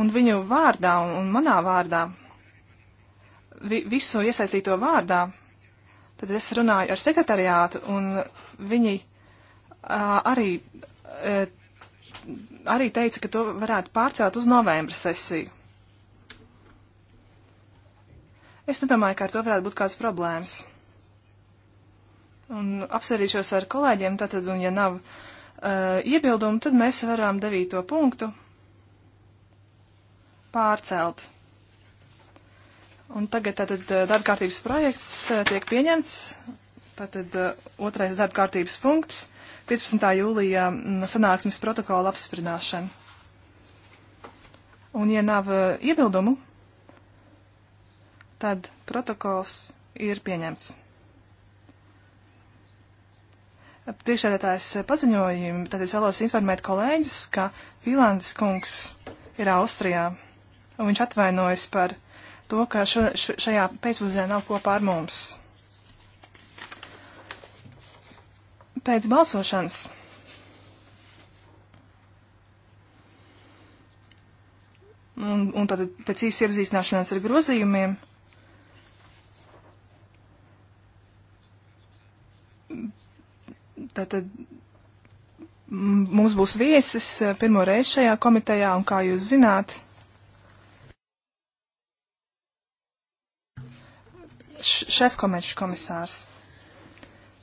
un viņu vārdā un, un manā vārdā, vi, visu iesaistīto vārdā, tad es runāju ar sekretariātu un viņi a, arī, a, arī teica, ka to varētu pārcelt uz novembra sesiju. Es nedomāju, ka ar to varētu būt kāds problēmas. Un apsverīšos ar kolēģiem, tātad, un ja nav uh, iebildumu, tad mēs varam devīto punktu pārcelt. Un tagad tātad eh, darbkārtības projekts eh, tiek pieņemts. Tātad eh, otrais darbkārtības punkts - 15. jūlijā mm, sanāksmes protokola apsprināšana. Un ja nav iebildumu, tad protokols ir pieņemts. Priekšsēdētājs paziņojumi, tad es vēlos informēt kolēģus, ka Vīlandes kungs ir Austrijā un viņš atvainojas par to, ka šo, šajā pēcpusdienā nav kopā ar mums. Pēc balsošanas un, un tad pēc īsa iepazīstināšanās ar grozījumiem. Tātad mums būs viesis eh, pirmo reizi šajā komitejā, un kā jūs zināt, šefkomečs komisārs.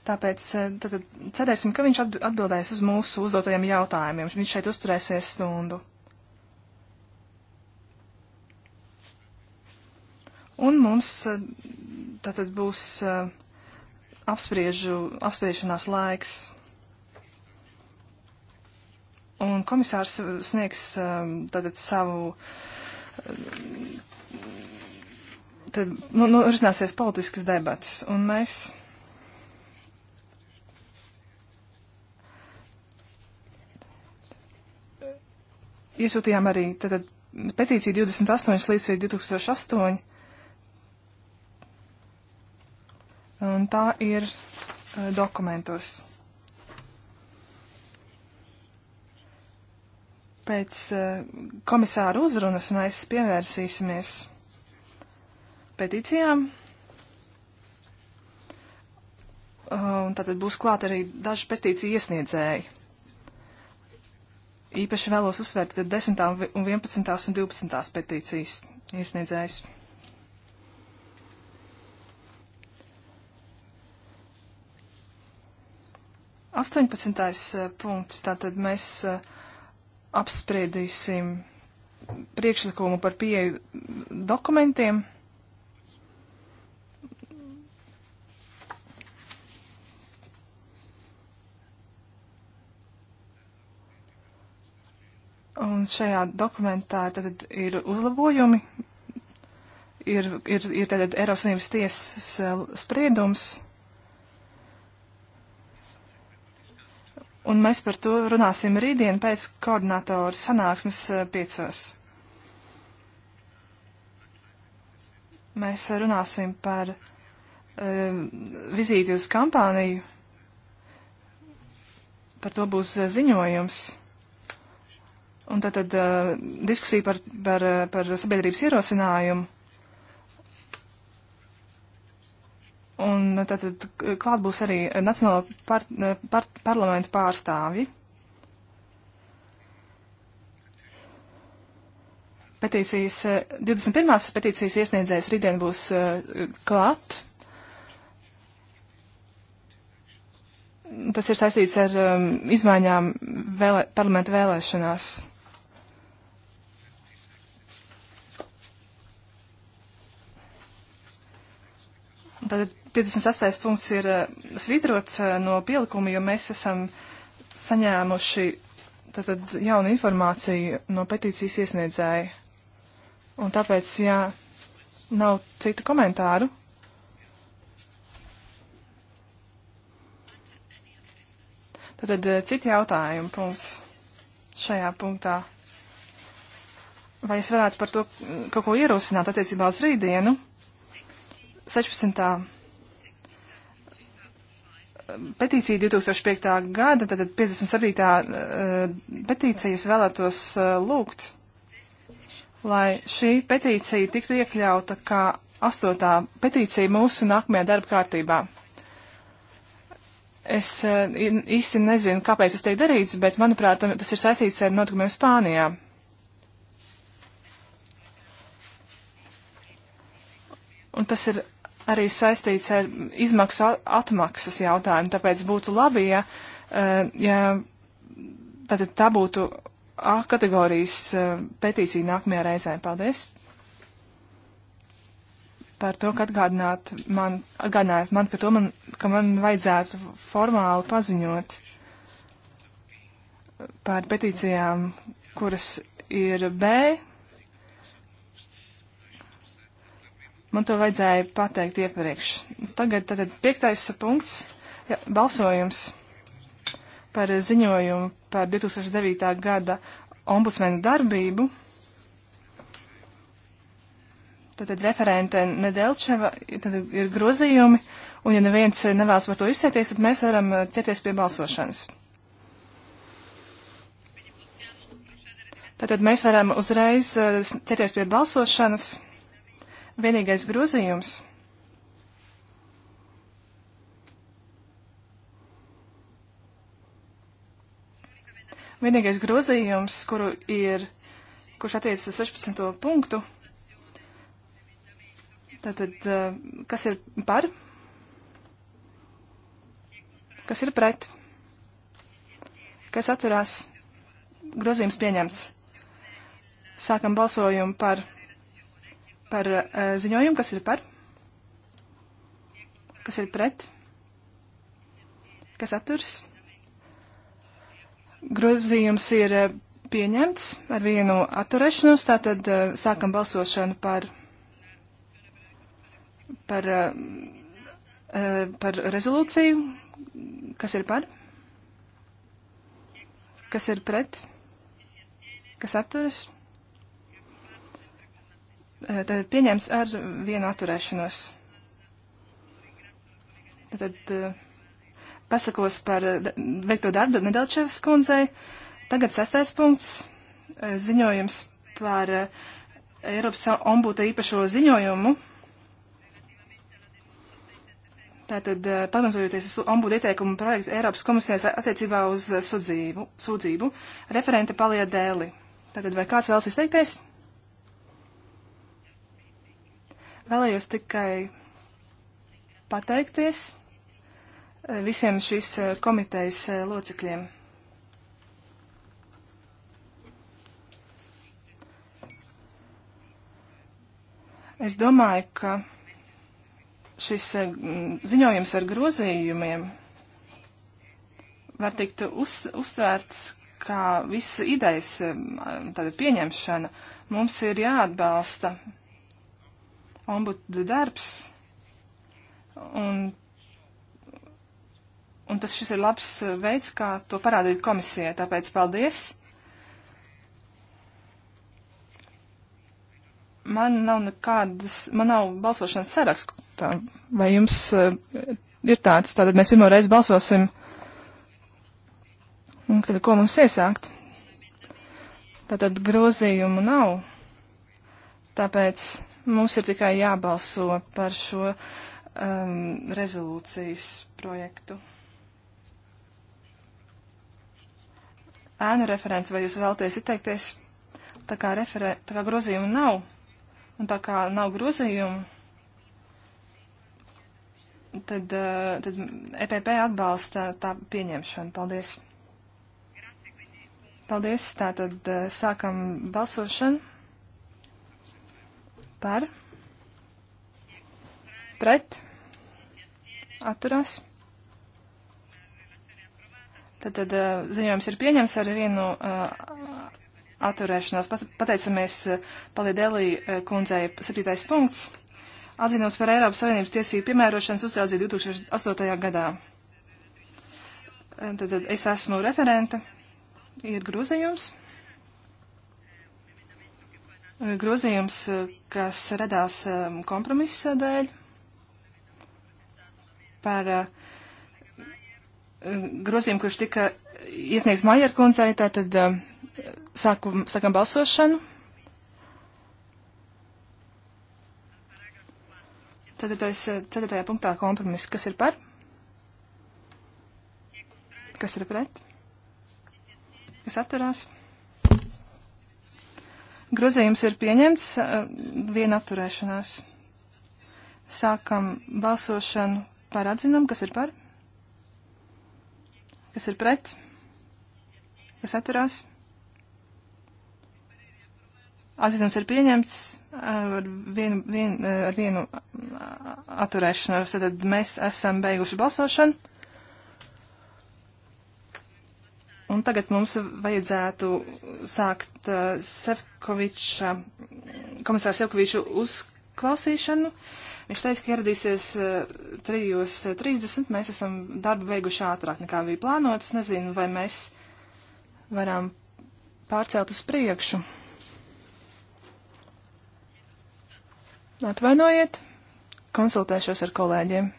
Tāpēc eh, tad, cerēsim, ka viņš atbildēs uz mūsu uzdotajiem jautājumiem. Viņš šeit uzturēsies stundu. Un mums tātad eh, būs eh, apspriežu, apspriešanās laiks. Un komisārs sniegs tātad savu tad nu, nu, risināsies politiskas debatas, un mēs. Iesūtījām arī tātad, petīciju 28 līdz 2008, un tā ir uh, dokumentos. Pēc uh, komisāra uzrunas mēs pievērsīsimies peticijām. Uh, un tātad būs klāt arī daži petīciju iesniedzēji. Īpaši vēlos uzsvērt 10. un 11. un 12. petīcijas iesniedzējus. Astoņpadsmitais uh, punkts, tātad mēs uh, apspriedīsim priekšlikumu par pieeju dokumentiem. Un šajā dokumentā tad ir uzlabojumi, ir, ir, ir tad Eiropas Savienības tiesas eh, spriedums. Un mēs par to runāsim rītdien pēc koordinātoru sanāksmes eh, piecos. Mēs runāsim par um, vizīti uz kampāniju. Par to būs ziņojums. Un tad, tad uh, diskusija par, par, par sabiedrības ierosinājumu. Un tad, tad klāt būs arī Nacionāla par, par, parlamenta pārstāvji. Petīcijas, 21. petīcijas iesniedzējs rītdien būs klāt. Tas ir saistīts ar um, izmaiņām vēlē, parlamenta vēlēšanās. Tātad 58. punkts ir eh, svītrots eh, no pielikuma, jo mēs esam saņēmuši tātad jaunu informāciju no petīcijas iesniedzēja. Un tāpēc, ja nav citu komentāru, Tātad eh, citi jautājumi punkts šajā punktā. Vai es varētu par to kaut ko ierosināt attiecībā uz rītdienu? 16. Petīcija 2005. gada, tad 57. Eh, petīcijas vēlētos eh, lūgt, lai šī petīcija tiktu iekļauta kā astotā petīcija mūsu nākamajā darba kārtībā. Es eh, īsti nezinu, kāpēc tas tiek darīts, bet, manuprāt, tas ir saistīts ar notikumiem Spānijā. Un tas ir arī saistīts ar izmaksu atmaksas jautājumu, tāpēc būtu labi, ja, eh, ja tātad tā būtu A kategorijas eh, petīcija nākamajā reizē. Paldies! par to, ka atgādināt man, atgādināt man, ka to man, ka man vajadzētu formāli paziņot par petīcijām, kuras ir B Man to vajadzēja pateikt iepriekš. Tagad tātad piektais punkts ja, - balsojums par ziņojumu par 2009. gada ombudsmena darbību. Tātad referente Nedelčeva ir grozījumi, un ja neviens nevēlas par to izteikties, tad mēs varam uh, ķerties pie balsošanas. Tātad mēs varam uzreiz uh, ķerties pie balsošanas. Vienīgais grozījums. Vienīgais grozījums, kuru ir, kurš attiecas uz 16. punktu, tātad, kas ir par, kas ir pret, kas atturās, grozījums pieņemts. Sākam balsojumu par par eh, ziņojumu, kas ir par, kas ir pret, kas atturs. Grozījums ir eh, pieņemts ar vienu atturēšanos, tātad eh, sākam balsošanu par, par, par rezolūciju, kas ir par, kas ir pret, kas atturas. Tad pieņems ar vienu atturēšanos. Tad eh, pasakos par veikto darbu Nedelčevas kundzei. Tagad sastais punkts eh, - ziņojums par eh, Eiropas ombuta īpašo ziņojumu. Tātad, pamatojoties uz ombudu ieteikumu projektu Eiropas komisijas attiecībā uz sudzību, sūdzību, referente paliek dēli. Tātad, vai kāds vēlas izteikties? Vēlējos tikai pateikties eh, visiem šīs eh, komitejas eh, locekļiem. Es domāju, ka šis ziņojums ar grozījumiem var tikt uz, uztvērts kā visas idejas tāda pieņemšana. Mums ir jāatbalsta ombuda darbs, un, un tas šis ir labs veids, kā to parādīt komisijai, tāpēc paldies! Man nav nekādas, man nav balsošanas sarakstu. Tā, vai jums uh, ir tāds? Tātad mēs pirmo reizi balsosim. Un tad ko mums iesākt? Tātad grozījumu nav. Tāpēc Mums ir tikai jābalso par šo um, rezolūcijas projektu. Ēnu referents, vai jūs vēlaties izteikties? Tā kā, referē, tā kā grozījumu nav, un tā kā nav grozījumu, tad, uh, tad EPP atbalsta tā pieņemšanu. Paldies! Paldies! Tātad uh, sākam balsošanu par, pret, atturās. Tad, tad eh, ziņojums ir pieņems ar vienu uh, atturēšanos. Pat, pateicamies uh, eh, Palidēlī uh, kundzei septītais punkts. Atzinums par Eiropas Savienības tiesību piemērošanas uzraudzību 2008. gadā. Tad, tad es esmu referente. Ir grūzījums grozījums, kas radās um, kompromisa dēļ par uh, grozījumu, kurš tika iesniegts Majerkundzei, tātad um, sākum, sākam balsošanu. Ceturtais, uh, ceturtajā punktā kompromiss. Kas ir par? Kas ir pret? Kas atturās? Grozījums ir pieņemts, viena atturēšanās. Sākam balsošanu par atzinumu, kas ir par, kas ir pret, kas atturās. Atzinums ir pieņemts ar vienu, vien, ar vienu atturēšanos, tad mēs esam beiguši balsošanu. Un tagad mums vajadzētu sākt uh, Sefkoviča, komisāra Sefkoviča uzklausīšanu. Viņš teica, ka ieradīsies uh, 3.30. Uh, mēs esam darbu beiguši ātrāk nekā bija plānots. Nezinu, vai mēs varam pārcelt uz priekšu. Atvainojiet, konsultēšos ar kolēģiem.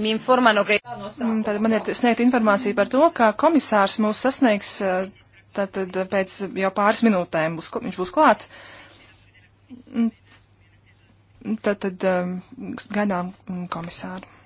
Mi informano, ka... Mm, Tad man ir sniegt informācija par to, ka komisārs mūs sasniegs eh, tātad pēc jau pāris minūtēm būs, viņš būs klāt. Mm, tātad eh, gaidām mm, komisāru.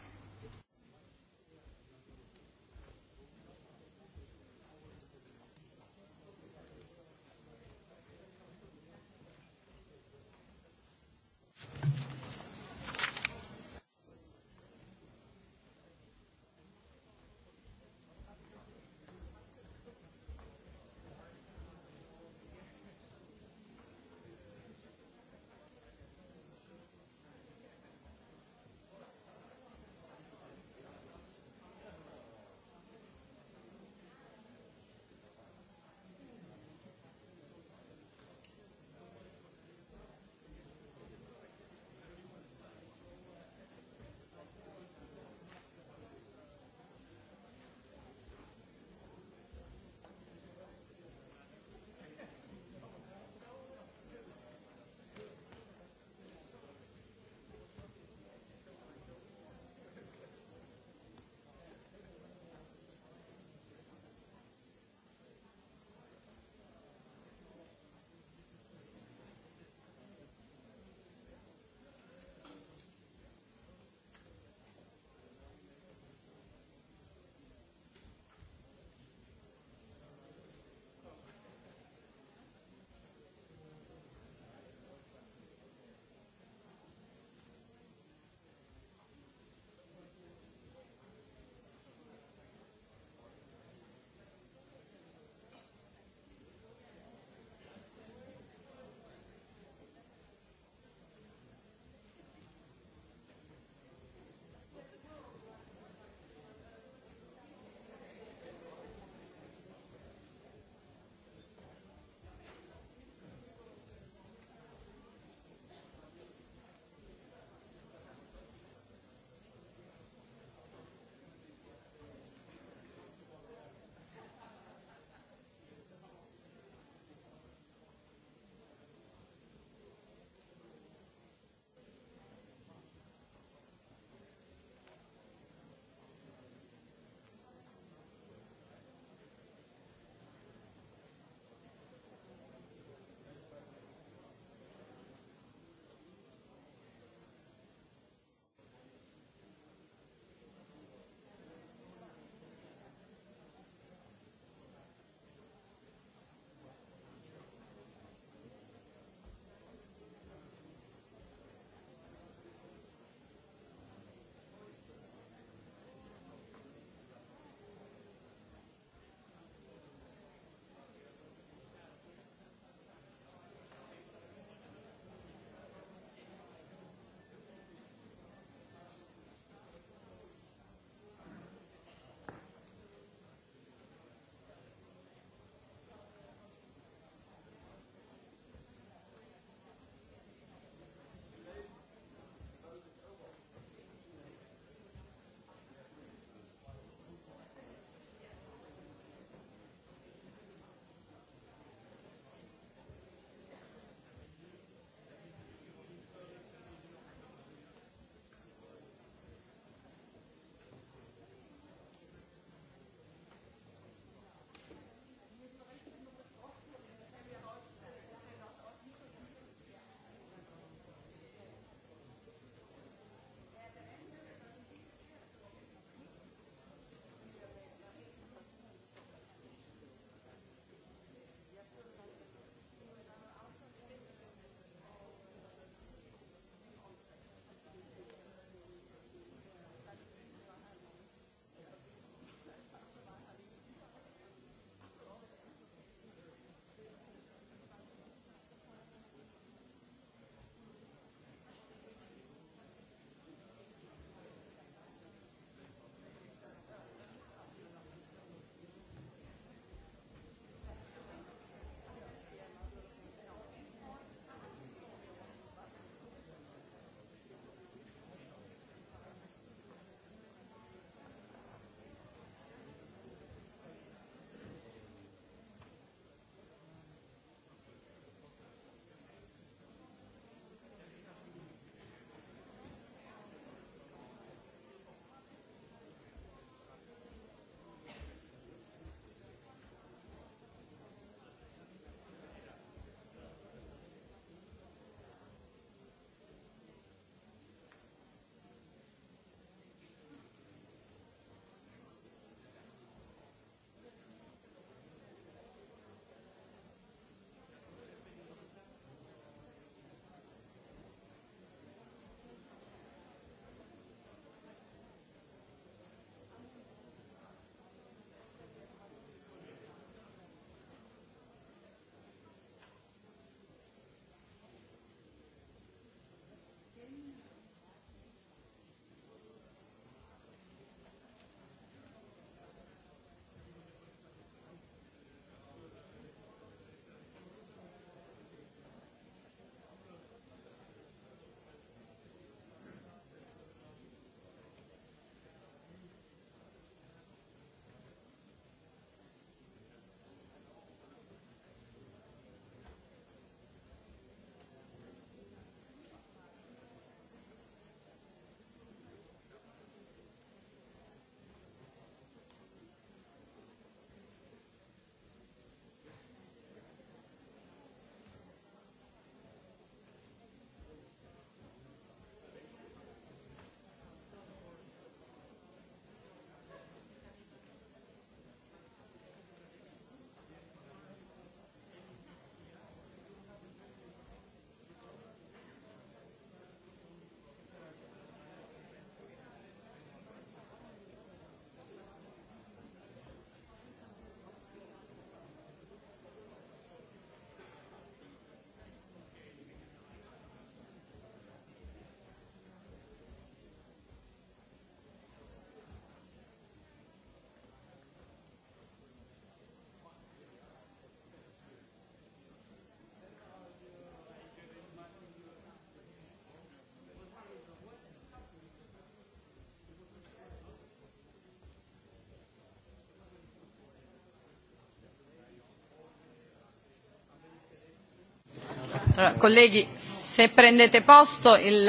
Allora, colleghi, se prendete posto il...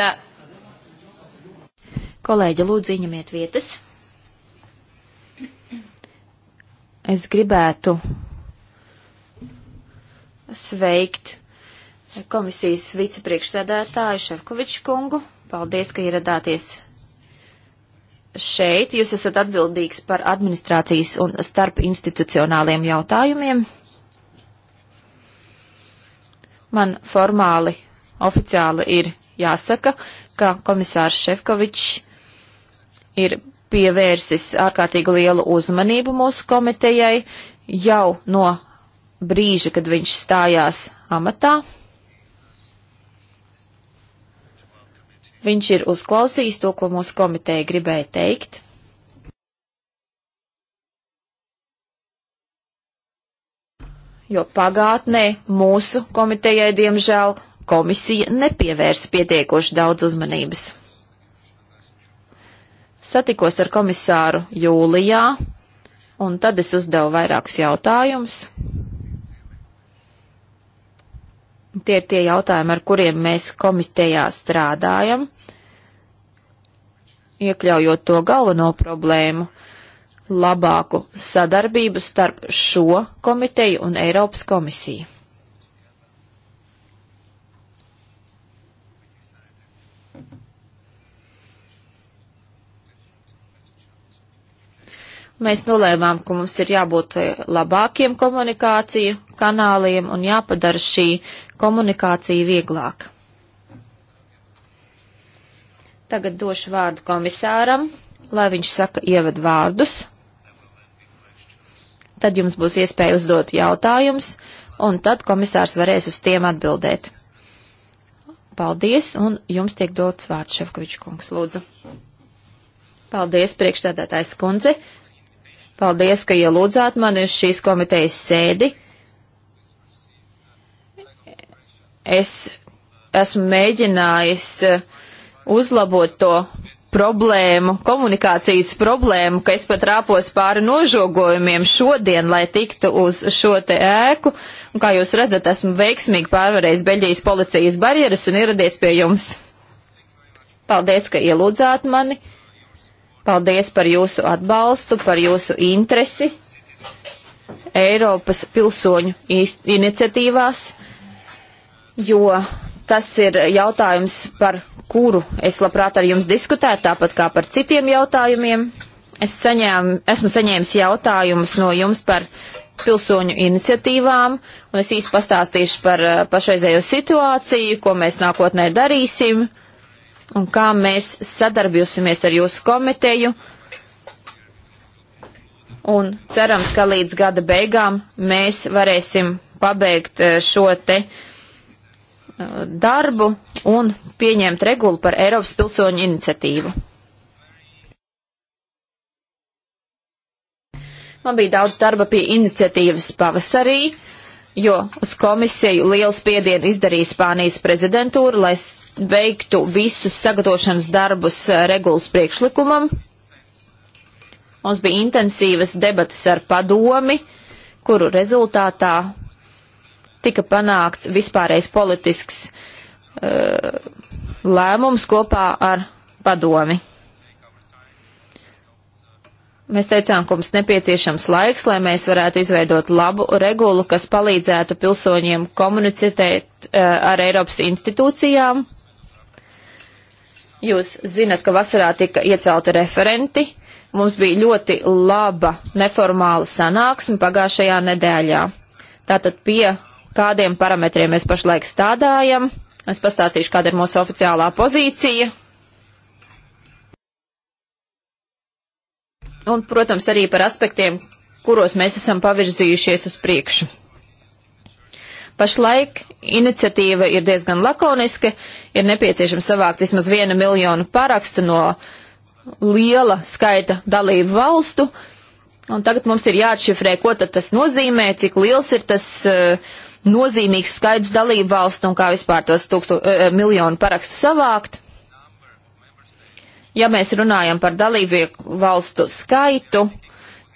Kolēģi, lūdzu, ieņemiet vietas. Es gribētu sveikt komisijas vicepriekšsēdētāju Šefkoviču kungu. Paldies, ka ieradāties šeit. Jūs esat atbildīgs par administrācijas un starp institucionāliem jautājumiem. Man formāli, oficiāli ir jāsaka, ka komisārs Šefkovičs ir pievērsis ārkārtīgi lielu uzmanību mūsu komitejai jau no brīža, kad viņš stājās amatā. Viņš ir uzklausījis to, ko mūsu komiteja gribēja teikt. jo pagātnē mūsu komitejai, diemžēl, komisija nepievērsa pietiekoši daudz uzmanības. Satikos ar komisāru jūlijā, un tad es uzdevu vairākus jautājumus. Tie ir tie jautājumi, ar kuriem mēs komitejā strādājam, iekļaujot to galveno problēmu, uh, labāku sadarbību starp šo komiteju un Eiropas komisiju. Mēs nolēmām, ka mums ir jābūt labākiem komunikāciju kanāliem un jāpadara šī komunikācija vieglāka. Tagad došu vārdu komisāram, lai viņš saka ievadu vārdus tad jums būs iespēja uzdot jautājumus, un tad komisārs varēs uz tiem atbildēt. Paldies, un jums tiek dots vārds Šefkoviča kungs, lūdzu. Paldies, priekšstādātājs kundze. Paldies, ka ielūdzāt mani uz šīs komitejas sēdi. Es esmu mēģinājis eh, uzlabot to problēmu, komunikācijas problēmu, ka es pat rāpos pāri nožogojumiem šodien, lai tiktu uz šo te ēku. Un kā jūs redzat, esmu veiksmīgi pārvarējis Beļģijas policijas barjeras un ieradies pie jums. Paldies, ka ielūdzāt mani. Paldies par jūsu atbalstu, par jūsu interesi Eiropas pilsoņu iniciatīvās, jo Tas ir jautājums, par kuru es labprāt ar jums diskutētu, tāpat kā par citiem jautājumiem. Es saņēmu, esmu saņēmis jautājumus no jums par pilsoņu iniciatīvām, un es īsti pastāstīšu par eh, pašreizējo situāciju, ko mēs nākotnē darīsim, un kā mēs sadarbjosimies ar jūsu komiteju. Un cerams, ka līdz gada beigām mēs varēsim pabeigt eh, šo te uh, darbu un pieņemt regulu par Eiropas pilsoņu iniciatīvu. Man bija daudz darba pie iniciatīvas pavasarī, jo uz komisiju lielu spiedienu izdarīja Spānijas prezidentūra, lai veiktu visus sagatavošanas darbus eh, regulas priekšlikumam. Mums bija intensīvas debatas ar padomi, kuru rezultātā tika panākts vispārējais politisks uh, lēmums kopā ar padomi. Mēs teicām, ka mums nepieciešams laiks, lai mēs varētu izveidot labu regulu, kas palīdzētu pilsoņiem komunicēt uh, ar Eiropas institūcijām. Jūs zinat, ka vasarā tika iecelti referenti. Mums bija ļoti laba neformāla sanāksme pagājušajā nedēļā. Tātad pie kādiem parametriem mēs pašlaik stādājam. Es pastāstīšu, kāda ir mūsu oficiālā pozīcija. Un, protams, arī par aspektiem, kuros mēs esam pavirzījušies uz priekšu. Pašlaik iniciatīva ir diezgan lakoniska, ir nepieciešams savākt vismaz vienu miljonu parakstu no liela skaita dalību valstu, un tagad mums ir jāatšifrē, ko tad tas nozīmē, cik liels ir tas uh, nozīmīgs skaits dalību valstu un kā vispār tos tūkstu, uh, eh, eh, miljonu parakstu savākt. Ja mēs runājam par dalību valstu skaitu,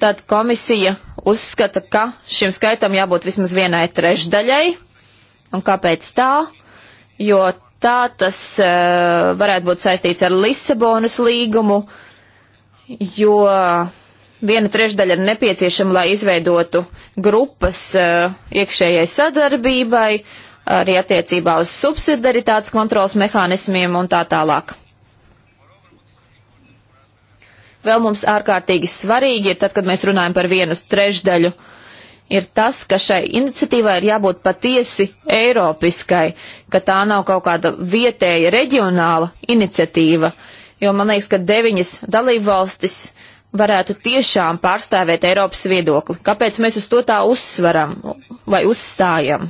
tad komisija uzskata, ka šim skaitam jābūt vismaz vienai trešdaļai. Un kāpēc tā? Jo tā tas uh, varētu būt saistīts ar Lisabonas līgumu, jo Viena trešdaļa ir nepieciešama, lai izveidotu grupas eh, iekšējai sadarbībai, arī attiecībā uz subsidaritātes kontrols mehānismiem un tā tālāk. Vēl mums ārkārtīgi svarīgi ir tad, kad mēs runājam par vienu trešdaļu, ir tas, ka šai iniciatīvai ir jābūt patiesi eiropiskai, ka tā nav kaut kāda vietēja reģionāla iniciatīva, jo man liekas, ka deviņas dalībvalstis valstis varētu tiešām pārstāvēt Eiropas viedokli. Kāpēc mēs uz to tā uzsveram vai uzstājam?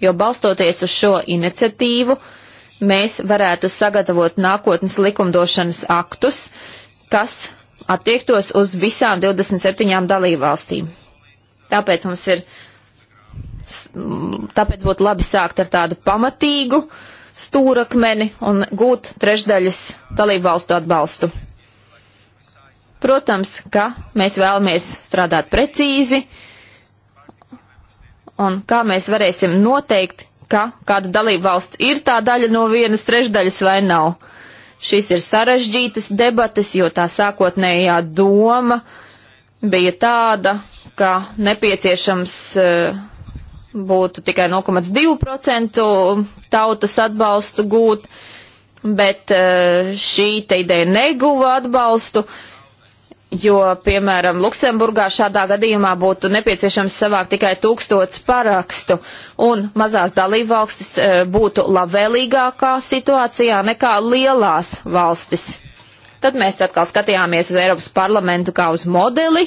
Jo balstoties uz šo iniciatīvu, mēs varētu sagatavot nākotnes likumdošanas aktus, kas attiektos uz visām 27 dalībvalstīm. Tāpēc mums ir, tāpēc būtu labi sākt ar tādu pamatīgu stūrakmeni un gūt trešdaļas dalībvalstu atbalstu. Protams, ka mēs vēlamies strādāt precīzi, un kā mēs varēsim noteikt, ka kāda dalība valsts ir tā daļa no vienas trešdaļas vai nav. Šīs ir sarežģītas debates, jo tā sākotnējā doma bija tāda, ka nepieciešams eh, būtu tikai 0,2% tautas atbalstu gūt, bet eh, šī te ideja neguva atbalstu. Uh, jo, piemēram, Luksemburgā šādā gadījumā būtu nepieciešams savākt tikai tūkstots parakstu, un mazās dalībvalstis e, būtu labvēlīgākā situācijā nekā lielās valstis. Tad mēs atkal skatījāmies uz Eiropas parlamentu kā uz modeli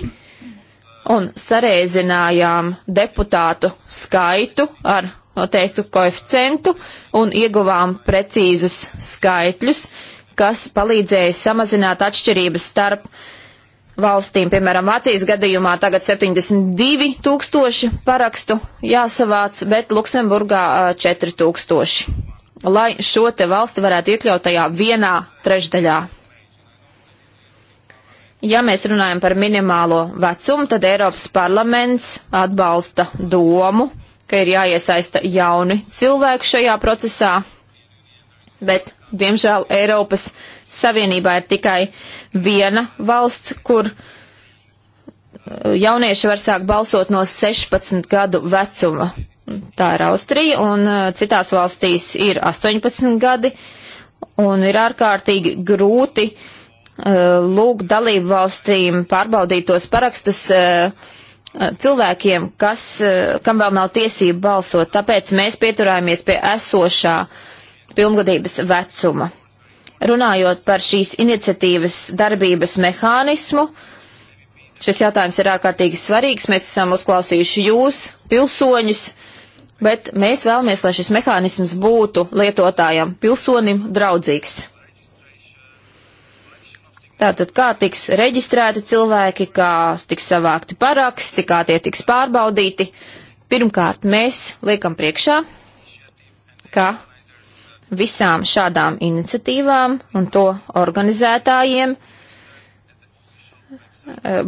un sareizinājām deputātu skaitu ar noteiktu koeficientu un ieguvām precīzus skaitļus, kas palīdzēja samazināt atšķirības starp uh, valstīm. Piemēram, Vācijas gadījumā tagad 72 tūkstoši parakstu jāsavāc, bet Luksemburgā 4 tūkstoši, lai šo te valsti varētu iekļaut tajā vienā trešdaļā. Ja mēs runājam par minimālo vecumu, tad Eiropas parlaments atbalsta domu, ka ir jāiesaista jauni cilvēki šajā procesā, bet, diemžēl, Eiropas Savienībā ir tikai viena valsts, kur eh, jaunieši var sākt balsot no 16 gadu vecuma. Tā ir Austrija, un eh, citās valstīs ir 18 gadi, un ir ārkārtīgi grūti uh, lūgt dalību valstīm pārbaudīt tos parakstus uh, cilvēkiem, kas, uh, kam vēl nav tiesība balsot. Tāpēc mēs pieturāmies pie esošā pilngadības vecuma. Runājot par šīs iniciatīvas darbības mehānismu, šis jautājums ir ārkārtīgi svarīgs. Mēs esam uzklausījuši jūs, pilsoņus, bet mēs vēlamies, lai šis mehānisms būtu lietotājam, pilsonim draudzīgs. Tātad, kā tiks reģistrēti cilvēki, kā tiks savākti paraksti, kā tie tiks pārbaudīti. Pirmkārt, mēs liekam priekšā, ka visām šādām iniciatīvām un to organizētājiem eh,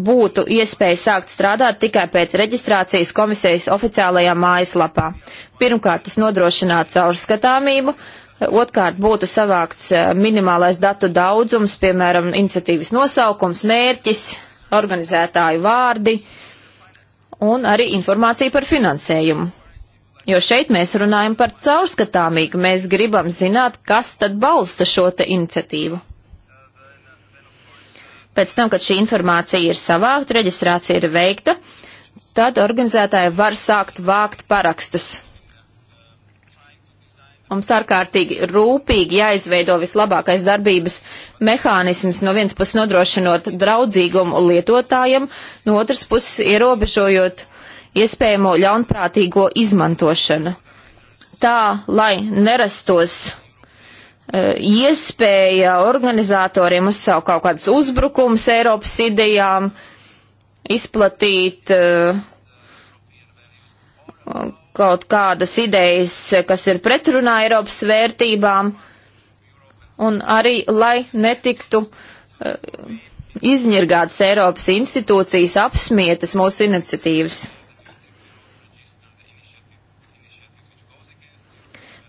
būtu iespēja sākt strādāt tikai pēc reģistrācijas komisijas oficiālajā mājaslapā. Pirmkārt, tas nodrošinātu caurskatāmību, otrkārt būtu savākts eh, minimālais datu daudzums, piemēram, iniciatīvas nosaukums, mērķis, organizētāju vārdi un arī informācija par finansējumu. Jo šeit mēs runājam par caurskatāmību, mēs gribam zināt, kas tad balsta šo te iniciatīvu. Pēc tam, kad šī informācija ir savākta, reģistrācija ir veikta, tad organizētāji var sākt vākt parakstus. Mums ārkārtīgi rūpīgi jāizveido vislabākais darbības mehānisms, no vienas puses nodrošinot draudzīgumu lietotājiem, no otras puses ierobežojot iespējamo ļaunprātīgo izmantošanu. Tā, lai nerastos e, iespēja organizatoriem uzsaukt kaut kādus uzbrukumus Eiropas idejām, izplatīt e, kaut kādas idejas, kas ir pretrunā Eiropas vērtībām, un arī, lai netiktu e, izņirgātas Eiropas institūcijas apsmietas mūsu iniciatīvas.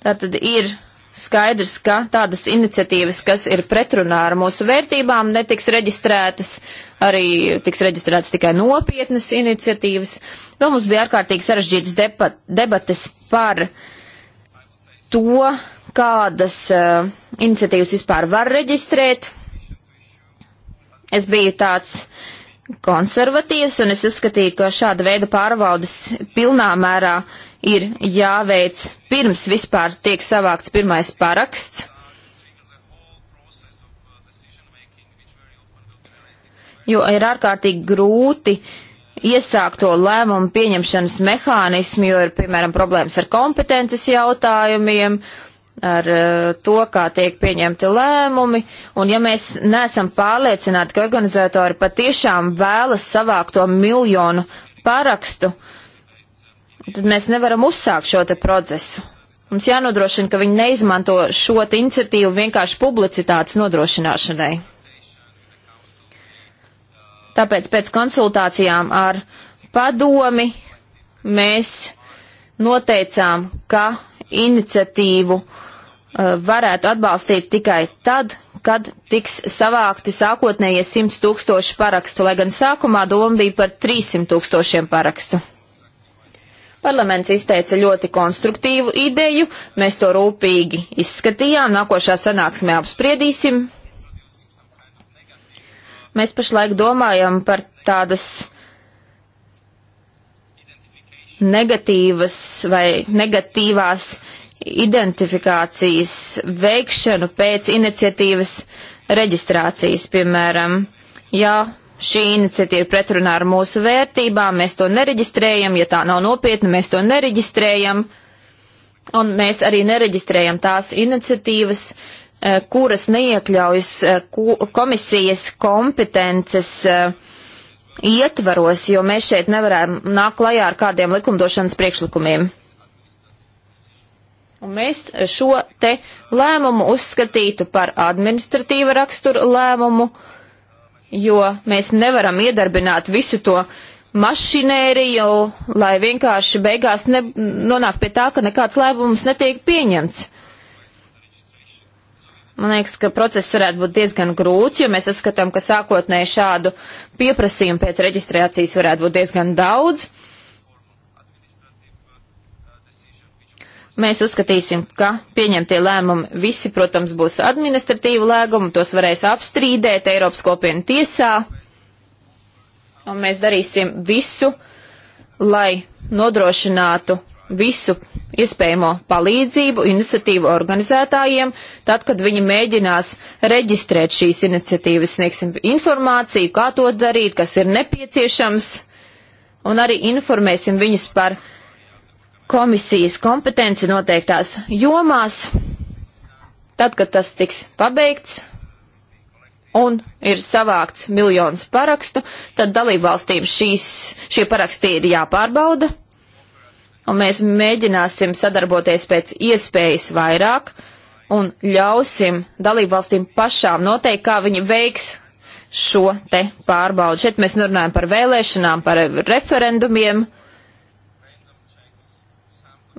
Tātad ir skaidrs, ka tādas iniciatīvas, kas ir pretrunā ar mūsu vērtībām, netiks reģistrētas, arī tiks reģistrētas tikai nopietnas iniciatīvas. Vēl mums bija ārkārtīgi sarežģītas debates par to, kādas uh, iniciatīvas vispār var reģistrēt. Es biju tāds konservatīvs un es uzskatīju, ka šāda veida pārvaldes pilnā mērā uh, ir jāveic pirms vispār tiek savākts pirmais paraksts. Jo ir ārkārtīgi grūti iesākt to lēmumu pieņemšanas mehānismu, jo ir, piemēram, problēmas ar kompetences jautājumiem, ar eh, to, kā tiek pieņemti lēmumi, un ja mēs neesam pārliecināti, ka organizatori patiešām vēlas savākt to miljonu parakstu, uh, tad mēs nevaram uzsākt šo te procesu. Mums jānodrošina, ka viņi neizmanto šo te iniciatīvu vienkārši publicitātes nodrošināšanai. Tāpēc pēc konsultācijām ar padomi mēs noteicām, ka iniciatīvu uh, varētu atbalstīt tikai tad, kad tiks savākti sākotnējie 100 tūkstoši parakstu, lai gan sākumā doma bija par 300 tūkstošiem parakstu. Parlaments izteica ļoti konstruktīvu ideju, mēs to rūpīgi izskatījām, nākošā sanāksmē apspriedīsim. Mēs pašlaik domājam par tādas negatīvas vai negatīvās identifikācijas veikšanu pēc iniciatīvas reģistrācijas, piemēram, ja šī iniciatīva ir pretrunā ar mūsu vērtībām, mēs to nereģistrējam, ja tā nav nopietna, mēs to nereģistrējam, un mēs arī nereģistrējam tās iniciatīvas, eh, kuras neiekļaujas eh, komisijas kompetences eh, ietvaros, jo mēs šeit nevaram nākt klajā ar kādiem likumdošanas priekšlikumiem. Un mēs šo te lēmumu uzskatītu par administratīva rakstura lēmumu, uh, jo mēs nevaram iedarbināt visu to mašinēriju, lai vienkārši beigās ne, nonāk pie tā, ka nekāds lēmums netiek pieņemts. Man liekas, ka process varētu būt diezgan grūts, jo mēs uzskatām, ka sākotnēji šādu pieprasījumu pēc reģistrācijas varētu būt diezgan daudz. Uh, Mēs uzskatīsim, ka pieņemtie lēmumi visi, protams, būs administratīvu lēmumu, tos varēs apstrīdēt Eiropas kopienu tiesā, un mēs darīsim visu, lai nodrošinātu visu iespējamo palīdzību iniciatīvu organizētājiem, tad, kad viņi mēģinās reģistrēt šīs iniciatīvas, sniegsim informāciju, kā to darīt, kas ir nepieciešams, un arī informēsim viņus par komisijas kompetenci noteiktās jomās, tad, kad tas tiks pabeigts un ir savākts miljonus parakstu, tad dalībvalstīm šīs, šie paraksti ir jāpārbauda, un mēs mēģināsim sadarboties pēc iespējas vairāk un ļausim dalībvalstīm pašām noteikt, kā viņi veiks šo te pārbaudu. Šeit mēs runājam par vēlēšanām, par referendumiem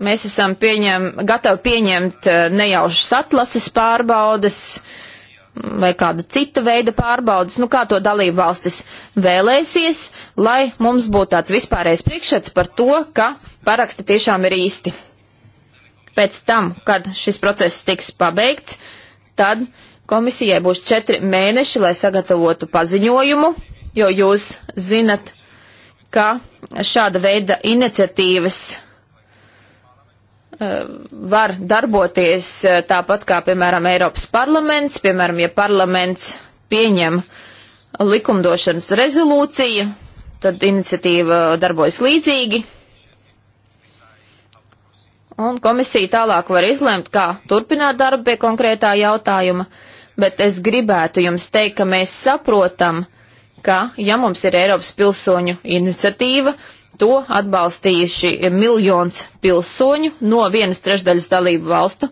Mēs esam pieņem, gatavi pieņemt eh, nejaušas atlases pārbaudas vai kāda cita veida pārbaudas, nu kā to dalību valstis vēlēsies, lai mums būtu tāds vispārējais priekšsats par to, ka paraksti tiešām ir īsti. Pēc tam, kad šis process tiks pabeigts, tad komisijai būs četri mēneši, lai sagatavotu paziņojumu, jo jūs zinat, ka šāda veida iniciatīvas Eh, var darboties eh, tāpat kā, piemēram, Eiropas parlaments. Piemēram, ja parlaments pieņem likumdošanas rezolūciju, tad iniciatīva darbojas līdzīgi. Un komisija tālāk var izlemt, kā turpināt darbu pie konkrētā jautājuma, bet es gribētu jums teikt, ka mēs saprotam, ka, ja mums ir Eiropas pilsoņu iniciatīva, uh, To atbalstījuši miljons pilsoņu no vienas trešdaļas dalību valstu.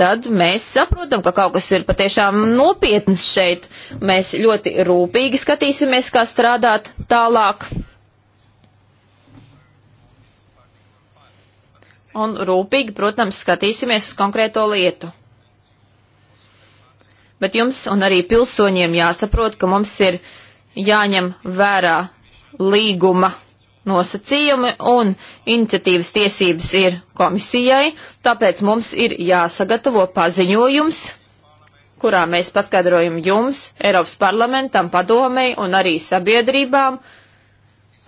Tad mēs saprotam, ka kaut kas ir patiešām nopietns šeit. Mēs ļoti rūpīgi skatīsimies, kā strādāt tālāk. Un rūpīgi, protams, skatīsimies uz konkrēto lietu. Bet jums un arī pilsoņiem jāsaprot, ka mums ir jāņem vērā līguma nosacījumi un iniciatīvas tiesības ir komisijai, tāpēc mums ir jāsagatavo paziņojums, kurā mēs paskaidrojam jums, Eiropas parlamentam, padomei un arī sabiedrībām,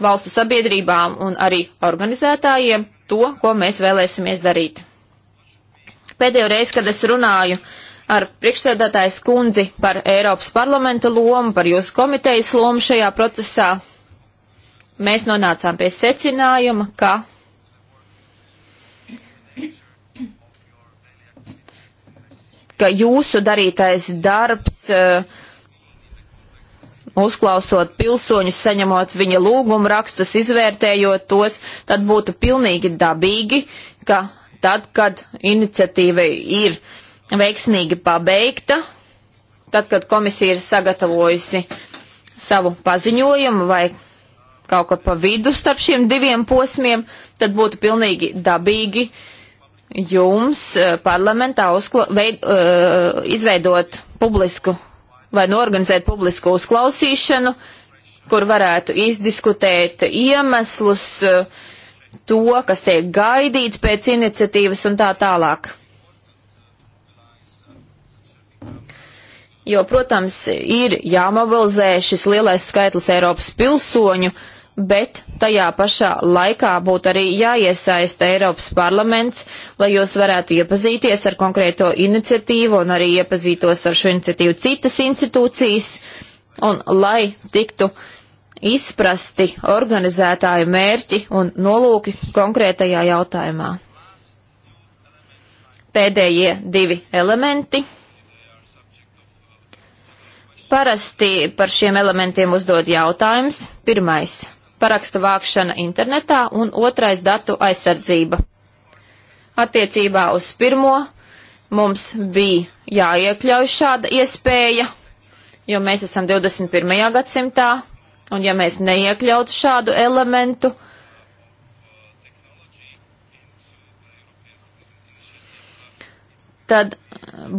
valstu sabiedrībām un arī organizētājiem to, ko mēs vēlēsimies darīt. Pēdējo reizi, kad es runāju ar priekšsēdētājas kundzi par Eiropas parlamenta lomu, par jūsu komitejas lomu šajā procesā, mēs nonācām pie secinājuma, ka ka jūsu darītais darbs, eh, uzklausot pilsoņus, saņemot viņa lūgumu rakstus, izvērtējot tos, tad būtu pilnīgi dabīgi, ka tad, kad iniciatīva ir veiksmīgi pabeigta, tad, kad komisija ir sagatavojusi savu paziņojumu vai kaut kā pa vidu starp šiem diviem posmiem, tad būtu pilnīgi dabīgi jums eh, parlamentā uzkla, veid, uh, izveidot publisku vai norganizēt publisku uzklausīšanu, kur varētu izdiskutēt iemeslus, uh, to, kas tiek gaidīts pēc iniciatīvas un tā tālāk. Jo, protams, ir jāmobilizē šis lielais skaitlis Eiropas pilsoņu, uh, bet tajā pašā laikā būtu arī jāiesaista Eiropas parlaments, lai jūs varētu iepazīties ar konkrēto iniciatīvu un arī iepazītos ar šo iniciatīvu citas institūcijas, un lai tiktu izprasti organizētāju mērķi un nolūki konkrētajā jautājumā. Pēdējie divi elementi. Parasti par šiem elementiem uzdod jautājums. Pirmais parakstu vākšana internetā un otrais datu aizsardzība. Attiecībā uz pirmo mums bija jāiekļauj šāda iespēja, jo mēs esam 21. gadsimtā, un ja mēs neiekļautu šādu elementu, tad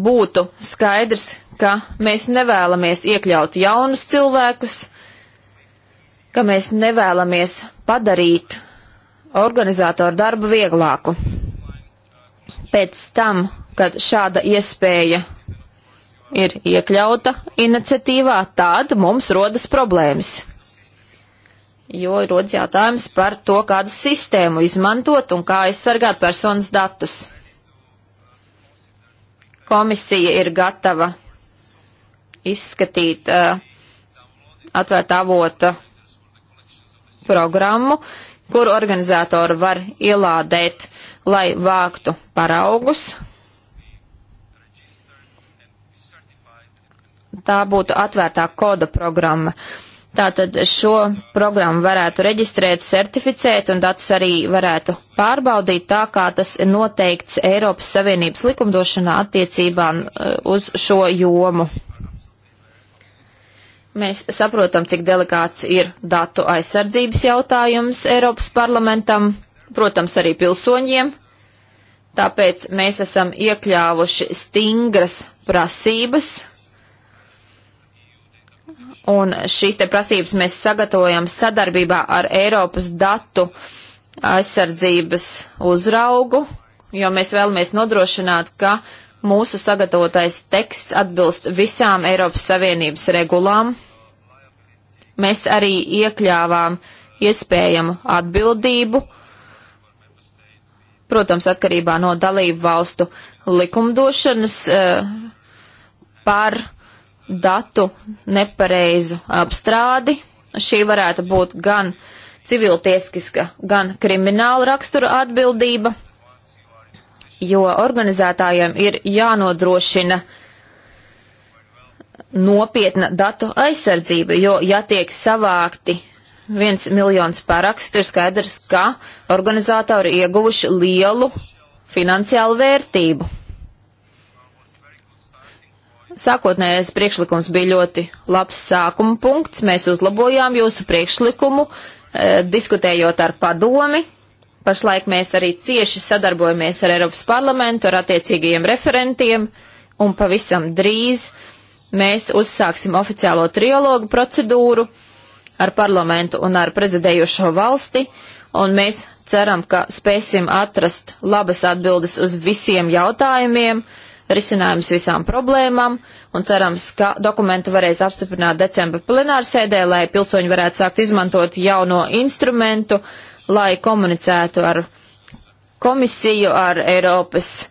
būtu skaidrs, ka mēs nevēlamies iekļaut jaunus cilvēkus, ka mēs nevēlamies padarīt organizātoru darbu vieglāku. Pēc tam, kad šāda iespēja ir iekļauta iniciatīvā, tad mums rodas problēmas. Jo rodas jautājums par to, kādu sistēmu izmantot un kā aizsargāt personas datus. Komisija ir gatava izskatīt uh, atvērtā avota programmu, kur organizatori var ielādēt, lai vāktu paraugus. Tā būtu atvērtā koda programma. Tātad šo programmu varētu reģistrēt, certificēt un datus arī varētu pārbaudīt tā, kā tas ir noteikts Eiropas Savienības likumdošanā attiecībā uh, uz šo jomu. Mēs saprotam, cik delikāts ir datu aizsardzības jautājums Eiropas parlamentam, protams, arī pilsoņiem. Tāpēc mēs esam iekļāvuši stingras prasības. Un šīs te prasības mēs sagatavojam sadarbībā ar Eiropas datu aizsardzības uzraugu, jo mēs vēlamies nodrošināt, ka uh, mūsu sagatavotais teksts atbilst visām Eiropas Savienības regulām. Mēs arī iekļāvām iespējamu atbildību, protams, atkarībā no dalību valstu likumdošanas eh, par datu nepareizu apstrādi. Šī varētu būt gan civiltieskiska, gan krimināla rakstura atbildība jo organizētājiem ir jānodrošina nopietna datu aizsardzība, jo ja tiek savākti viens miljons parakstu, ir skaidrs, ka organizātori ir ieguvuši lielu finansiālu vērtību. Sākotnējais priekšlikums bija ļoti labs sākuma punkts. Mēs uzlabojām jūsu priekšlikumu, eh, diskutējot ar padomi, Pašlaik mēs arī cieši sadarbojamies ar Eiropas parlamentu, ar attiecīgajiem referentiem, un pavisam drīz mēs uzsāksim oficiālo trialogu procedūru ar parlamentu un ar prezidējošo valsti, un mēs ceram, ka spēsim atrast labas atbildes uz visiem jautājumiem, risinājums visām problēmām, un cerams, ka dokumentu varēs apstiprināt decembra plenārsēdē, lai pilsoņi varētu sākt izmantot jauno instrumentu, uh, lai komunicētu ar komisiju, ar Eiropas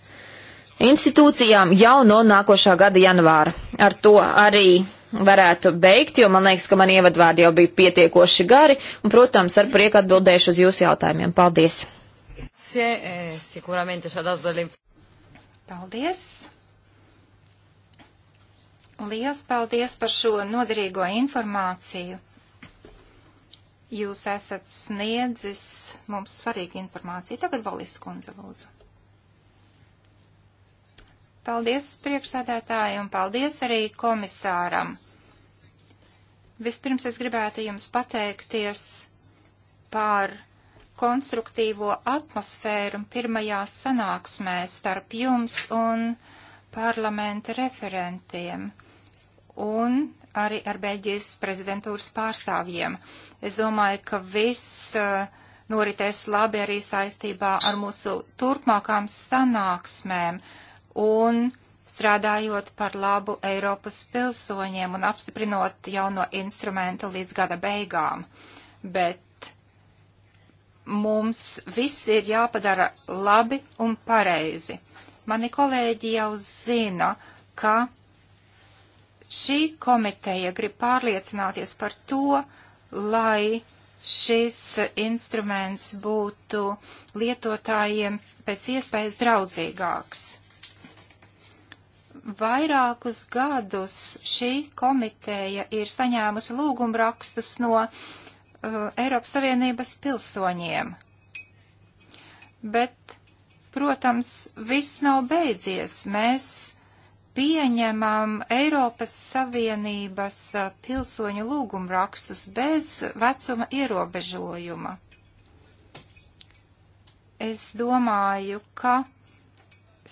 institūcijām jau no nākošā gada janvāra. Ar to arī varētu beigt, jo man liekas, ka man ievadvārdi jau bija pietiekoši gari, un, protams, ar prieku atbildēšu uz jūsu jautājumiem. Paldies! Eh, paldies! Liels paldies par šo noderīgo informāciju! Jūs esat sniedzis mums svarīgu informāciju. Tagad Valis kundze lūdzu. Paldies priekšsēdētāji un paldies arī komisāram. Vispirms es gribētu jums pateikties par konstruktīvo atmosfēru pirmajās sanāksmēs starp jums un parlamenta referentiem un arī ar Beļģijas prezidentūras pārstāvjiem. Es domāju, ka viss eh, noritēs labi arī saistībā ar mūsu turpmākām sanāksmēm un strādājot par labu Eiropas pilsoņiem un apstiprinot jauno instrumentu līdz gada beigām. Bet mums viss ir jāpadara labi un pareizi. Mani kolēģi jau zina, ka šī komiteja grib pārliecināties par to, lai šis instruments būtu lietotājiem pēc iespējas draudzīgāks. Vairākus gadus šī komiteja ir saņēmusi lūgumrakstus no uh, Eiropas Savienības pilsoņiem. Bet, protams, viss nav beidzies. Mēs pieņemam Eiropas Savienības uh, pilsoņu lūgumrakstus bez vecuma ierobežojuma. Es domāju, ka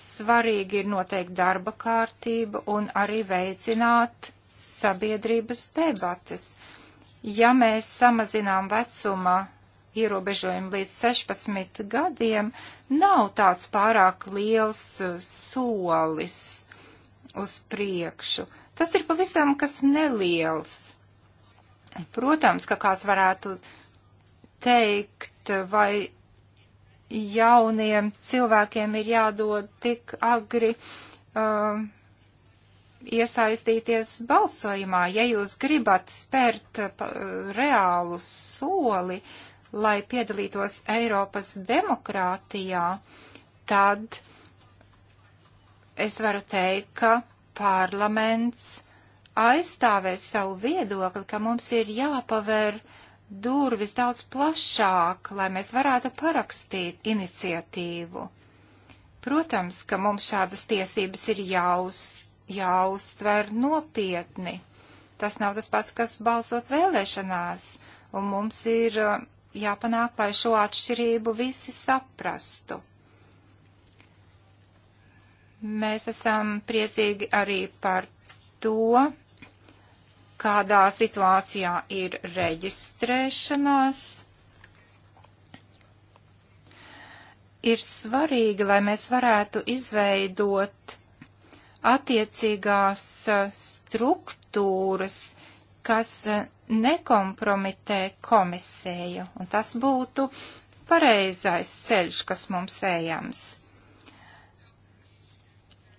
svarīgi ir noteikti darba kārtība un arī veicināt sabiedrības debates. Ja mēs samazinām vecuma ierobežojumu līdz 16 gadiem, nav tāds pārāk liels uh, solis uz priekšu. Tas ir pavisam kas neliels. Protams, ka kāds varētu teikt, vai jauniem cilvēkiem ir jādod tik agri um, iesaistīties balsojumā. Ja jūs gribat spērt uh, reālu soli, lai piedalītos Eiropas demokrātijā, tad es varu teikt, ka parlaments aizstāvēs savu viedokli, ka mums ir jāpaver durvis daudz plašāk, lai mēs varētu parakstīt iniciatīvu. Protams, ka mums šādas tiesības ir jāuz, jāuztver nopietni. Tas nav tas pats, kas balsot vēlēšanās, un mums ir uh, jāpanāk, lai šo atšķirību visi saprastu. Mēs esam priecīgi arī par to, kādā situācijā ir reģistrēšanās. Ir svarīgi, lai mēs varētu izveidot attiecīgās struktūras, kas nekompromitē komisēju, un tas būtu pareizais ceļš, kas mums ejams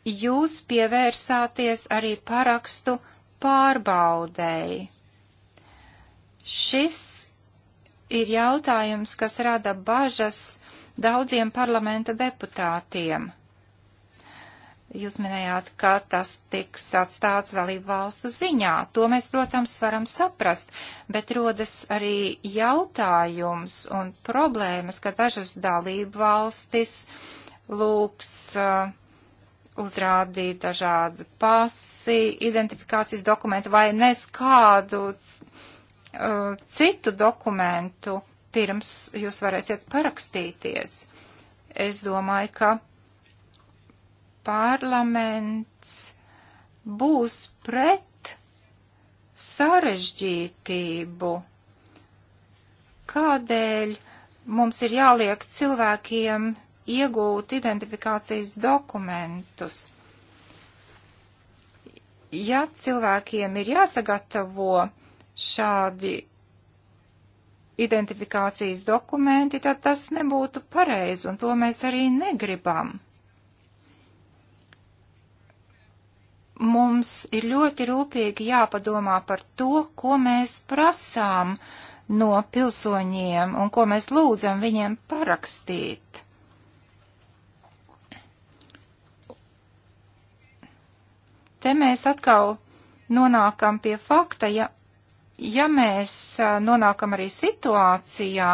jūs pievērsāties arī parakstu pārbaudēji. Šis ir jautājums, kas rada bažas daudziem parlamenta deputātiem. Jūs minējāt, ka tas tiks atstāts dalību valstu ziņā. To mēs, protams, varam saprast, bet rodas arī jautājums un problēmas, ka dažas dalību valstis lūgs uh, uzrādīt dažādu pasi, identifikācijas dokumentu vai nes kādu uh, citu dokumentu pirms jūs varēsiet parakstīties. Es domāju, ka parlaments būs pret sarežģītību. Kādēļ mums ir jāliek cilvēkiem iegūt identifikācijas dokumentus. Ja cilvēkiem ir jāsagatavo šādi identifikācijas dokumenti, tad tas nebūtu pareizi, un to mēs arī negribam. Mums ir ļoti rūpīgi jāpadomā par to, ko mēs prasām no pilsoņiem un ko mēs lūdzam viņiem parakstīt. Te mēs atkal nonākam pie fakta, ja, ja mēs nonākam arī situācijā,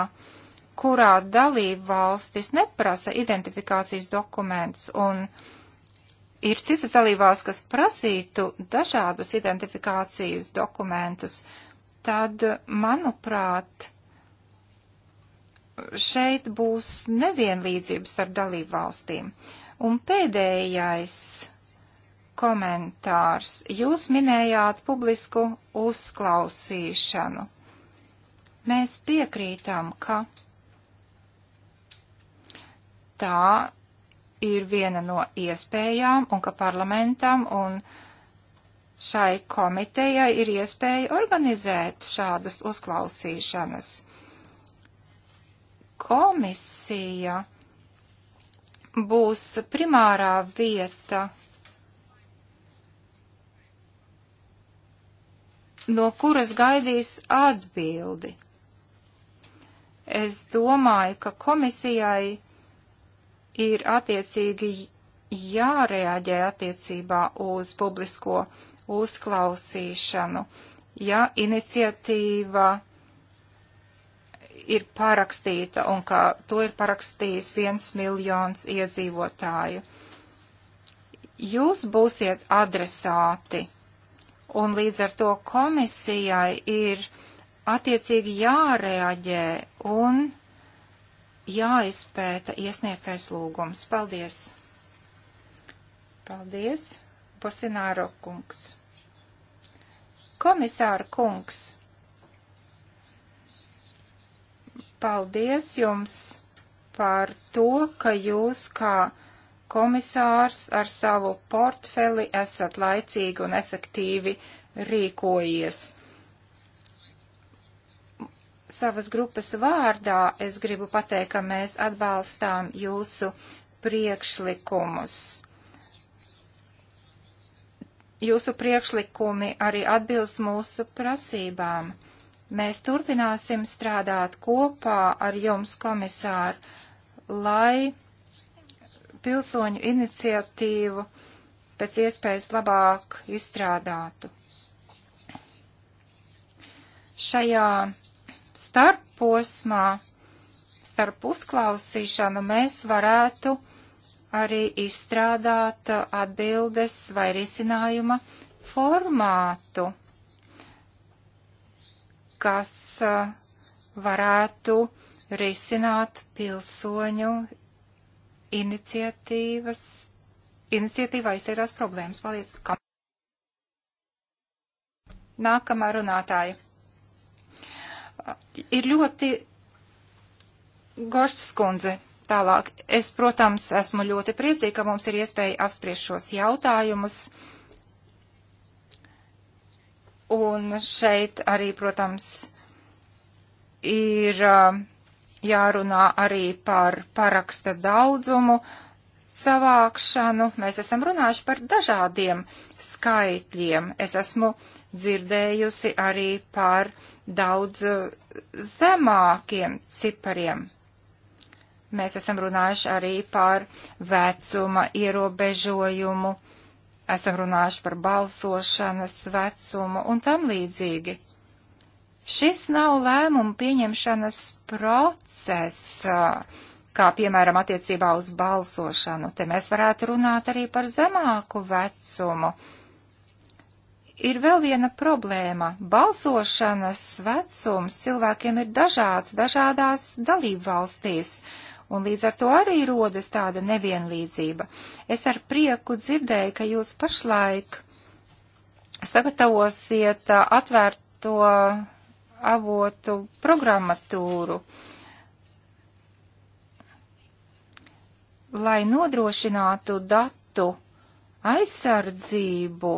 kurā dalība valstis neprasa identifikācijas dokumentus un ir citas dalībās, kas prasītu dažādus identifikācijas dokumentus, tad, manuprāt, šeit būs nevienlīdzības starp dalību valstīm. Un pēdējais komentārs. Jūs minējāt publisku uzklausīšanu. Mēs piekrītam, ka tā ir viena no iespējām un ka parlamentam un šai komitejai ir iespēja organizēt šādas uzklausīšanas. Komisija būs primārā vieta no kuras gaidīs atbildi. Es domāju, ka komisijai ir attiecīgi jārēģē attiecībā uz publisko uzklausīšanu, ja iniciatīva ir parakstīta un ka to ir parakstījis viens miljons iedzīvotāju. Jūs būsiet adresāti un līdz ar to komisijai ir attiecīgi jārēģē un jāizpēta iesniegtais lūgums. Paldies! Paldies, Bosināro kungs! Komisāra kungs! Paldies jums par to, ka jūs kā komisārs ar savu portfeli esat laicīgi un efektīvi rīkojies. Savas grupas vārdā es gribu pateikt, ka mēs atbalstām jūsu priekšlikumus. Jūsu priekšlikumi arī atbilst mūsu prasībām. Mēs turpināsim strādāt kopā ar jums, komisāri, lai pilsoņu iniciatīvu pēc iespējas labāk izstrādātu. Šajā starposmā, starp uzklausīšanu, mēs varētu arī izstrādāt atbildes vai risinājuma formātu, kas uh, varētu risināt pilsoņu iniciatīvas, iniciatīvā izteirās problēmas. Paldies. Kam? Nākamā runātāja. Ir ļoti Goršs kundze. Tālāk, es, protams, esmu ļoti priecīga, ka mums ir iespēja apspriest šos jautājumus. Un šeit arī, protams, ir uh, jārunā arī par paraksta daudzumu savākšanu. Mēs esam runājuši par dažādiem skaitļiem. Es esmu dzirdējusi arī par daudz zemākiem cipariem. Mēs esam runājuši arī par vecuma ierobežojumu, esam runājuši par balsošanas vecumu un tam līdzīgi. Šis nav lēmumu pieņemšanas process, kā piemēram attiecībā uz balsošanu. Te mēs varētu runāt arī par zemāku vecumu. Ir vēl viena problēma. Balsošanas vecums cilvēkiem ir dažāds dažādās dalību valstīs un līdz ar to arī rodas tāda nevienlīdzība. Es ar prieku dzirdēju, ka jūs pašlaik sagatavosiet atvērto avotu programmatūru, lai nodrošinātu datu aizsardzību.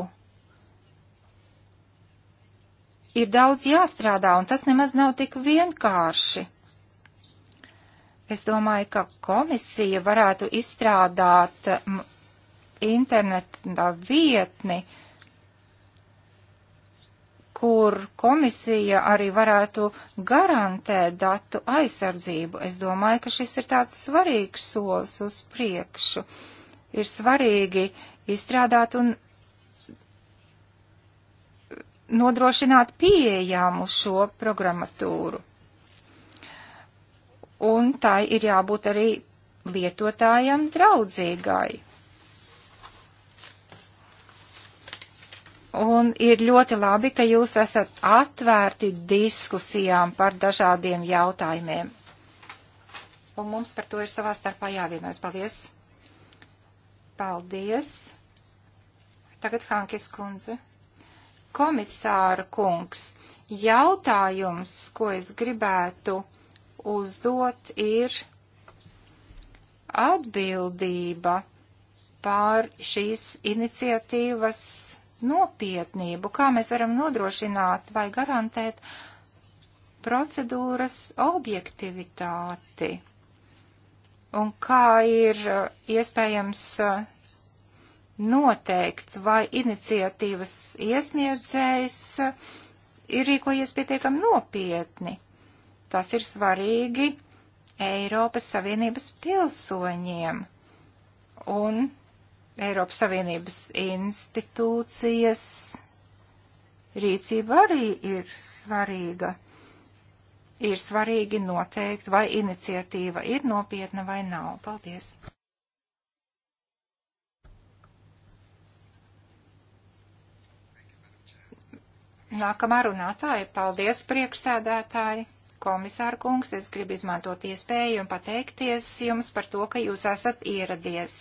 Ir daudz jāstrādā, un tas nemaz nav tik vienkārši. Es domāju, ka komisija varētu izstrādāt internetā vietni, uh, kur komisija arī varētu garantēt datu aizsardzību. Es domāju, ka šis ir tāds svarīgs solis uz priekšu. Ir svarīgi izstrādāt un nodrošināt pieejamu šo programmatūru. Un tai ir jābūt arī lietotājam draudzīgai. Un ir ļoti labi, ka jūs esat atvērti diskusijām par dažādiem jautājumiem. Un mums par to ir savā starpā jāvienojas. Paldies! Paldies! Tagad Hankis kundze. Komisāra kungs, jautājums, ko es gribētu uzdot, ir atbildība pār šīs iniciatīvas nopietnību, kā mēs varam nodrošināt vai garantēt procedūras objektivitāti un kā ir uh, iespējams uh, noteikt, vai iniciatīvas iesniedzējs uh, ir rīkojies pietiekami nopietni. Tas ir svarīgi Eiropas Savienības pilsoņiem un Eiropas Savienības institūcijas rīcība arī ir svarīga. Ir svarīgi noteikt, vai iniciatīva ir nopietna vai nav. Paldies! Nākamā runātāja, paldies priekšsēdētāji, komisāra kungs, es gribu izmantot iespēju un pateikties jums par to, ka jūs esat ieradies.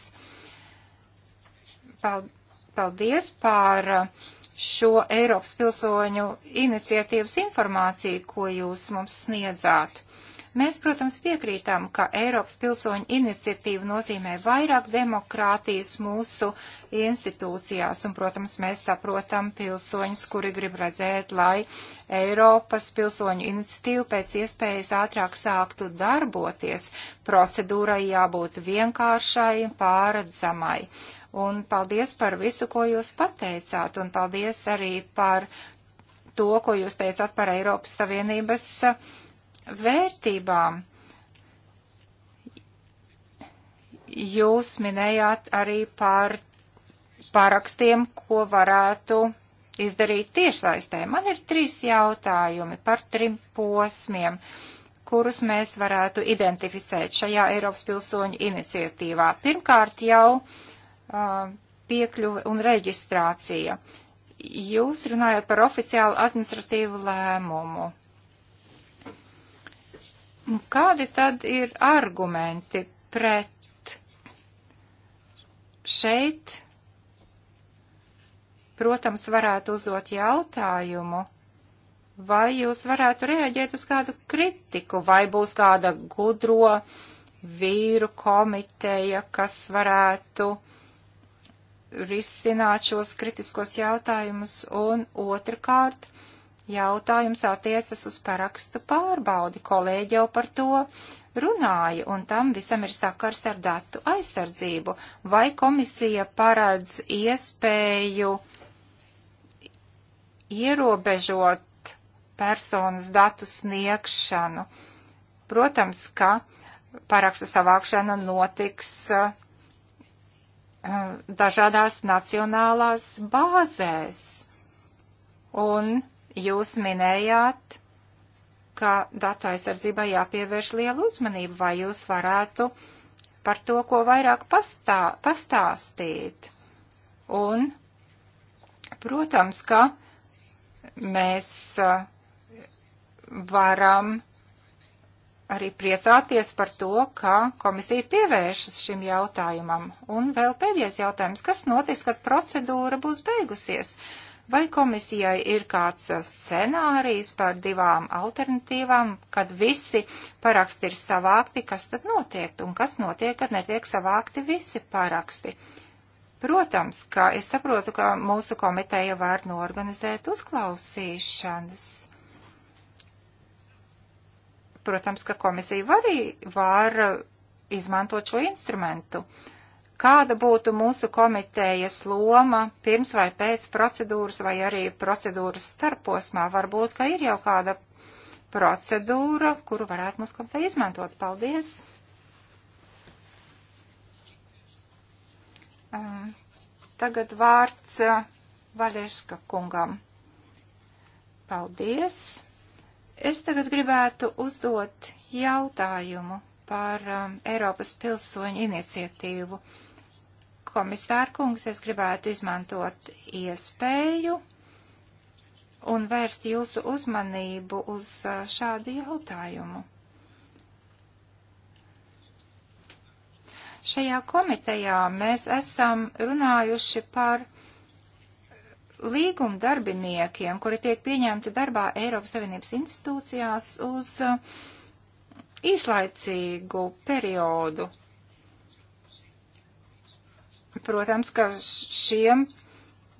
Paldies par uh, šo Eiropas pilsoņu iniciatīvas informāciju, ko jūs mums sniedzāt. Mēs, protams, piekrītām, ka Eiropas pilsoņu iniciatīva nozīmē vairāk demokrātijas mūsu institūcijās, un, protams, mēs saprotam pilsoņus, kuri grib redzēt, lai Eiropas pilsoņu iniciatīva pēc iespējas ātrāk sāktu darboties. Procedūrai jābūt vienkāršai, pāredzamai. Un paldies par visu, ko jūs pateicāt, un paldies arī par to, ko jūs teicāt par Eiropas Savienības uh, vērtībām. Jūs minējāt arī par parakstiem, ko varētu izdarīt tiešsaistē. Man ir trīs jautājumi par trim posmiem, kurus mēs varētu identificēt šajā Eiropas pilsoņu iniciatīvā. Pirmkārt jau piekļuve un reģistrācija. Jūs runājat par oficiālu administratīvu lēmumu. Kādi tad ir argumenti pret šeit? Protams, varētu uzdot jautājumu, vai jūs varētu rēģēt uz kādu kritiku, vai būs kāda gudro vīru komiteja, kas varētu risināt šos kritiskos jautājumus, un otrkārt jautājums attiecas uz parakstu pārbaudi. Kolēģi jau par to runāja, un tam visam ir sakars ar datu aizsardzību. Vai komisija paredz iespēju ierobežot personas datu sniegšanu? Protams, ka parakstu savākšana notiks dažādās nacionālās bāzēs. Un jūs minējāt, ka datu aizsardzībai jāpievērš liela uzmanība, vai jūs varētu par to, ko vairāk pastā, pastāstīt. Un, protams, ka mēs uh, varam arī priecāties par to, ka komisija pievēršas šim jautājumam. Un vēl pēdējais jautājums, kas notiks, kad procedūra būs beigusies? Vai komisijai ir kāds uh, scenārijs par divām alternatīvām, kad visi paraksti ir savākti, kas tad notiek? Un kas notiek, kad netiek savākti visi paraksti? Protams, ka es saprotu, ka mūsu komiteja var norganizēt uzklausīšanas protams, ka komisija arī var izmantot šo instrumentu. Kāda būtu mūsu komitejas loma pirms vai pēc procedūras vai arī procedūras starposmā? Varbūt, ka ir jau kāda procedūra, kuru varētu mūsu komiteja izmantot. Paldies! Um, tagad vārds uh, Vaļeška kungam. Paldies! Es tagad gribētu uzdot jautājumu par um, Eiropas pilsoņu iniciatīvu. Komisārkungs, es gribētu izmantot iespēju un vērst jūsu uzmanību uz uh, šādu jautājumu. Šajā komitejā mēs esam runājuši par līguma darbiniekiem, kuri tiek pieņemti darbā Eiropas Savienības institūcijās uz uh, īslaicīgu periodu. Protams, ka šiem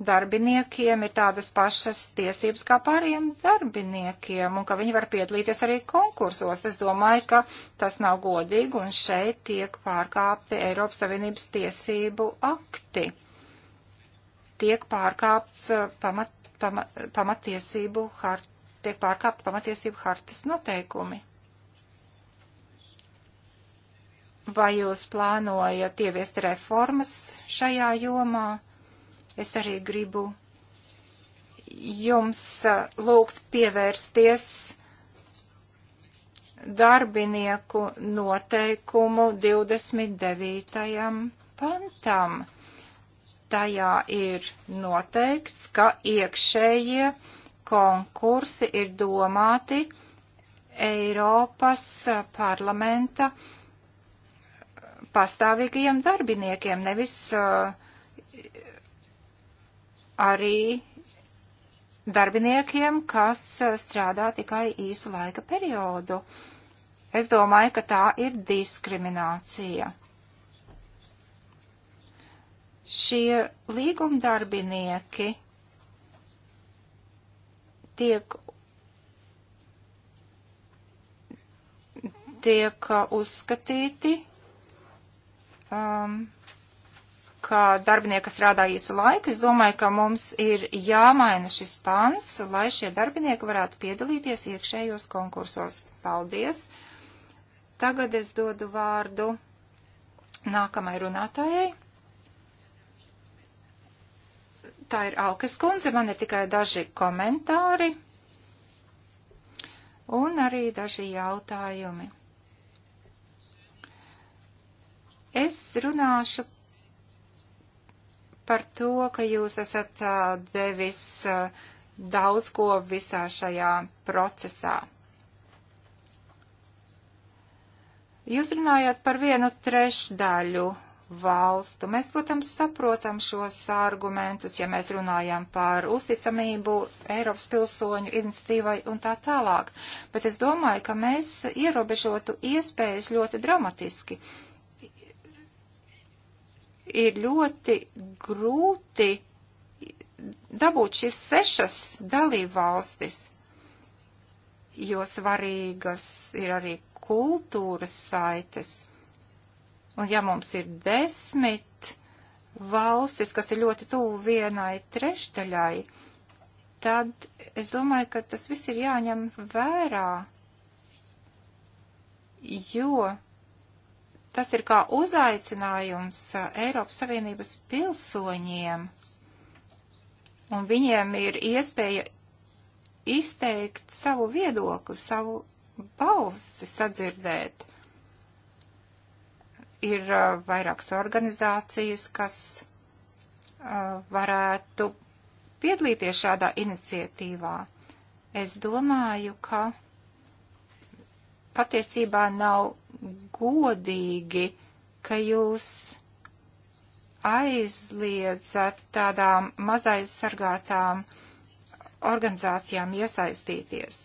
darbiniekiem ir tādas pašas tiesības kā pāriem darbiniekiem, un ka viņi var piedalīties arī konkursos. Es domāju, ka tas nav godīgi, un šeit tiek pārkāpti Eiropas Savienības tiesību akti tiek pārkāpts uh, pamat, pamat, pamatiesību hart, tiek pārkāpt pamatiesību hartas noteikumi. Vai jūs plānojat ieviest reformas šajā jomā? Es arī gribu jums uh, lūgt pievērsties darbinieku noteikumu 29. pantam tajā ir noteikts, ka iekšējie konkursi ir domāti Eiropas parlamenta pastāvīgajiem darbiniekiem, nevis uh, arī darbiniekiem, kas strādā tikai īsu laika periodu. Es domāju, ka tā ir diskriminācija. Šie līgumdarbinieki tiek, tiek uzskatīti um, kā darbinieki, kas strādā īsu laiku. Es domāju, ka mums ir jāmaina šis pants, lai šie darbinieki varētu piedalīties iekšējos konkursos. Paldies! Tagad es dodu vārdu nākamai runātājai tā ir Aukas kundze, man ir tikai daži komentāri un arī daži jautājumi. Es runāšu par to, ka jūs esat devis daudz ko visā šajā procesā. Jūs runājat par vienu trešdaļu valstu. Mēs, protams, saprotam šos argumentus, ja mēs runājam par uzticamību Eiropas pilsoņu iniciatīvai un tā tālāk, bet es domāju, ka mēs ierobežotu iespējas ļoti dramatiski. Ir ļoti grūti dabūt šīs sešas dalību valstis, jo svarīgas ir arī kultūras saites. Un ja mums ir desmit valstis, kas ir ļoti tuvu vienai trešdaļai, tad es domāju, ka tas viss ir jāņem vērā, jo tas ir kā uzaicinājums Eiropas Savienības pilsoņiem, un viņiem ir iespēja izteikt savu viedokli, savu balsi sadzirdēt ir vairākas organizācijas, kas varētu piedalīties šādā iniciatīvā. Es domāju, ka patiesībā nav godīgi, ka jūs aizliedzat tādām mazaizsargātām organizācijām iesaistīties.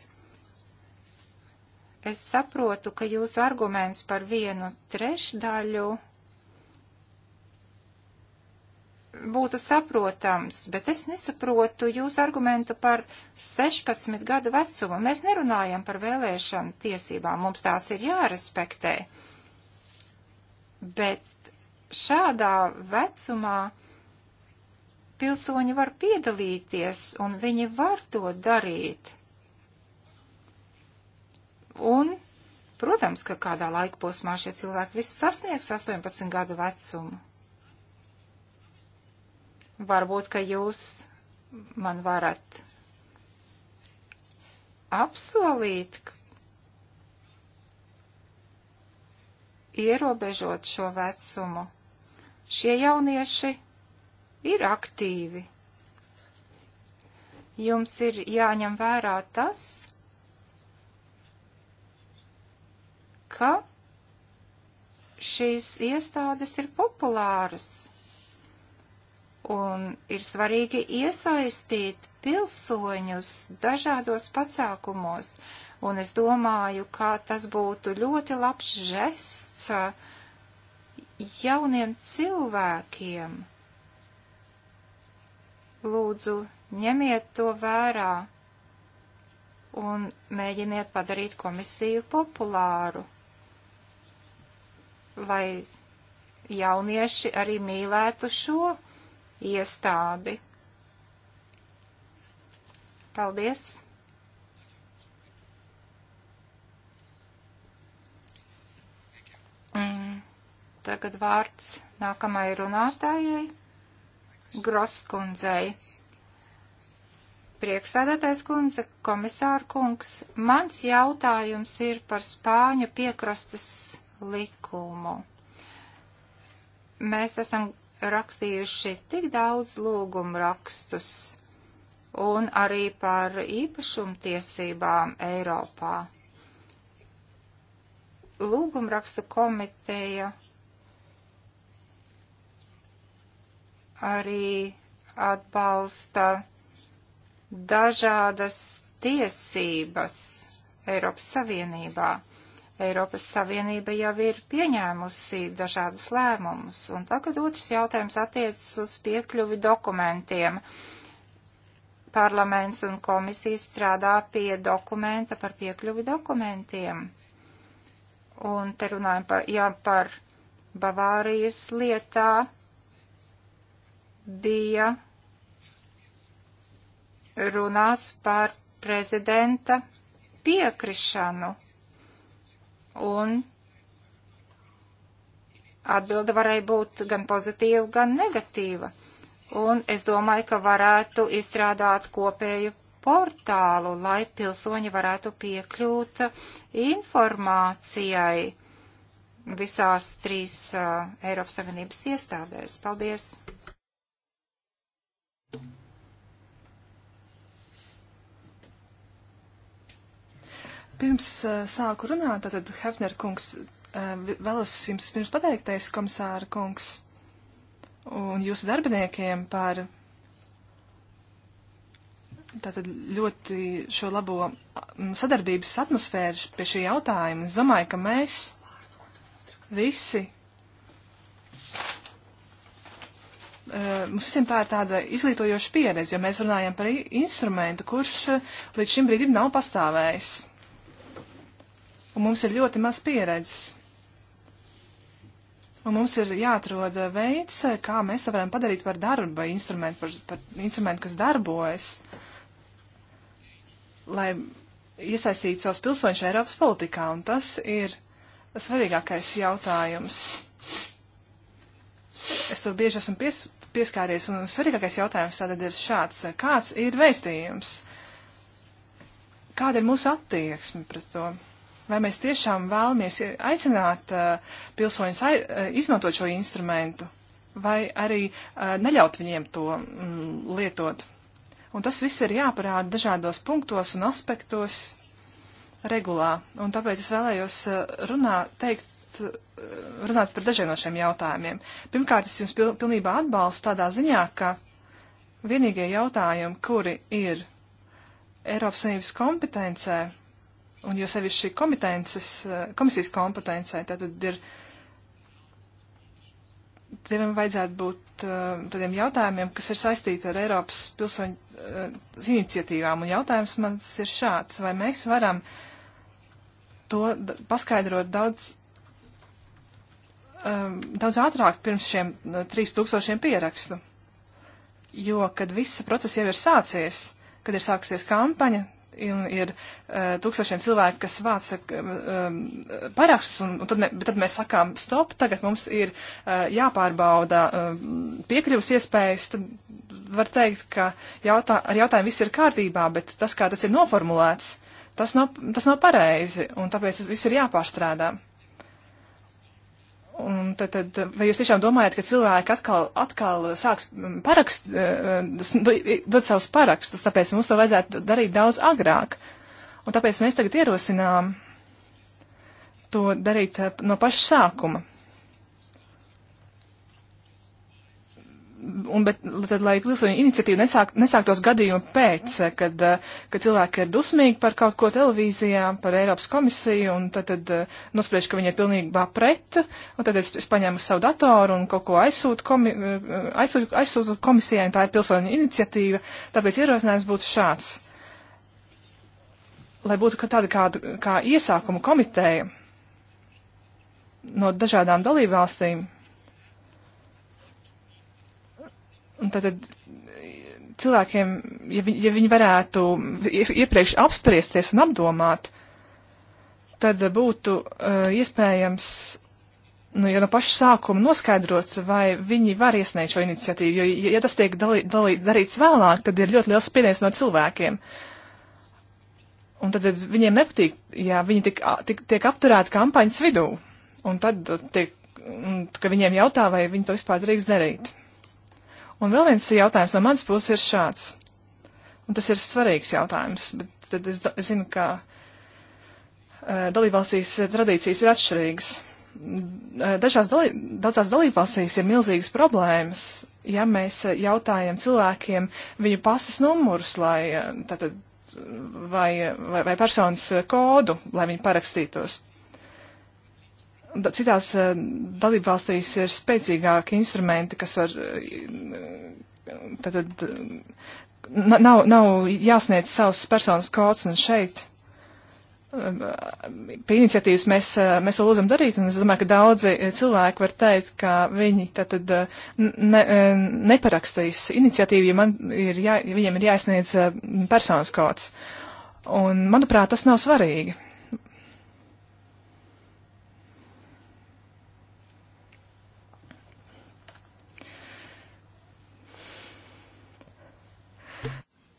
Es saprotu, ka jūsu arguments par vienu trešdaļu būtu saprotams, bet es nesaprotu jūsu argumentu par 16 gadu vecumu. Mēs nerunājam par vēlēšanu tiesībām, mums tās ir jārespektē. Bet šādā vecumā pilsoņi var piedalīties un viņi var to darīt. Un, protams, ka kādā laika posmā šie cilvēki viss sasniegs 18 gadu vecumu. Varbūt, ka jūs man varat apsolīt, ierobežot šo vecumu. Šie jaunieši ir aktīvi. Jums ir jāņem vērā tas, ka šīs iestādes ir populāras un ir svarīgi iesaistīt pilsoņus dažādos pasākumos. Un es domāju, ka tas būtu ļoti labs žests uh, jauniem cilvēkiem. Lūdzu, ņemiet to vērā un mēģiniet padarīt komisiju populāru lai jaunieši arī mīlētu šo iestādi. Paldies! Mm. Tagad vārds nākamajai runātājai, Groskundzei. Priekšsēdētājs kundze, komisāra kungs, mans jautājums ir par Spāņu piekrastes likumu. Mēs esam rakstījuši tik daudz lūgumu rakstus un arī par īpašumtiesībām Eiropā. Lūgumrakstu komiteja arī atbalsta dažādas tiesības Eiropas Savienībā. Eiropas Savienība jau ir pieņēmusi dažādus lēmumus, un tagad otrs jautājums attiecas uz piekļuvi dokumentiem. Parlaments un komisija strādā pie dokumenta par piekļuvi dokumentiem. Un te runājam par, ja par Bavārijas lietā bija runāts par prezidenta piekrišanu un atbilde varēja būt gan pozitīva, gan negatīva. Un es domāju, ka varētu izstrādāt kopēju portālu, lai pilsoņi varētu piekļūt informācijai visās trīs uh, Eiropas Savienības iestādēs. Paldies! Pirms sāku runāt, tad Hefner kungs vēlos jums pirms pateikties, komisāra kungs, un jūsu darbiniekiem par tātad ļoti šo labo sadarbības atmosfēru pie šī jautājuma. Es domāju, ka mēs visi. Mums visiem tā ir tāda izglītojoša pieredze, jo mēs runājam par instrumentu, kurš līdz šim brīdim nav pastāvējis un mums ir ļoti maz pieredzes. Un mums ir jāatrod veids, kā mēs to varam padarīt par darba instrumentu, par, par instrumentu, kas darbojas, lai iesaistītu savus pilsoņus Eiropas politikā. Un tas ir svarīgākais jautājums. Es tur bieži esmu pies, pieskāries, un svarīgākais jautājums tātad ir šāds. Kāds ir veistījums? Kāda ir mūsu attieksme pret to? vai mēs tiešām vēlamies aicināt uh, pilsoņus ai, uh, izmantot šo instrumentu, vai arī uh, neļaut viņiem to mm, lietot. Un tas viss ir jāparāda dažādos punktos un aspektos regulā. Un tāpēc es vēlējos runāt, teikt, runāt par dažiem no šiem jautājumiem. Pirmkārt, es jums pil pilnībā atbalstu tādā ziņā, ka vienīgie jautājumi, kuri ir Eiropas Savienības kompetencē, un jo sevišķi eh, komisijas kompetencē, tātad ir, tiem vajadzētu būt eh, tādiem jautājumiem, kas ir saistīti ar Eiropas pilsoņu eh, iniciatīvām, un jautājums mans ir šāds, vai mēs varam to paskaidrot daudz, ehm, daudz ātrāk pirms šiem 3000 pierakstu, jo, kad viss process jau ir sācies, kad ir sāksies kampaņa, un ir uh, tūkstošiem cilvēku, kas vāc um, e, e, parakstus, un, un tad, mē, tad mēs sakām, stop, tagad mums ir uh, jāpārbauda uh, piekļuvas iespējas, tad var teikt, ka jautā, ar jautājumu viss ir kārtībā, bet tas, kā tas ir noformulēts, tas nav, tas nav pareizi, un tāpēc tas viss ir jāpārstrādā. Un tad, tad, vai jūs tiešām domājat, ka cilvēki atkal, atkal sāks mm, parakst, eh, dot savus parakstus, tāpēc mums to vajadzētu darīt daudz agrāk. Un tāpēc mēs tagad ierosinām to darīt eh, no paša sākuma. Un, bet, tad, lai pilsoņu iniciatīva nesāk, nesāktos gadījumu pēc, kad, eh, kad cilvēki ir dusmīgi par kaut ko televīzijā, par Eiropas komisiju, un tad, tad eh, nospriež, ka viņi ir pilnībā pret, un tad es, es paņēmu savu datoru un kaut ko aizsūtu, komi, eh, aizsūtu, aizsūtu komisijai, un tā ir pilsoņu iniciatīva, tāpēc ierosinājums būtu šāds. Lai būtu kā tāda kā, kā iesākuma komiteja no dažādām dalībvalstīm Un tātad cilvēkiem, ja viņi, ja viņi varētu iepriekš apspriesties un apdomāt, tad būtu uh, iespējams, nu, ja no paša sākuma noskaidrot, vai viņi var iesniegt šo iniciatīvu, jo, ja, ja tas tiek dalī, dalī, darīts vēlāk, tad ir ļoti liels spiediens no cilvēkiem. Un tad viņiem nepatīk, ja viņi tik, tik, tiek apturēti kampaņas vidū. Un tad tiek, un, ka viņiem jautā, vai viņi to vispār drīkst darīt. Mm. Un vēl viens jautājums no manas puses ir šāds. Un tas ir svarīgs jautājums, bet tad es, es zinu, ka uh, dalībvalstīs tradīcijas ir atšķirīgas. Dažās dalī, daudzās dalībvalstīs ir milzīgas problēmas, ja mēs jautājam cilvēkiem viņu pasas numurus, lai tātad vai, vai, vai personas kodu, lai viņi parakstītos citās eh, dalībvalstīs ir spēcīgāki instrumenti, kas var. Tātad eh, eh, nav, nav jāsniedz savs personas kods, un šeit pie iniciatīvas mēs, mēs to lūdzam darīt, un es domāju, ka daudzi cilvēki var teikt, ka viņi tātad ne, neparakstīs iniciatīvu, ja, man ir jā, ja viņiem ir jāsniedz personas kods. Un, manuprāt, tas nav svarīgi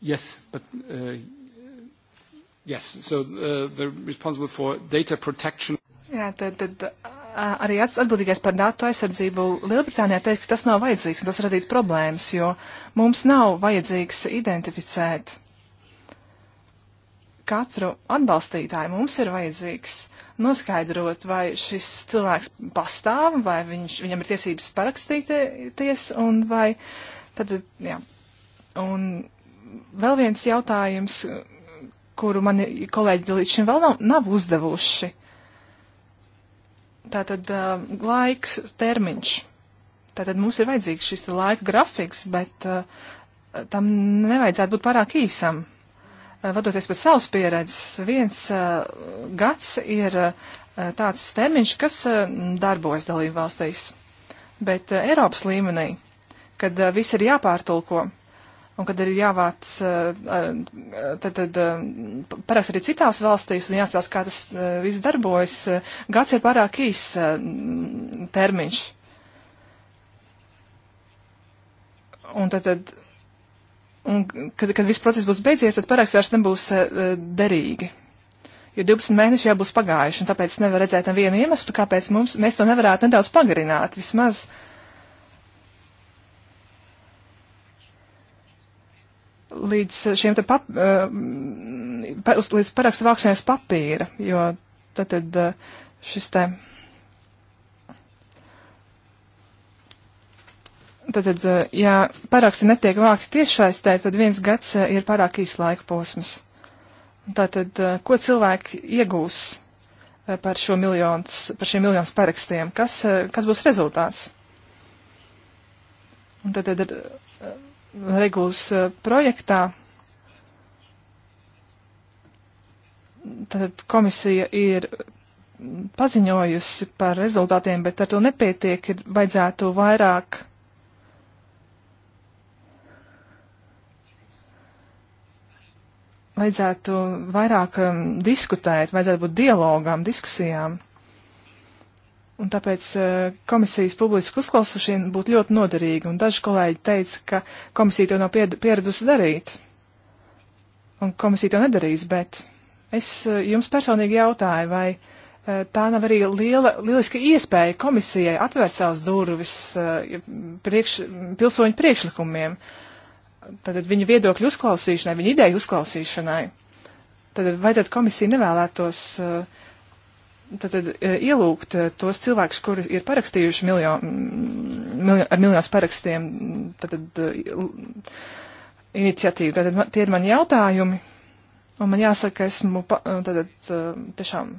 Yes, but uh, yes, so uh, they're responsible for data protection. Jā, tad, tad arī atbildīgais par datu aizsardzību Lielbritānijā teiks, ka tas nav vajadzīgs un tas radītu problēmas, jo mums nav vajadzīgs identificēt katru atbalstītāju. Mums ir vajadzīgs noskaidrot, vai šis cilvēks pastāv, vai viņš, viņam ir tiesības parakstīties, un vai tad, jā. Un vēl viens jautājums, kuru mani kolēģi līdz šim vēl nav, nav uzdevuši. Tātad uh, laiks termiņš. Tātad mums ir vajadzīgs šis laika grafiks, bet uh, tam nevajadzētu būt pārāk īsam. Uh, vadoties pēc savas pieredzes, viens uh, gads ir uh, tāds termiņš, kas uh, darbojas dalību valstīs. Bet uh, Eiropas līmenī, kad uh, viss ir jāpārtulko, uh, un kad ir jāvāc, eh, eh, tad, tad eh, parasti arī citās valstīs un jāstāsta, kā tas viss darbojas, gads ir pārāk īs termiņš. Un tad, tad un kad, kad viss process būs beidzies, tad paraks vairs nebūs derīgi. Jo 12 mēneši jau būs pagājuši, un tāpēc nevar redzēt nevienu iemeslu, kāpēc mums, mēs to nevarētu nedaudz pagarināt, vismaz uh, līdz šiem te pap, eh, pa, līdz parakstu vākšanai uz papīra, jo tad, tad eh, šis te. Tātad, eh, ja paraksti netiek vākti tiešsaistē, tad viens gads ir pārāk īs laika posms. Tātad, ko cilvēki iegūs par, miljonus, par šiem miljonus parakstiem? Kas, kas būs rezultāts? Un tad, tad regulas e, projektā. Tad komisija ir paziņojusi par rezultātiem, bet ar to nepietiek, ir vajadzētu vairāk vajadzētu vairāk um, diskutēt, vajadzētu būt dialogām, diskusijām. Un tāpēc eh, komisijas publiska uzklausīšana būtu ļoti noderīga, un daži kolēģi teica, ka komisija to nav pieradusi darīt. Un komisija to nedarīs, bet es eh, jums personīgi jautāju, vai eh, tā nav arī liela, lieliska iespēja komisijai atvērt savas durvis priekš, pilsoņu priekšlikumiem, tātad viņu viedokļu uzklausīšanai, viņu ideju uzklausīšanai. Tad vai tad komisija nevēlētos uh, Tātad e, ielūgt e, tos cilvēkus, kuri ir parakstījuši miljo, miljo, ar miljonus parakstiem tātad, e, iniciatīvu. Tātad man, tie ir mani jautājumi, un man jāsaka, esmu pa, tātad, tiešām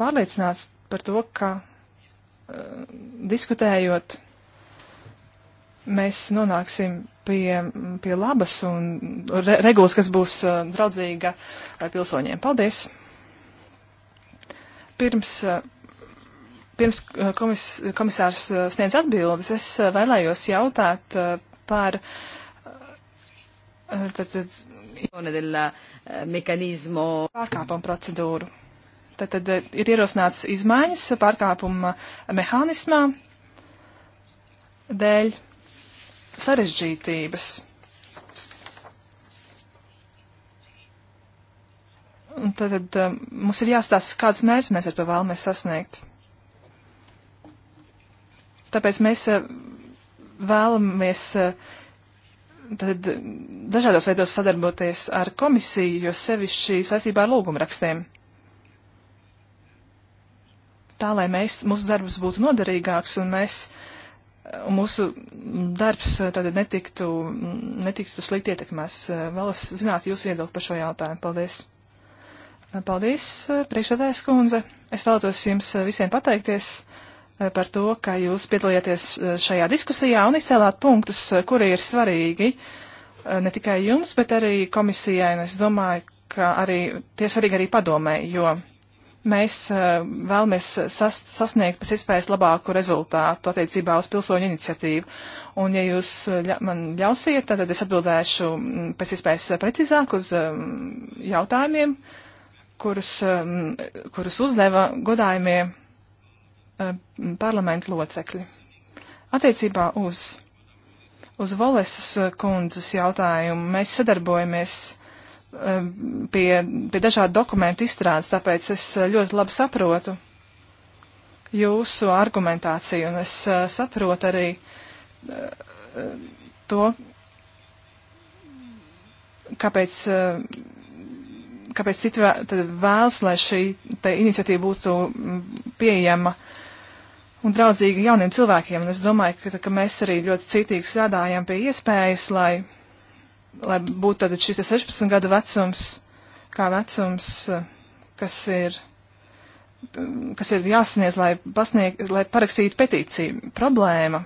pārliecināts par to, ka diskutējot, mēs nonāksim pie, pie labas un re, regulas, kas būs draudzīga pilsoņiem. Paldies! Pirms, eh, pirms eh, komis, komisārs eh, sniedz atbildes, es vēlējos jautāt par. Tad, tad, pārkāpumu procedūru. Tad, tad ir ierosināts izmaiņas pārkāpuma mehānismā dēļ sarežģītības. Tad, tad eh, mums ir jāstāsta, kādus mērķus mēs ar to vēlamies sasniegt. Tāpēc mēs eh, vēlamies eh, tad, dažādos veidos sadarboties ar komisiju, jo sevišķi saistībā ar lūgumrakstiem. Tā, lai mēs, mūsu darbs būtu noderīgāks un mēs, un mūsu darbs tātad netiktu, netiktu slikti ietekmēs. Vēlos zināt jūsu viedokli par šo jautājumu. Paldies! Paldies, eh, priekšsēdājas kundze. Es vēlētos jums eh, visiem pateikties eh, par to, ka jūs piedalījāties šajā diskusijā un izcēlāt punktus, kuri ir svarīgi ne tikai jums, bet arī komisijai. Un es domāju, ka arī tie svarīgi arī padomē, jo mēs vēlamies sas, sasniegt pēc iespējas labāku rezultātu attiecībā uz pilsoņu iniciatīvu. Un, ja jūs ļa, man ļausiet, tad es atbildēšu mm, pēc iespējas precīzāk uz jautājumiem. Uh, kurus, um, kurus uzdeva godājumie uh, parlamenta locekļi. Attiecībā uz, uz Volesas uh, kundzes jautājumu mēs sadarbojamies um, pie, pie dažādu dokumentu izstrādes, tāpēc es uh, ļoti labi saprotu jūsu argumentāciju, un es saprotu arī to, kāpēc kāpēc citi vēlas, lai šī iniciatīva būtu mm, pieejama un draudzīga jauniem cilvēkiem. Un es domāju, ka, ka mēs arī ļoti cītīgi strādājam pie iespējas, lai, lai būtu tad šis 16 gadu vecums, kā vecums, kas ir kas ir jāsniedz, lai, pasnieg, lai parakstītu petīciju. Problēma,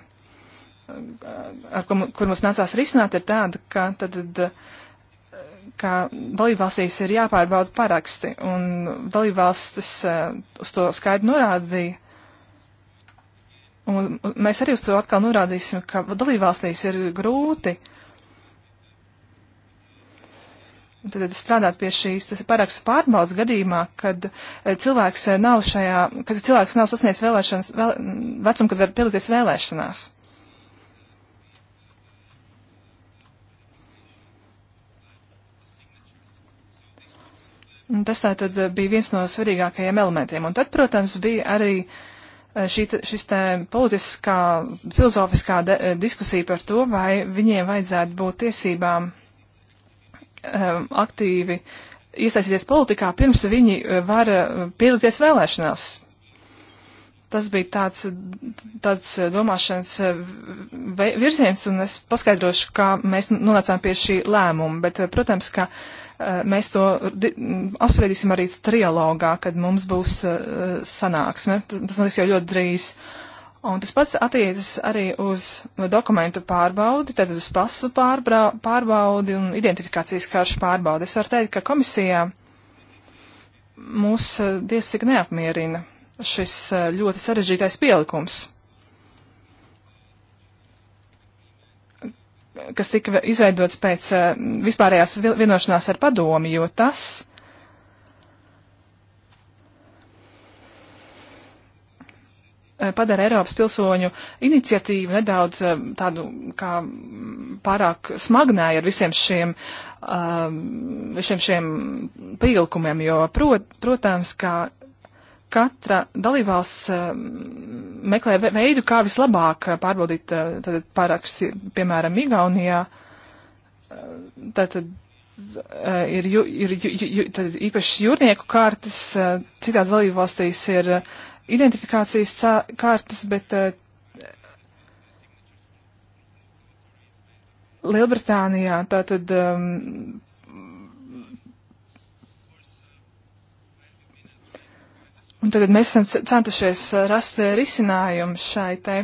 ar ko, kur mums nācās risināt, ir tāda, ka tad, tad ka dalībvalstīs ir jāpārbauda paraksti, un dalībvalstis uh, uz to skaidri norādīja. Un mēs arī uz to atkal norādīsim, ka dalībvalstīs ir grūti tad strādāt pie šīs parakstu pārbaudas gadījumā, kad e, cilvēks e, nav šajā, kad cilvēks nav sasniedzis vēlēšanas, vēl, vecumu, kad var piedalīties vēlēšanās. Tas tā tad bija viens no svarīgākajiem elementiem. Un tad, protams, bija arī eh, šī, šis tā politiskā, filozofiskā de, eh, diskusija par to, vai viņiem vajadzētu būt tiesībām um, aktīvi iesaistīties politikā, pirms viņi var piedalīties vēlēšanās. Tas bija tāds, tāds domāšanas virziens, un es paskaidrošu, kā mēs nonācām pie šī lēmuma. Bet, protams, ka uh, Eh, mēs to apspriedīsim arī trialogā, kad mums būs eh, sanāksme. Tas, tas notiks jau ļoti drīz. Un tas pats attiecas arī uz dokumentu pārbaudi, tātad uz pasu pārbrau, pārbaudi un identifikācijas karšu pārbaudi. Es varu teikt, ka komisijā mūs eh, diezgan neapmierina šis ļoti sarežģītais pielikums. kas tika izveidots pēc eh, vispārējās vienošanās ar padomi, jo tas eh, padara Eiropas pilsoņu iniciatīvu nedaudz eh, tādu kā mm, pārāk smagnēju ar visiem šiem, visiem šiem pīlkumiem, jo, prot, protams, ka katra dalībvalsts ehm, meklē veidu, kā vislabāk eh, pārbaudīt eh, paraksts, piemēram, Igaunijā. Ehm, tātad eh, ir, ju, ir ju, ju, tad īpašas jūrnieku kartes, citās dalībvalstīs ir identifikācijas kartes, bet Lielbritānijā tātad um, Un tad mēs esam centušies uh, rast uh, risinājumu šai te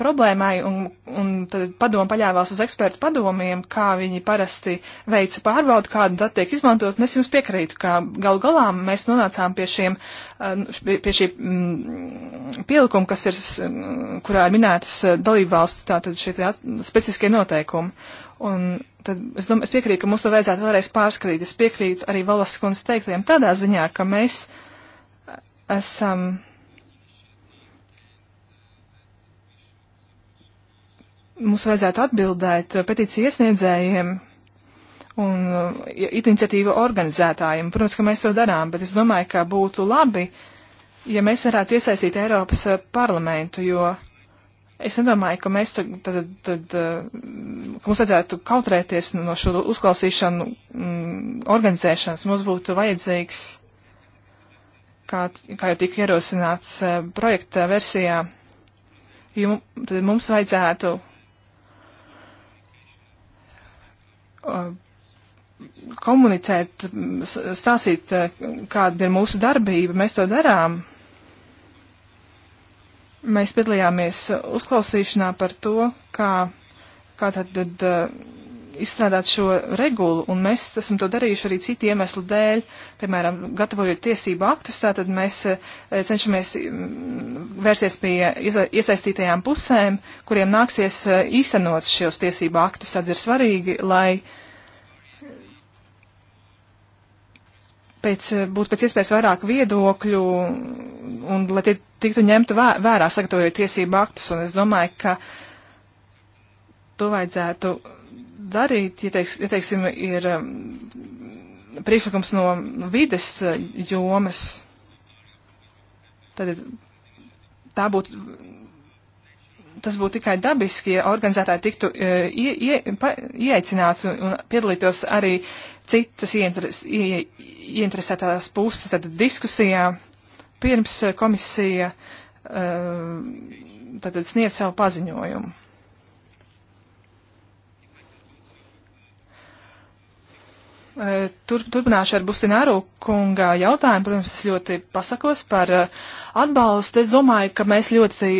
problēmai, un, un tad padomu paļāvās uz ekspertu padomiem, kā viņi parasti veica pārbaudu, kāda data tiek izmantot, un es jums piekrītu, ka galu galā mēs nonācām pie šiem, uh, nu, pie šī mm, pielikuma, kas ir, mm, kurā ir minētas dalību valstu, tātad šie specifiskie noteikumi. Un tad es domāju, es piekrītu, ka mums to vajadzētu vēlreiz pārskatīt. Es piekrītu arī Valaskundas teiktiem tādā ziņā, ka mēs esam mums vajadzētu atbildēt petīciju iesniedzējiem un iniciatīvu organizētājiem. Protams, ka mēs to darām, bet es domāju, ka būtu labi, ja mēs varētu iesaistīt Eiropas parlamentu, jo es nedomāju, ka mēs tad, tad, tad ka mums vajadzētu kautrēties no šo uzklausīšanu m, mm, organizēšanas. Mums būtu vajadzīgs kā, kā jau tika ierosināts eh, projekta versijā, jum, tad mums vajadzētu eh, komunicēt, stāstīt, eh, kāda ir mūsu darbība, mēs to darām. Mēs piedalījāmies uzklausīšanā par to, kā, kā tad, tad izstrādāt šo regulu, un mēs esam to darījuši arī citu iemeslu dēļ, piemēram, gatavojot tiesību aktus, tātad mēs eh, cenšamies mm, vērsties pie iesaistītajām pusēm, kuriem nāksies eh, īstenot šos tiesību aktus, tad ir svarīgi, lai pēc, eh, būtu pēc iespējas vairāk viedokļu, un lai tie tiktu ņemtu vērā, sagatavojot tiesību aktus, un es domāju, ka to vajadzētu darīt, ja, teiks, ja teiksim, ir um, priekšlikums no vides uh, jomas, tad tā būtu. Tas būtu tikai dabiski, ja organizētāji tiktu uh, ie, ie, pa, ieaicināti un piedalītos arī citas ieinteres, ie, ieinteresētās puses tad diskusijā, pirms uh, komisija uh, tad sniedz savu paziņojumu. Tur, turpināšu ar Bustināru kunga jautājumu. Protams, es ļoti pasakos par atbalstu. Es domāju, ka mēs ļoti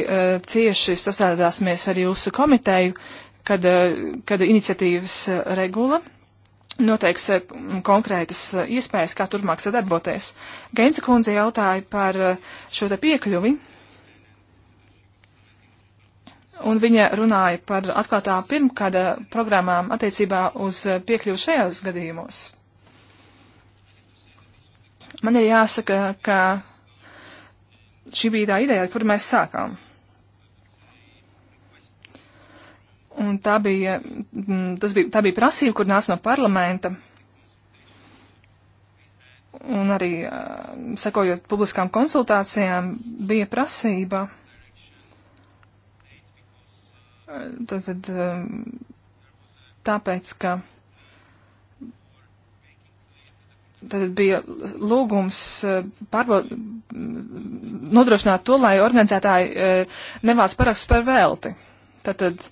cieši sastrādāsimies ar jūsu komiteju, kad, kad iniciatīvas regula noteiks konkrētas iespējas, kā turpmāk sadarboties. Gensa kundze jautāja par šo te piekļuvi Un viņa runāja par atklātām pirmkada programmām attiecībā uz piekļuvu šajos gadījumos. Man ir jāsaka, ka šī bija tā ideja, ar kuru mēs sākām. Un tā bija, mm, bija, tā bija prasība, kur nāca no parlamenta. Un arī, sekojot publiskām konsultācijām, bija prasība tātad um, tāpēc, ka tātad bija lūgums uh, pārbaud, nodrošināt to, lai organizētāji uh, nevās parakstus par velti. Tātad,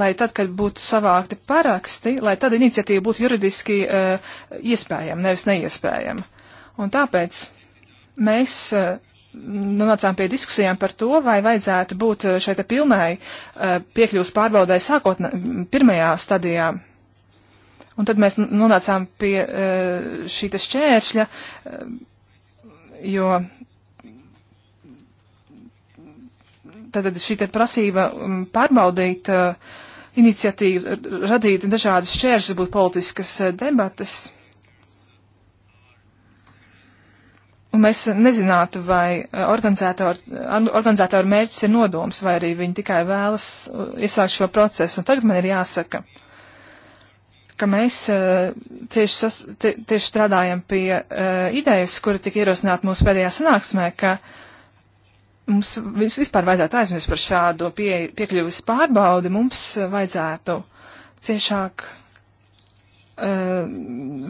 lai tad, kad būtu savākti paraksti, lai tad iniciatīva būtu juridiski uh, iespējama, nevis neiespējama. Un tāpēc mēs nonācām pie diskusijām par to, vai vajadzētu būt eh, šai te pilnai eh, piekļūst pārbaudai sākotnē, pirmajā stadijā. Un tad mēs nonācām pie eh, šī te šķēršļa, jo tad šī te prasība pārbaudīt iniciatīvu, radīt dažādas šķēršļas, būtu politiskas debatas. Un mēs nezinātu, vai organizātoru eh, organizātor mērķis ir nodoms, vai arī viņi tikai vēlas eh, iesākt šo procesu. Un tagad man ir jāsaka, ka mēs tieši, eh, sas, tie, tieši strādājam pie uh, idejas, kura tika ierosināta mūsu pēdējā sanāksmē, ka mums vispār vajadzētu aizmirst par šādu pie, piekļuvis pārbaudi, mums vajadzētu ciešāk uh,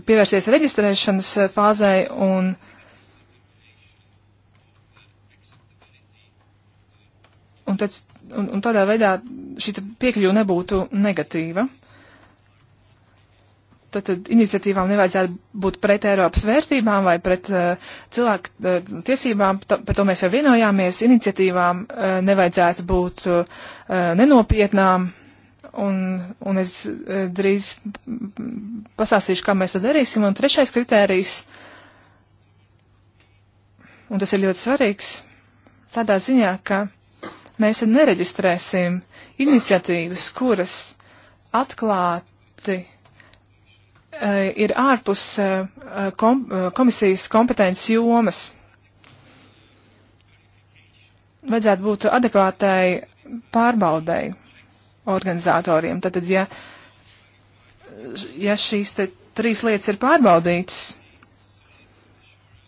pievērsties reģistrēšanas fāzai un uh, un, tad, un, un tādā veidā šī piekļuva nebūtu negatīva. Tad, tad iniciatīvām nevajadzētu būt pret Eiropas vērtībām vai pret uh, cilvēku uh, tiesībām, to, par to mēs jau vienojāmies. Iniciatīvām uh, nevajadzētu būt uh, nenopietnām, un, un es uh, drīz pasāstīšu, kā mēs to darīsim. Un trešais kritērijs, un tas ir ļoti svarīgs, tādā ziņā, ka mēs nereģistrēsim iniciatīvas, kuras atklāti eh, ir ārpus eh, eh, kom komisijas kompetences jomas. Vajadzētu būt adekvātai pārbaudai organizatoriem. Tad, ja, ja šīs te trīs lietas ir pārbaudītas,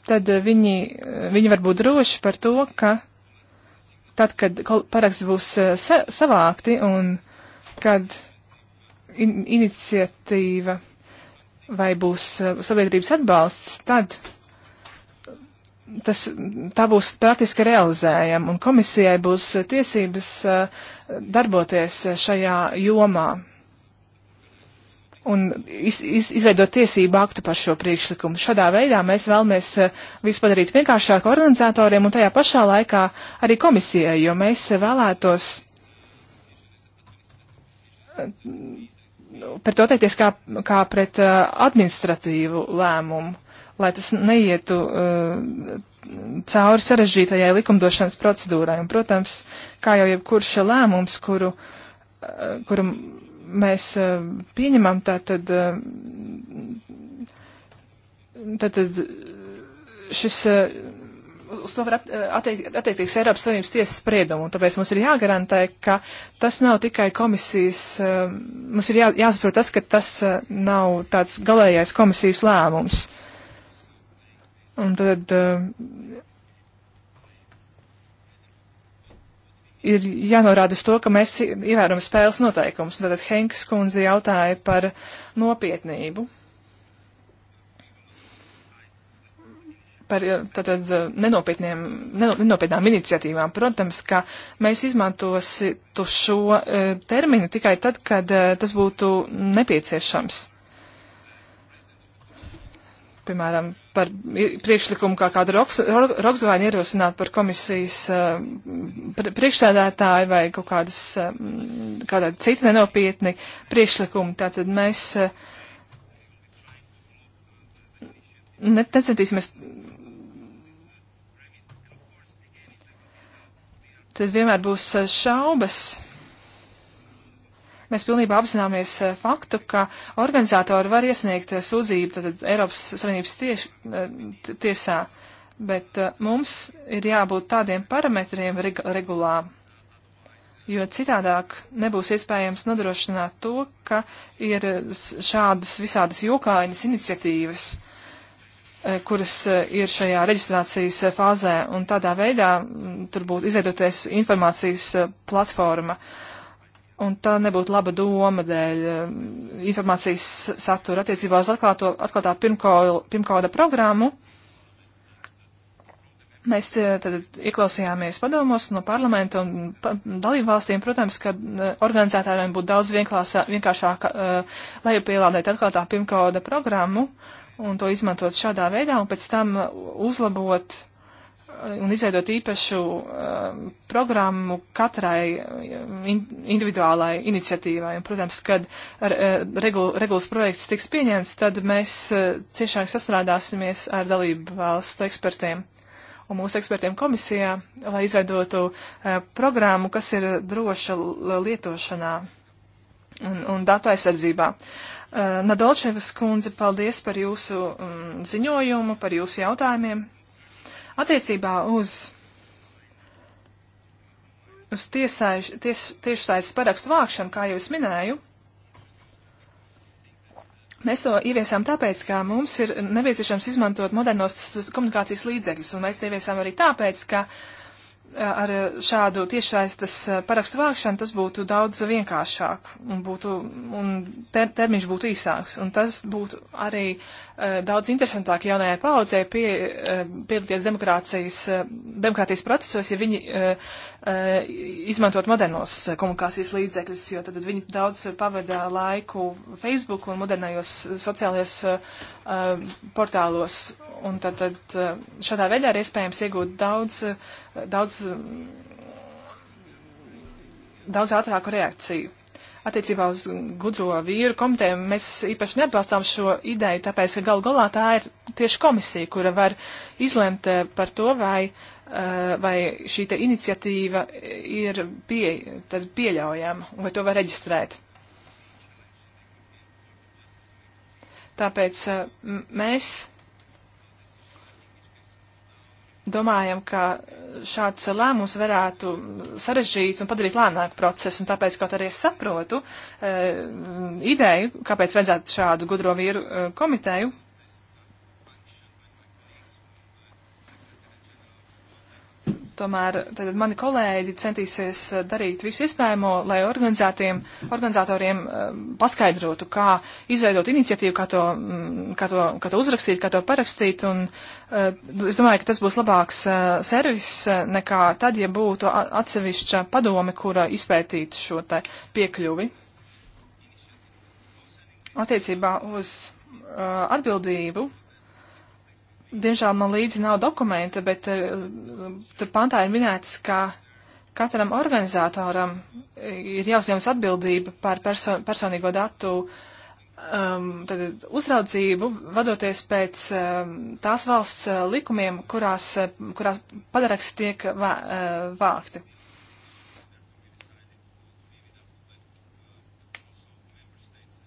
tad viņi, viņi var būt droši par to, ka tad, kad paraksti būs eh, sa savākti un kad in iniciatīva vai būs eh, sabiedrības atbalsts, tad tas, tā būs praktiski realizējama un komisijai būs eh, tiesības darboties šajā jomā un iz, iz, izveidot tiesību aktu par šo priekšlikumu. Šādā veidā mēs vēlamies eh, visu padarīt vienkāršāku organizatoriem un tajā pašā laikā arī komisijai, jo mēs vēlētos eh, par to teikties kā, kā pret eh, administratīvu lēmumu, lai tas neietu uh, cauri sarežģītajai likumdošanas procedūrai. Un, protams, kā jau jebkurš lēmums, kuru, uh, kuru mēs eh, pieņemam tātad, eh, tātad šis, eh, uz to var attiekt, attiekties Eiropas Savienības tiesas spriedumu, un tāpēc mums ir jāgarantē, ka tas nav tikai komisijas, mums ir jā, jāsaprot tas, ka tas nav tāds galējais komisijas lēmums. Un tad ir jānorāda uz to, ka mēs ievērojam spēles noteikumus. Tātad Henkas kundze jautāja par nopietnību. Par eh, tātad, eh, nenopietnām iniciatīvām. Protams, ka mēs izmantotu šo eh, terminu tikai tad, kad tas būtu nepieciešams. Piemēram, par priekšlikumu, kā kādu Rogzvaini ierosināt par komisijas eh, priekšsēdētāju vai kaut kādas, eh, kādā cita nenopietni priekšlikumu. Tātad mēs eh, necentīsimies. Tad vienmēr būs šaubas. Mēs pilnībā apzināmies eh, faktu, ka organizatori var iesniegt eh, sūdzību tad Eiropas Savienības tieš, eh, tiesā, bet mums ir jābūt tādiem parametriem reg regulā, jo citādāk nebūs iespējams nodrošināt to, ka ir šādas visādas jokainas iniciatīvas kuras ir šajā reģistrācijas fāzē, un tādā veidā tur būtu izveidoties informācijas platforma. Uh, Un tā nebūtu laba doma dēļ eh, informācijas satura attiecībā uz atklāto, atklātā pirmkoda programmu. Mēs eh, tad ieklausījāmies padomos no parlamenta un pa, dalību valstīm, protams, ka eh, organizētājiem būtu daudz vienkāršāk uh, lejupielādēt atklātā pirmkoda programmu un to izmantot šādā veidā un pēc tam uzlabot un izveidot īpašu uh, programmu katrai um, in, individuālai iniciatīvai. Un, protams, kad ar, uh, regul, regulas projekts tiks pieņemts, tad mēs uh, ciešāk sastrādāsimies ar dalību valstu ekspertiem un mūsu ekspertiem komisijā, lai izveidotu uh, programmu, kas ir droša lietošanā un, un datu aizsardzībā. Uh, Nadolčevas kundze, paldies par jūsu um, ziņojumu, par jūsu jautājumiem. Attiecībā uz, uz tiesaiš, ties, tiešsaistes parakstu vākšanu, kā jau es minēju, Mēs to ieviesām tāpēc, ka mums ir nepieciešams izmantot modernos komunikācijas līdzekļus, un mēs to ieviesām arī tāpēc, ka ar šādu tiešsaistes parakstu vākšanu tas būtu daudz vienkāršāk, un, būtu, un ter termiņš būtu īsāks, un tas būtu arī Eh, daudz interesantāk jaunajai paudzei pie, eh, piedalīties demokrātijas, eh, demokrātijas procesos, ja viņi izmantot modernos komunikācijas līdzekļus, jo tad viņi daudz pavada laiku Facebook un modernajos sociālajos portālos. Un tad, tad šādā veidā ir iespējams iegūt daudz, daudz, daudz ātrāku reakciju attiecībā uz gudro vīru komiteju mēs īpaši neatbalstām šo ideju, tāpēc, ka gal galā tā ir tieši komisija, kura var izlemt eh, par to, vai, eh, vai šī te iniciatīva ir pie, pieļaujama, vai to var reģistrēt. Tāpēc eh, mēs domājam, ka šāds lēmums varētu sarežģīt un padarīt lēnāku procesu, un tāpēc kaut arī es saprotu e, ideju, kāpēc vajadzētu šādu gudro vīru eh, komiteju, Tomēr tad mani kolēģi centīsies eh, darīt visu iespējamo, lai organizatoriem eh, paskaidrotu, kā izveidot iniciatīvu, kā to, mm, kā to, kā to uzrakstīt, kā to parakstīt. Un, eh, es domāju, ka tas būs labāks servis nekā tad, ja būtu atsevišķa padome, kura izpētītu šo te piekļuvi. Attiecībā uz atbildību Diemžēl man līdzi nav dokumenta, bet eh, tur pantā ir minēts, ka katram organizatoram eh, ir jāuzņemas atbildība par perso personīgo datu um, tad, uzraudzību, vadoties pēc um, tās valsts uh, likumiem, kurās, kurās padaraksti tiek vā, uh, vākti.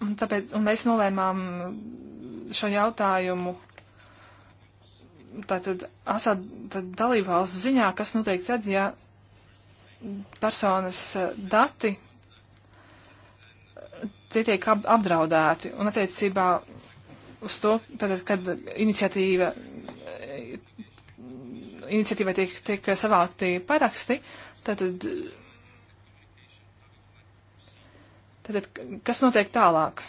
Un, tāpēc, un mēs nolēmām šo jautājumu tātad Asad dalībvalstu ziņā, kas notiek tad, ja personas eh, dati tie tiek apdraudēti. Un attiecībā uz to, tātad, kad iniciatīva, eh, iniciatīva tiek, tiek savākti paraksti, tātad, tātad kas notiek tālāk?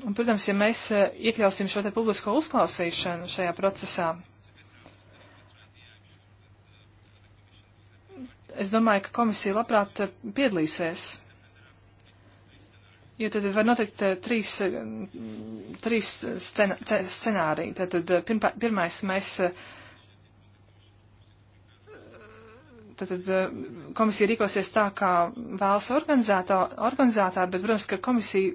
Un, protams, ja mēs eh, iekļausim šo te publisko uzklausīšanu šajā procesā, es domāju, ka komisija labprāt eh, piedalīsies. Jo tad var notikt eh, trīs, mm, trīs eh, scen scenāriji. Tātad pirmā, pirmais mēs. Tātad komisija rīkosies tā, kā vēlas organizētāji, bet, protams, ka komisija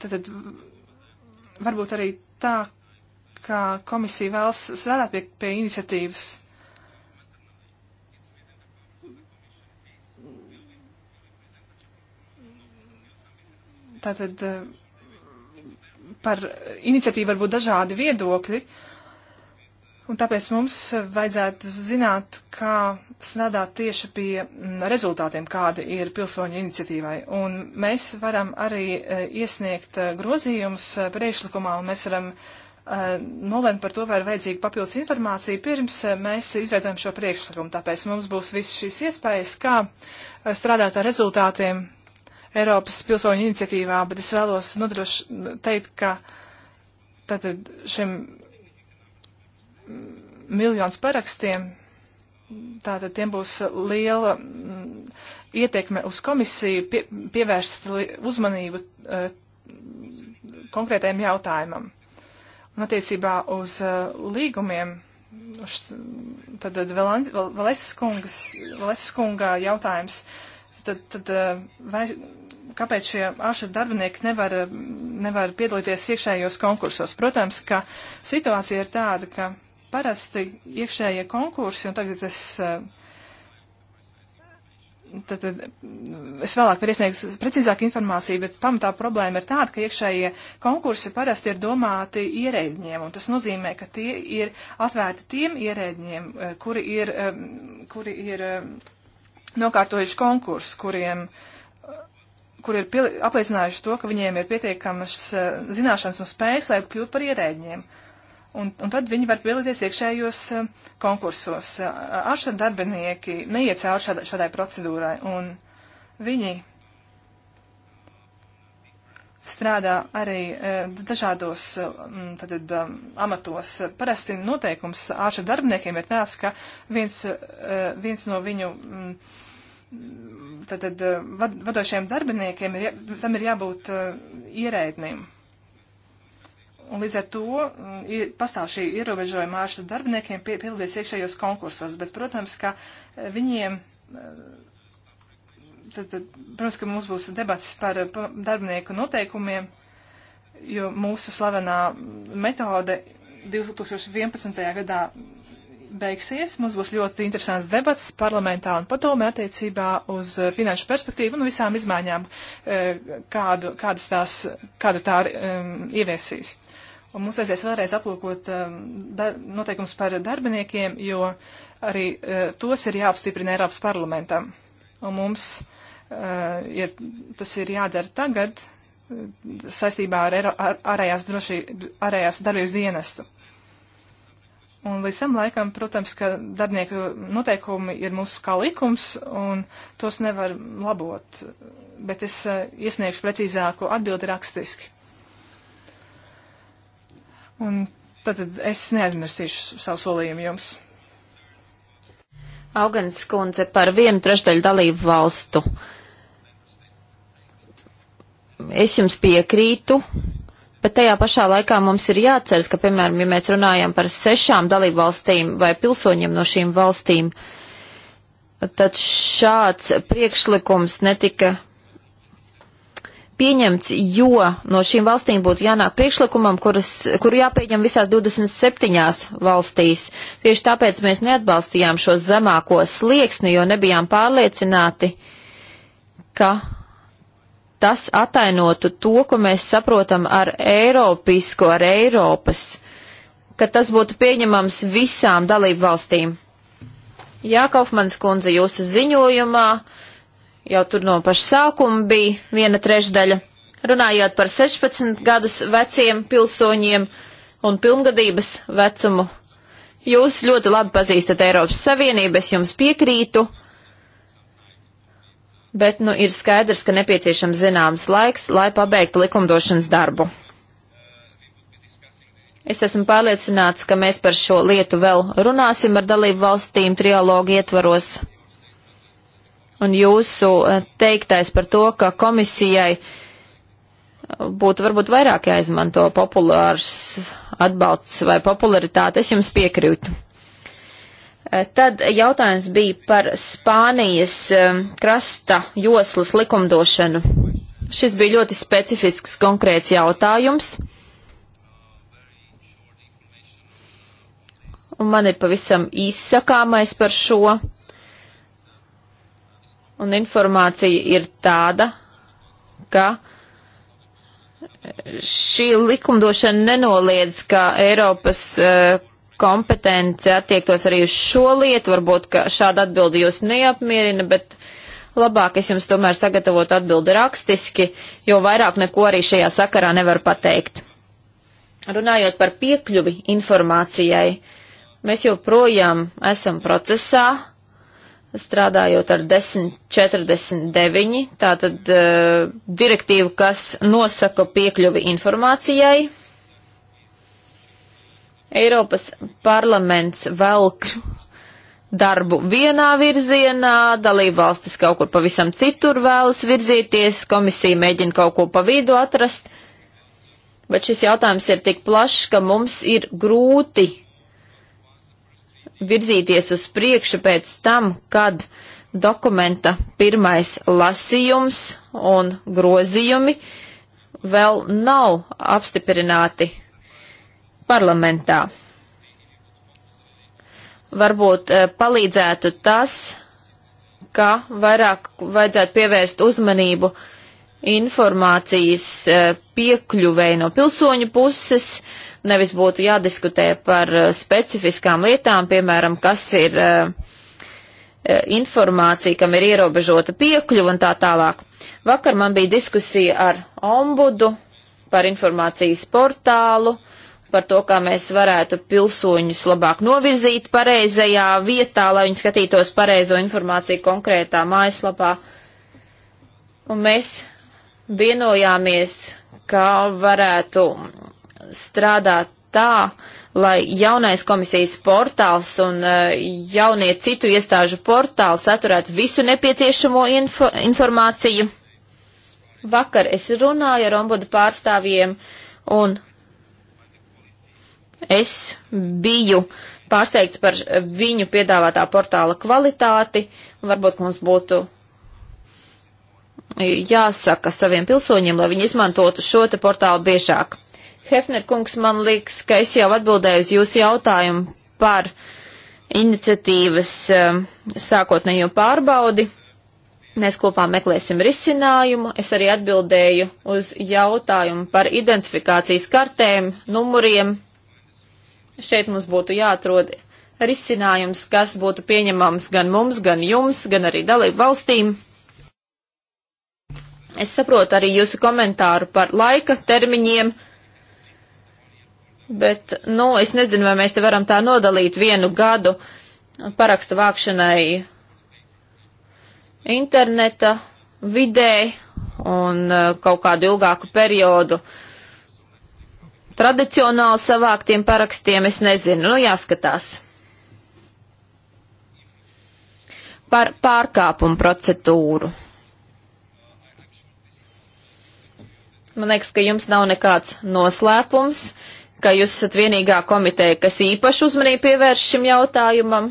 tad varbūt arī tā, kā komisija vēlas strādāt pie, pie iniciatīvas. Tātad eh, par iniciatīvu var būt dažādi viedokļi, un tāpēc mums vajadzētu zināt, kā strādāt tieši pie mm, rezultātiem, kādi ir pilsoņu iniciatīvai. Un mēs varam arī eh, iesniegt eh, grozījumus priekšlikumā, un mēs varam nolēmt par to, vai ir vajadzīga papildus informācija, pirms mēs izveidojam šo priekšlikumu. Tāpēc mums būs viss šīs iespējas, kā strādāt ar rezultātiem Eiropas pilsoņu iniciatīvā, bet es vēlos nodroši teikt, ka tātad šim miljons parakstiem, tātad tiem būs liela mm, ietekme uz komisiju pie, pievērst uzmanību uh, eh, konkrētajam jautājumam. Un attiecībā uz uh, līgumiem, uz, tad Valēsas kungas, Valēsas kungā jautājums, tad, tad uh, vai kāpēc šie ašra darbinieki nevar, nevar piedalīties iekšējos konkursos. Protams, ka situācija ir tāda, ka parasti iekšējie konkursi, un tagad es, eh, tad, tad es vēlāk varu iesniegt precīzāku informāciju, bet pamatā problēma ir tāda, ka iekšējie konkursi parasti ir domāti ierēģiem, un tas nozīmē, ka tie ir atvērti tiem ierēģiem, eh, kuri ir, eh, kuri ir nokārtojuši konkursu, kuriem uh, kur ir apliecinājuši to, ka viņiem ir pietiekamas uh, zināšanas un spējas, lai kļūtu par ierēģiem. Un, un tad viņi var piedalīties iekšējos uh, konkursos. Ārsta eh, darbinieki neiet cauri šādai, šādai procedūrai, un viņi strādā arī uh, dažādos tātad, um, amatos. Parasti noteikums ārsta darbiniekiem ir tāds, ka viens, viens no viņu. Um, Tātad eh, vad, vadošiem darbiniekiem ir, tam ir jābūt uh, eh, ierēdnim. Un līdz ar to mm, ir, pastāv šī ierobežojuma ārstu darbiniekiem pie, piedalīties iekšējos konkursos, bet, protams, ka eh, viņiem, tad, tad, protams, ka mums būs debats par darbinieku noteikumiem, jo mūsu slavenā metode 2011. gadā beigsies. Mums būs ļoti interesants debats parlamentā un padomē attiecībā uz eh, finanšu perspektīvu un visām izmaiņām, eh, kādu, kādas tās, kādu tā um, ieviesīs. Un mums vajadzēs vēlreiz aplūkot um, ehm, dar, noteikums par darbiniekiem, jo arī uh, tos ir jāapstiprina Eiropas parlamentam. Un mums uh, ir, tas ir jādara tagad uh, saistībā ar ārējās, droši, ārējās darbības dienestu. Un līdz tam laikam, protams, ka darbinieku noteikumi ir mūsu kā likums, un tos nevar labot, bet es uh, iesniegšu precīzāku atbildi rakstiski. Un tad es neaizmirsīšu savu solījumu jums. Augans kundze par vienu trešdaļu dalību valstu. Es jums piekrītu, Bet tajā pašā laikā mums ir jāatceras, ka, piemēram, ja mēs runājam par sešām dalībvalstīm vai pilsoņiem no šīm valstīm, tad šāds priekšlikums netika pieņemts, jo no šīm valstīm būtu jānāk priekšlikumam, kuras, kuru jāpieņem visās 27 valstīs. Tieši tāpēc mēs neatbalstījām šo zemāko slieksni, jo nebijām pārliecināti, ka tas atainotu to, ko mēs saprotam ar Eiropisko, ar Eiropas, ka tas būtu pieņemams visām dalību valstīm. Jā, Kaufmanis kundze, jūsu ziņojumā jau tur no paša sākuma bija viena trešdaļa. Runājot par 16 gadus veciem pilsoņiem un pilngadības vecumu, jūs ļoti labi pazīstat Eiropas Savienību, es jums piekrītu bet nu, ir skaidrs, ka nepieciešams zināms laiks, lai pabeigtu likumdošanas darbu. Es esmu pārliecināts, ka mēs par šo lietu vēl runāsim ar dalību valstīm trialogu ietvaros. Un jūsu eh, teiktais par to, ka komisijai eh, būtu varbūt vairāk jāizmanto populārs atbalsts vai popularitāte, es jums piekrītu. Eh, tad jautājums bija par Spānijas eh, krasta joslas likumdošanu. Šis bija ļoti specifisks konkrēts jautājums. Un man ir pavisam izsakāmais par šo. Un informācija ir tāda, ka šī likumdošana nenoliedz, ka Eiropas uh, kompetence attiektos arī uz šo lietu. Varbūt, ka šāda atbildi jūs neapmierina, bet labāk es jums tomēr sagatavotu atbildi rakstiski, jo vairāk neko arī šajā sakarā nevar pateikt. Runājot par piekļuvi informācijai, mēs joprojām esam procesā, strādājot ar 1049, tātad uh, direktīvu, kas nosaka piekļuvi informācijai. Eiropas parlaments velk darbu vienā virzienā, dalībvalstis kaut kur pavisam citur vēlas virzīties, komisija mēģina kaut ko pa vidu atrast, bet šis jautājums ir tik plašs, ka mums ir grūti virzīties uz priekšu pēc tam, kad dokumenta pirmais lasījums un grozījumi vēl nav apstiprināti parlamentā. Varbūt eh, palīdzētu tas, ka vairāk vajadzētu pievērst uzmanību informācijas eh, piekļuvēju no pilsoņu puses, nevis būtu jādiskutē par eh, specifiskām lietām, piemēram, kas ir informācija, kam ir ierobežota piekļuva un tā tālāk. Vakar man bija diskusija ar ombudu par informācijas portālu, uh, par to, kā mēs varētu pilsoņus labāk novirzīt pareizajā vietā, lai viņi skatītos pareizo informāciju konkrētā mājaslapā. Un mēs vienojāmies, kā varētu strādāt tā, lai jaunais komisijas portāls un eh, jaunie citu iestāžu portāli saturētu visu nepieciešamo info informāciju. Vakar es runāju ar ombudu pārstāvjiem un Es biju pārsteigts par viņu piedāvātā portāla kvalitāti, un varbūt mums būtu jāsaka saviem pilsoņiem, lai viņi izmantotu šo te portālu biežāk. Hefner kungs, man liekas, ka es jau atbildēju uz jūsu jautājumu par iniciatīvas um, sākotnējo pārbaudi. Mēs kopā meklēsim risinājumu. Es arī atbildēju uz jautājumu par identifikācijas kartēm, numuriem Šeit mums būtu jāatrod risinājums, kas būtu pieņemams gan mums, gan jums, gan arī dalību valstīm. Es saprotu arī jūsu komentāru par laika termiņiem, bet, nu, es nezinu, vai mēs te varam tā nodalīt vienu gadu parakstu vākšanai interneta vidē un eh, kaut kādu ilgāku periodu uh, tradicionāli savāktiem parakstiem, es nezinu, nu jāskatās. Par pārkāpumu procedūru. Man liekas, ka jums nav nekāds noslēpums, ka jūs esat vienīgā komiteja, kas īpaši uzmanību pievērš šim jautājumam.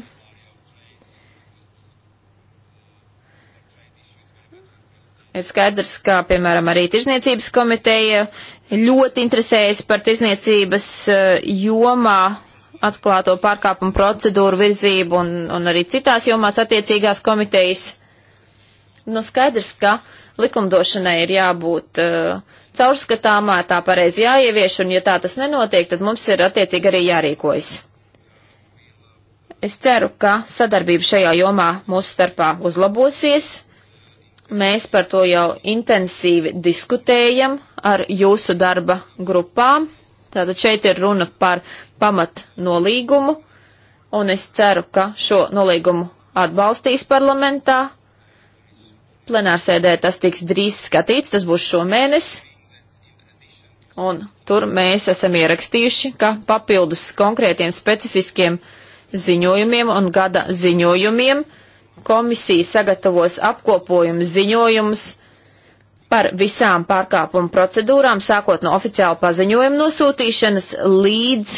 Ir skaidrs, ka, piemēram, arī Tirzniecības komiteja ļoti interesējas par tirzniecības eh, jomā atklāto pārkāpumu procedūru virzību un, un arī citās jomās attiecīgās komitejas. Nu, skaidrs, ka likumdošanai ir jābūt uh, caurskatāmā, tā pareizi jāievieš, un ja tā tas nenotiek, tad mums ir attiecīgi arī jārīkojas. Es ceru, ka sadarbība šajā jomā mūsu starpā uzlabosies Mēs par to jau intensīvi diskutējam ar jūsu darba grupām. Tātad šeit ir runa par pamat nolīgumu, un es ceru, ka šo nolīgumu atbalstīs parlamentā. Plenārsēdē tas tiks drīz skatīts, tas būs šomēnes. Un tur mēs esam ierakstījuši, ka papildus konkrētiem specifiskiem ziņojumiem un gada ziņojumiem uh, komisija sagatavos apkopojumu ziņojumus par visām pārkāpumu procedūrām, sākot no oficiāla paziņojuma nosūtīšanas līdz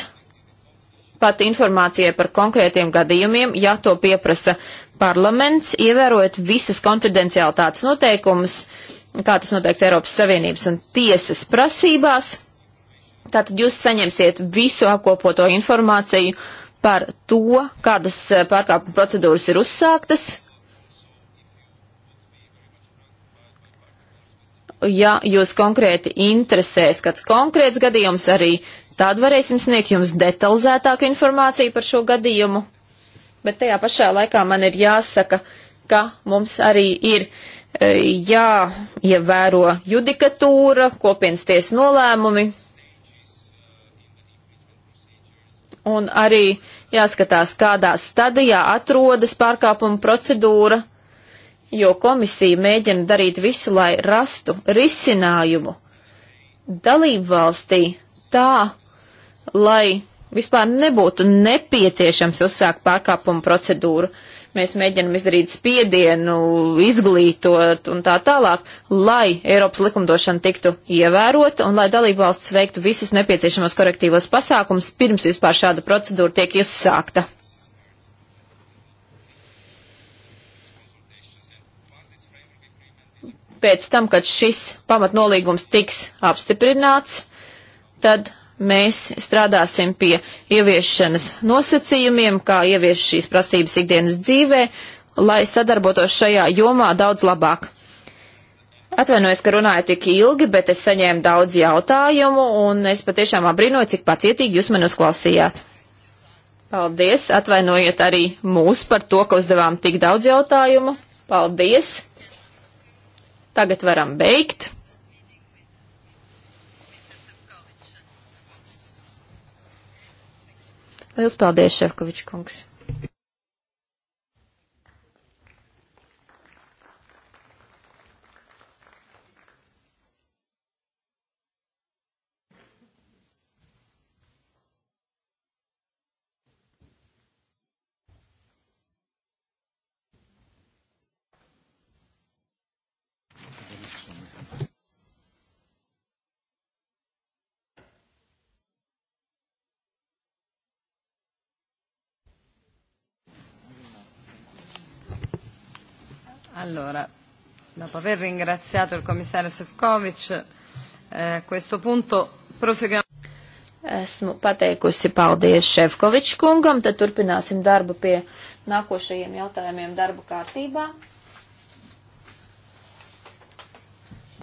pat informācijai par konkrētiem gadījumiem, ja to pieprasa parlaments, ievērojot visus konfidenciālitātes noteikumus, kā tas noteikts Eiropas Savienības un tiesas prasībās. Tātad jūs saņemsiet visu apkopoto informāciju par to, kādas eh, pārkāpuma procedūras ir uzsāktas. Ja jūs konkrēti interesēs kāds konkrēts gadījums, arī tad varēsim sniegt jums detalizētāku informāciju par šo gadījumu. Bet tajā pašā laikā man ir jāsaka, ka mums arī ir eh, jāievēro judikatūra, kopienas tiesas nolēmumi, un arī jāskatās, kādā stadijā atrodas pārkāpuma procedūra, jo komisija mēģina darīt visu, lai rastu risinājumu dalību valstī tā, lai vispār nebūtu nepieciešams uzsākt pārkāpuma procedūru. Uh, mēs mēģinam izdarīt spiedienu, izglītot un tā tālāk, lai Eiropas likumdošana tiktu ievērota un lai dalībvalsts veiktu visus nepieciešamos korektīvos pasākumus pirms vispār šāda procedūra tiek uzsākta. Pēc tam, kad šis pamatnolīgums tiks apstiprināts, tad mēs strādāsim pie ieviešanas nosacījumiem, kā ievies šīs prasības ikdienas dzīvē, lai sadarbotos šajā jomā daudz labāk. Atvainojos, ka runāju tik ilgi, bet es saņēmu daudz jautājumu, un es patiešām abrīnoju, cik pacietīgi jūs mani uzklausījāt. Paldies, atvainojiet arī mūs par to, ka uzdevām tik daudz jautājumu. Paldies! Tagad varam beigt. Liels paldies, Šefkovičs kungs! Allora, dopo aver ringraziato il commissario Sefcovic, eh, a questo punto proseguiamo. Esmu pateikusi paldies Šefkoviča kungam, tad turpināsim darbu pie nākošajiem jautājumiem darba kārtībā.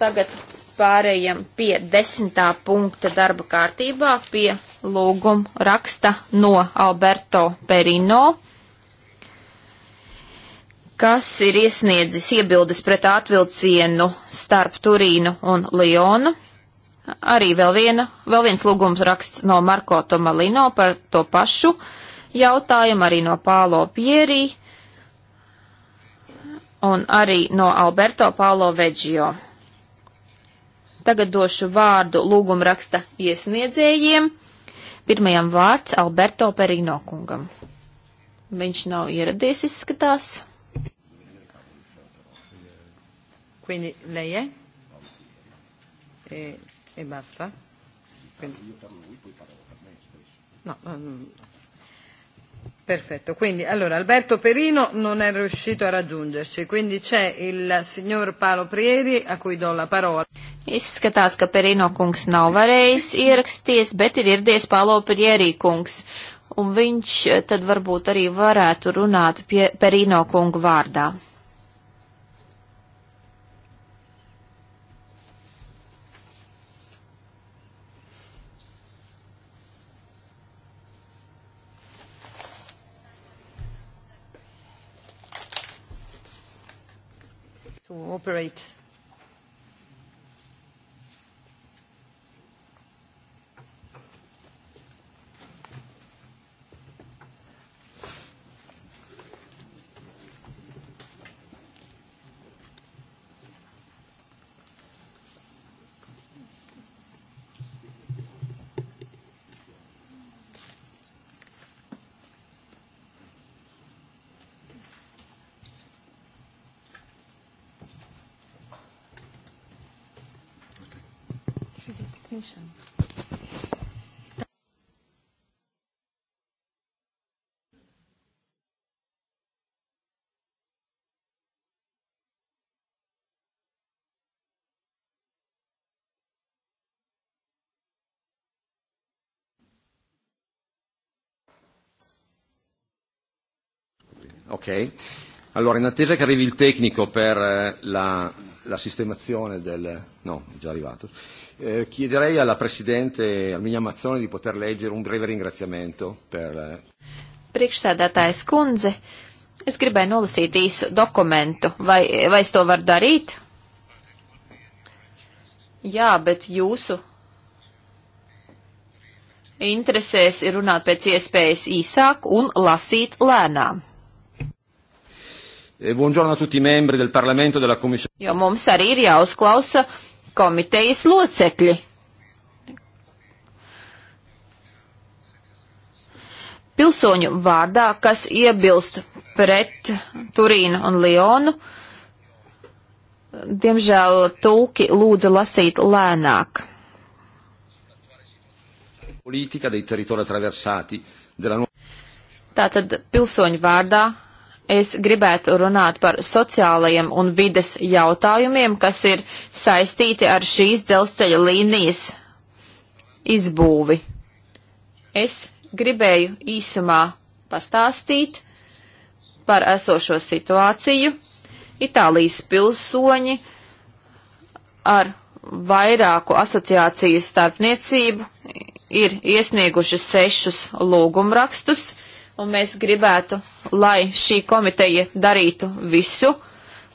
Tagad pārējiem pie desmitā punkta darba kārtībā, pie lūguma raksta no Alberto Perino kas ir iesniedzis iebildes pret atvilcienu starp Turīnu un Lionu. Arī vēl, viena, vēl viens lūgums raksts no Marko Tomalino par to pašu jautājumu, arī no Pālo Pierī un arī no Alberto Pālo Veģio. Tagad došu vārdu lūguma raksta iesniedzējiem. Pirmajam vārds Alberto Perino kungam. Viņš nav ieradies, izskatās. Quindi lei è? E, e basta? Quindi... Io per lui, poi parlo per me stesso. No, um... Perfetto, quindi allora Alberto Perino non è riuscito a raggiungerci, quindi c'è il signor Paolo Prieri a cui do la parola. Izskatās, ka Perino kungs nav varējis ierakstīties, bet ir ieradies Paolo Prieri kungs, un viņš eh, tad varbūt arī varētu runāt pie Perino kungu vārdā. cooperate presentation. Ok, allora in attesa che arrivi il tecnico per eh, la la sistemazione del... no, è già arrivato. Eh, chiederei alla Presidente Arminia Mazzoni di poter leggere un breve ringraziamento per... Eh, Priekšsēdētājs kundze, es gribēju nolasīt īsu dokumentu. Vai, vai es to varu darīt? Jā, bet jūsu interesēs ir runāt pēc iespējas īsāk un lasīt lēnām. E buongiorno a tutti i membri del Parlamento e della Commissione. Jo mums arī ir jāuzklausa komitejas locekļi. Pilsoņu vārdā, kas iebilst pret Turīnu un Lionu, diemžēl tulki lūdza lasīt lēnāk. Politika dei territori attraversati. Della... Nu- Tātad pilsoņu vārdā es gribētu runāt par sociālajiem un vides jautājumiem, kas ir saistīti ar šīs dzelzceļa līnijas izbūvi. Es gribēju īsumā pastāstīt par esošo situāciju. Itālijas pilsoņi ar vairāku asociāciju starpniecību ir iesnieguši sešus lūgumrakstus rakstus un mēs gribētu, lai šī komiteja darītu visu,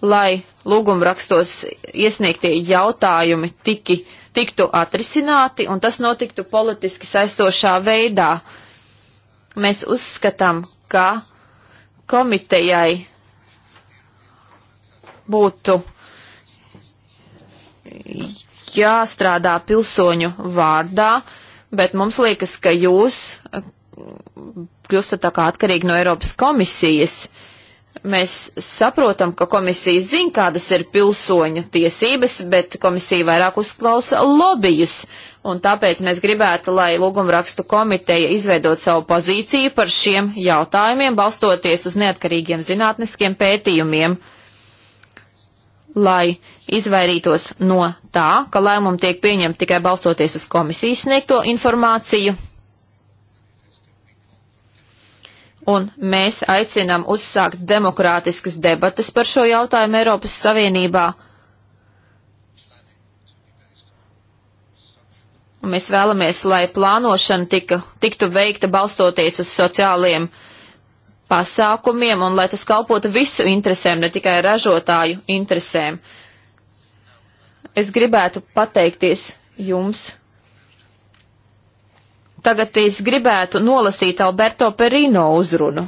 lai lūgumrakstos iesniegtie jautājumi tiki, tiktu atrisināti un tas notiktu politiski saistošā veidā. Mēs uzskatām, ka komitejai būtu jāstrādā pilsoņu vārdā, bet mums liekas, ka jūs kļūstat tā kā atkarīgi no Eiropas komisijas. Mēs saprotam, ka komisija zina, kādas ir pilsoņu tiesības, bet komisija vairāk uzklausa lobbyjus. Un tāpēc mēs gribētu, lai lūgumrakstu komiteja izveidot savu pozīciju par šiem jautājumiem, balstoties uz neatkarīgiem zinātniskiem pētījumiem, lai izvairītos no tā, ka lēmumi tiek pieņemti tikai balstoties uz komisijas sniegto informāciju un mēs aicinām uzsākt demokrātiskas debates par šo jautājumu Eiropas Savienībā. Un mēs vēlamies, lai plānošana tika, tiktu veikta balstoties uz sociāliem pasākumiem un lai tas kalpotu visu interesēm, ne tikai ražotāju interesēm. Es gribētu pateikties jums Tagad es gribētu nolasīt Alberto Perino uzrunu.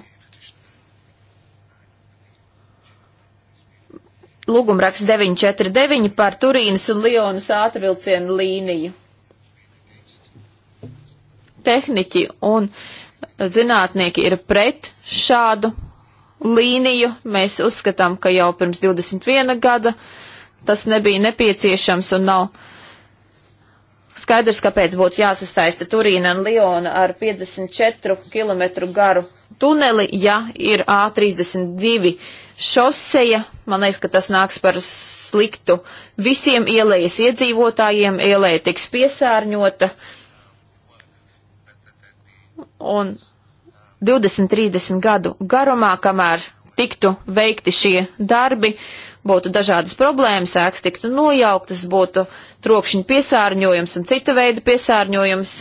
Lūgumraksts 949 par Turīnas un Lionas ātrvilcienu līniju. Tehniķi un zinātnieki ir pret šādu līniju. Mēs uzskatām, ka jau pirms 21 gada tas nebija nepieciešams un nav Skaidrs, kāpēc būtu jāsastaista Turīna un Liona ar 54 km garu tuneli, ja ir A32 šoseja. Man liekas, ka tas nāks par sliktu visiem ielējas iedzīvotājiem, ielēja tiks piesārņota. Un 20-30 gadu garumā, kamēr tiktu veikti šie darbi, būtu dažādas problēmas, ēkas tiktu nojauktas, būtu trokšņa piesārņojums un cita veida piesārņojums.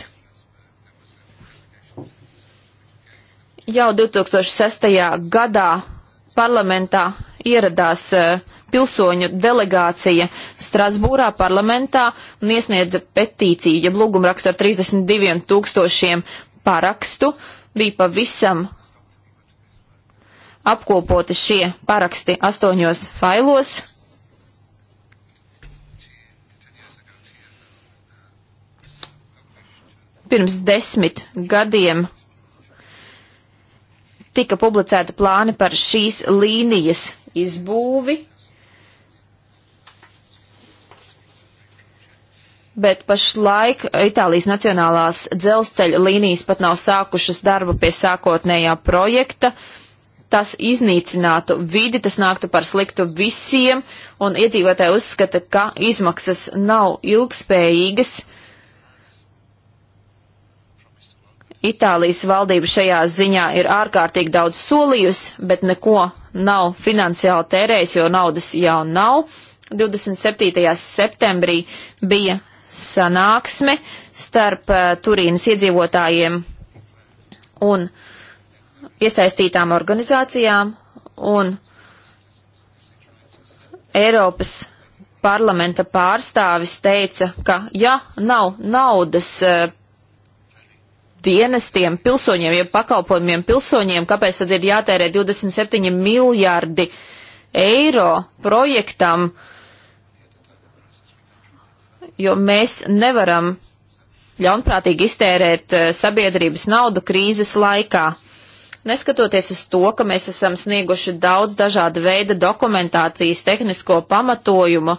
Jau 2006. gadā parlamentā ieradās eh, pilsoņu delegācija Strasbūrā parlamentā un iesniedza petīciju, ja lūgumrakstu ar 32 tūkstošiem parakstu, bija pavisam apkopoti šie paraksti astoņos failos. Pirms desmit gadiem tika publicēti plāni par šīs līnijas izbūvi, bet pašlaik Itālijas nacionālās dzelzceļa līnijas pat nav sākušas darbu pie sākotnējā projekta. Uh, tas iznīcinātu vidi, tas nāktu par sliktu visiem, un iedzīvotāji uzskata, ka izmaksas nav ilgspējīgas. Itālijas valdība šajā ziņā ir ārkārtīgi daudz solījusi, bet neko nav finansiāli tērējis, jo naudas jau nav. 27. septembrī bija sanāksme starp uh, Turīnas iedzīvotājiem un uh, iesaistītām organizācijām un Eiropas parlamenta pārstāvis teica, ka ja nav naudas uh, dienestiem, pilsoņiem, jeb ja pakalpojumiem pilsoņiem, kāpēc tad ir jātērē 27 miljardi eiro projektam, jo mēs nevaram ļaunprātīgi iztērēt uh, sabiedrības naudu krīzes laikā. Neskatoties uz to, ka mēs esam snieguši daudz dažāda veida dokumentācijas tehnisko pamatojumu,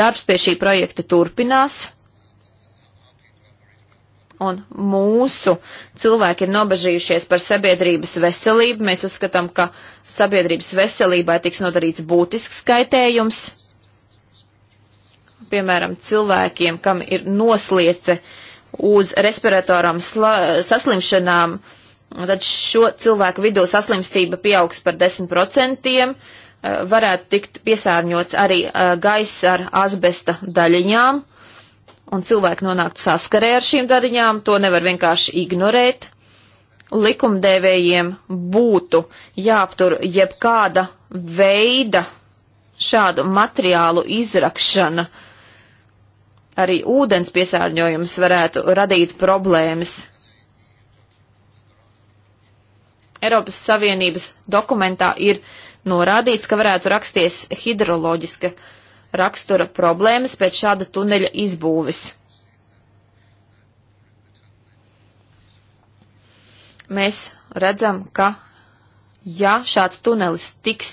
darbs pie šī projekta turpinās. Un mūsu cilvēki ir nobežījušies par sabiedrības veselību. Mēs uzskatām, ka sabiedrības veselībai tiks nodarīts būtisks kaitējums. Piemēram, cilvēkiem, kam ir nosliece uz respiratoram saslimšanām, uh, Un tad šo cilvēku vidū saslimstība pieaugs par 10%, eh, varētu tikt piesārņots arī eh, gaiss ar asbesta daļiņām, un cilvēki nonāktu saskarē ar šīm daļiņām, to nevar vienkārši ignorēt. Likumdevējiem būtu jāaptur jebkāda veida šādu materiālu izrakšana. Arī ūdens piesārņojums varētu radīt problēmas Eiropas Savienības dokumentā ir norādīts, ka varētu raksties hidroloģiska rakstura problēmas pēc šāda tuneļa izbūves. Mēs redzam, ka ja šāds tunelis tiks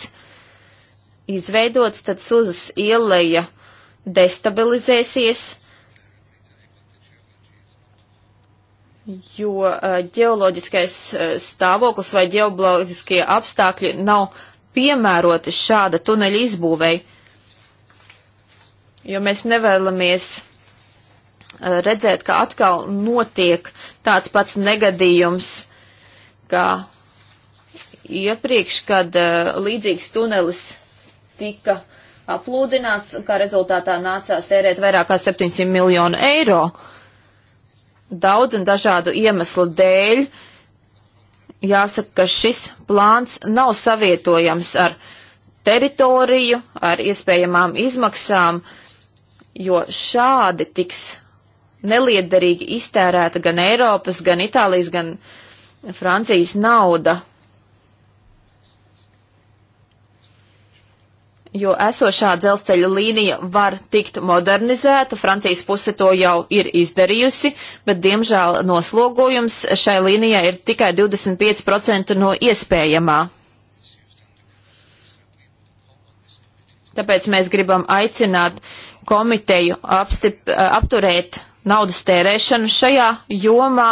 izveidots, tad Suzas ieleja destabilizēsies, jo eh, ģeoloģiskais eh, stāvoklis vai ģeoloģiskie apstākļi nav piemēroti šāda tuneļa izbūvei, jo mēs nevēlamies eh, redzēt, ka atkal notiek tāds pats negadījums, kā iepriekš, kad uh, līdzīgs tunelis tika aplūdināts, un kā rezultātā nācās tērēt vairāk kā 700 miljonu eiro. Uh, daudz un dažādu iemeslu dēļ jāsaka, ka šis plāns nav savietojams ar teritoriju, ar iespējamām izmaksām, jo šādi tiks neliederīgi iztērēta gan Eiropas, gan Itālijas, gan Francijas nauda. jo esošā dzelzceļa līnija var tikt modernizēta, Francijas puse to jau ir izdarījusi, bet diemžēl noslogojums šai līnijai ir tikai 25% no iespējamā. Tāpēc mēs gribam aicināt komiteju apstip, apturēt naudas tērēšanu šajā jomā.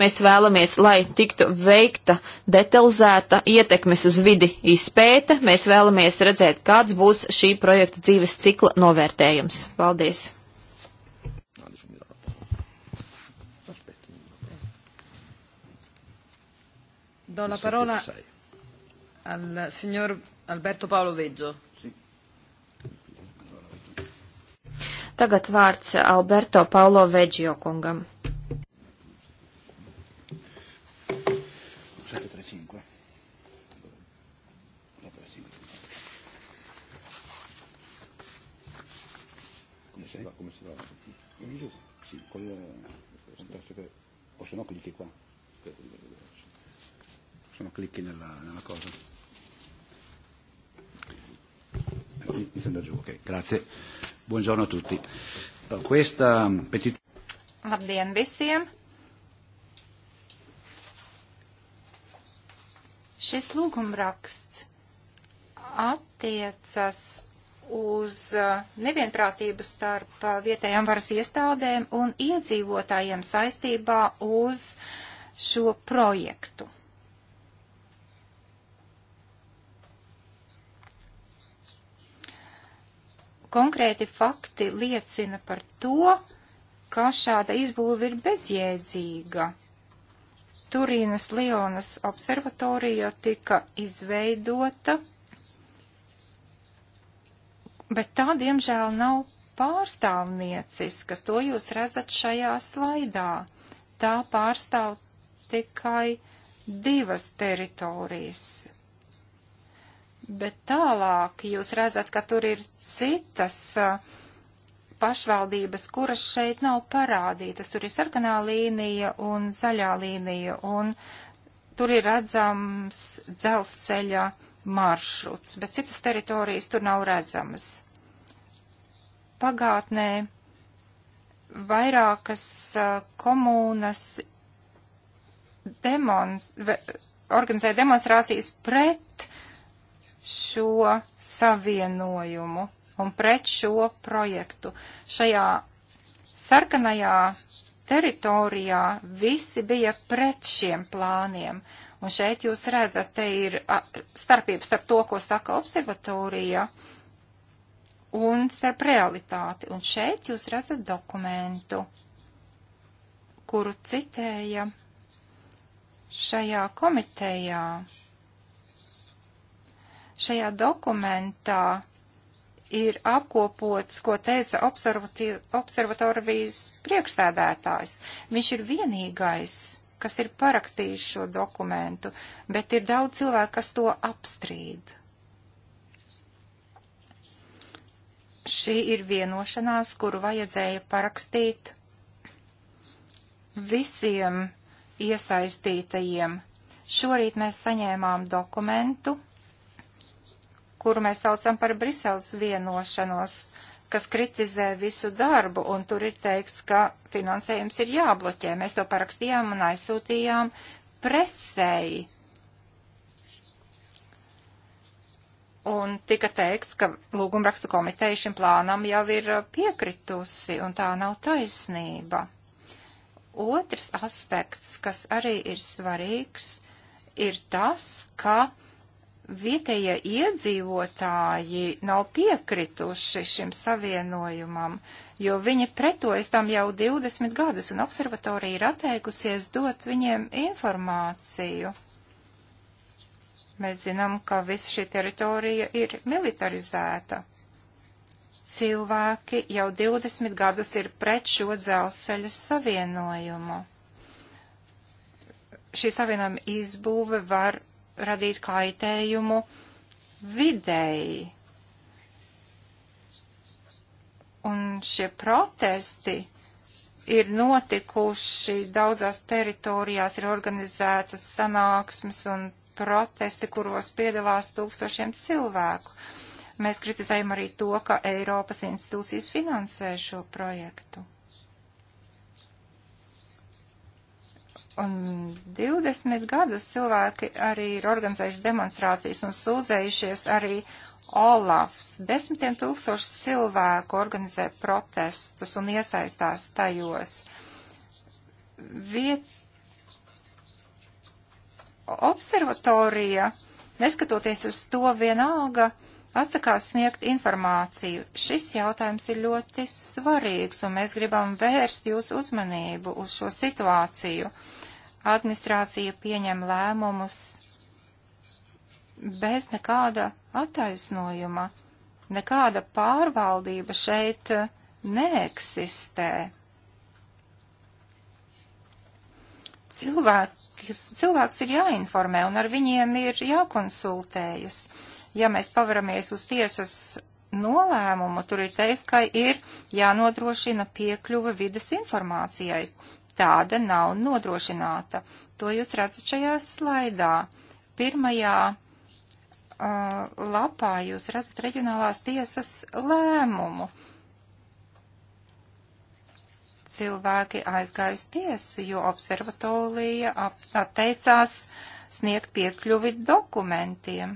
Mēs vēlamies, lai tiktu veikta detalizēta ietekmes uz vidi izpēte. Mēs vēlamies redzēt, kāds būs šī projekta dzīves cikla novērtējums. Paldies! Do la parola al signor Alberto Paolo Veggio. Tagad vārds Alberto Paulo Veģio kungam. o se no clicchi qua se no clicchi nella, nella cosa mi sembra giù ok grazie Buongiorno a tutti. Questa petizione. Labdien visiem! Šis lūgumraksts attiecas uz uh, nevienprātību starp uh, vietējām varas iestādēm un iedzīvotājiem saistībā uz šo projektu. Konkrēti fakti liecina par to, ka šāda izbūve ir bezjēdzīga. Turīnas Lionas observatorija tika izveidota, bet tā, diemžēl, nav pārstāvnieciska. To jūs redzat šajā slaidā. Tā pārstāv tikai divas teritorijas Bet tālāk jūs redzat, ka tur ir citas pašvaldības, kuras šeit nav parādītas. Tur ir sarkanā līnija un zaļā līnija, un tur ir redzams dzelzceļa maršruts, bet citas teritorijas tur nav redzamas. Pagātnē vairākas komunas demonst organizēja demonstrācijas pret šo savienojumu un pret šo projektu. Šajā sarkanajā teritorijā visi bija pret šiem plāniem. Un šeit jūs redzat, te ir starpība starp to, ko saka observatorija un starp realitāti. Un šeit jūs redzat dokumentu, kuru citēja šajā komitejā Šajā dokumentā ir apkopots, ko teica observatorijas priekšsēdētājs. Viņš ir vienīgais, kas ir parakstījis šo dokumentu, bet ir daudz cilvēku, kas to apstrīd. Šī ir vienošanās, kuru vajadzēja parakstīt visiem iesaistītajiem. Šorīt mēs saņēmām dokumentu kuru mēs saucam par Briseles vienošanos, kas kritizē visu darbu, un tur ir teikts, ka finansējums ir jābloķē. Mēs to parakstījām un aizsūtījām presēji. Un tika teikts, ka lūgumrakstu komiteja šim plānam jau ir piekritusi, un tā nav taisnība. Otrs aspekts, kas arī ir svarīgs, ir tas, ka uh, vietējie iedzīvotāji nav piekrituši šim savienojumam, jo viņi pretojas tam jau 20 gadus, un observatorija ir atteikusies dot viņiem informāciju. Mēs zinām, ka visa šī teritorija ir militarizēta. Cilvēki jau 20 gadus ir pret šo dzelzceļa savienojumu. Šī savienojuma izbūve var radīt kaitējumu videi. Un šie protesti ir notikuši daudzās teritorijās, ir organizētas sanāksmes un protesti, kuros piedalās tūkstošiem cilvēku. Mēs kritizējam arī to, ka Eiropas institūcijas finansē šo projektu. Un 20 gadus cilvēki arī ir organizējuši demonstrācijas un sūdzējušies arī Olafs. Desmitiem tūkstoši cilvēku organizē protestus un iesaistās tajos. Viet... Observatorija, neskatoties uz to vienalga, atsakās sniegt informāciju. Šis jautājums ir ļoti svarīgs, un mēs gribam vērst jūsu uzmanību uz šo situāciju administrācija pieņem lēmumus bez nekāda attaisnojuma, nekāda pārvaldība šeit eh, neeksistē. Cilvēks, cilvēks ir jāinformē un ar viņiem ir jākonsultējas. Ja mēs pavaramies uz tiesas nolēmumu, tur ir teiks, ka ir jānodrošina piekļuva vidas informācijai tāda nav nodrošināta. To jūs redzat šajā slaidā. Pirmajā uh, lapā jūs redzat reģionālās tiesas lēmumu. Cilvēki aizgāja uz tiesu, jo observatorija atteicās sniegt piekļuvi dokumentiem.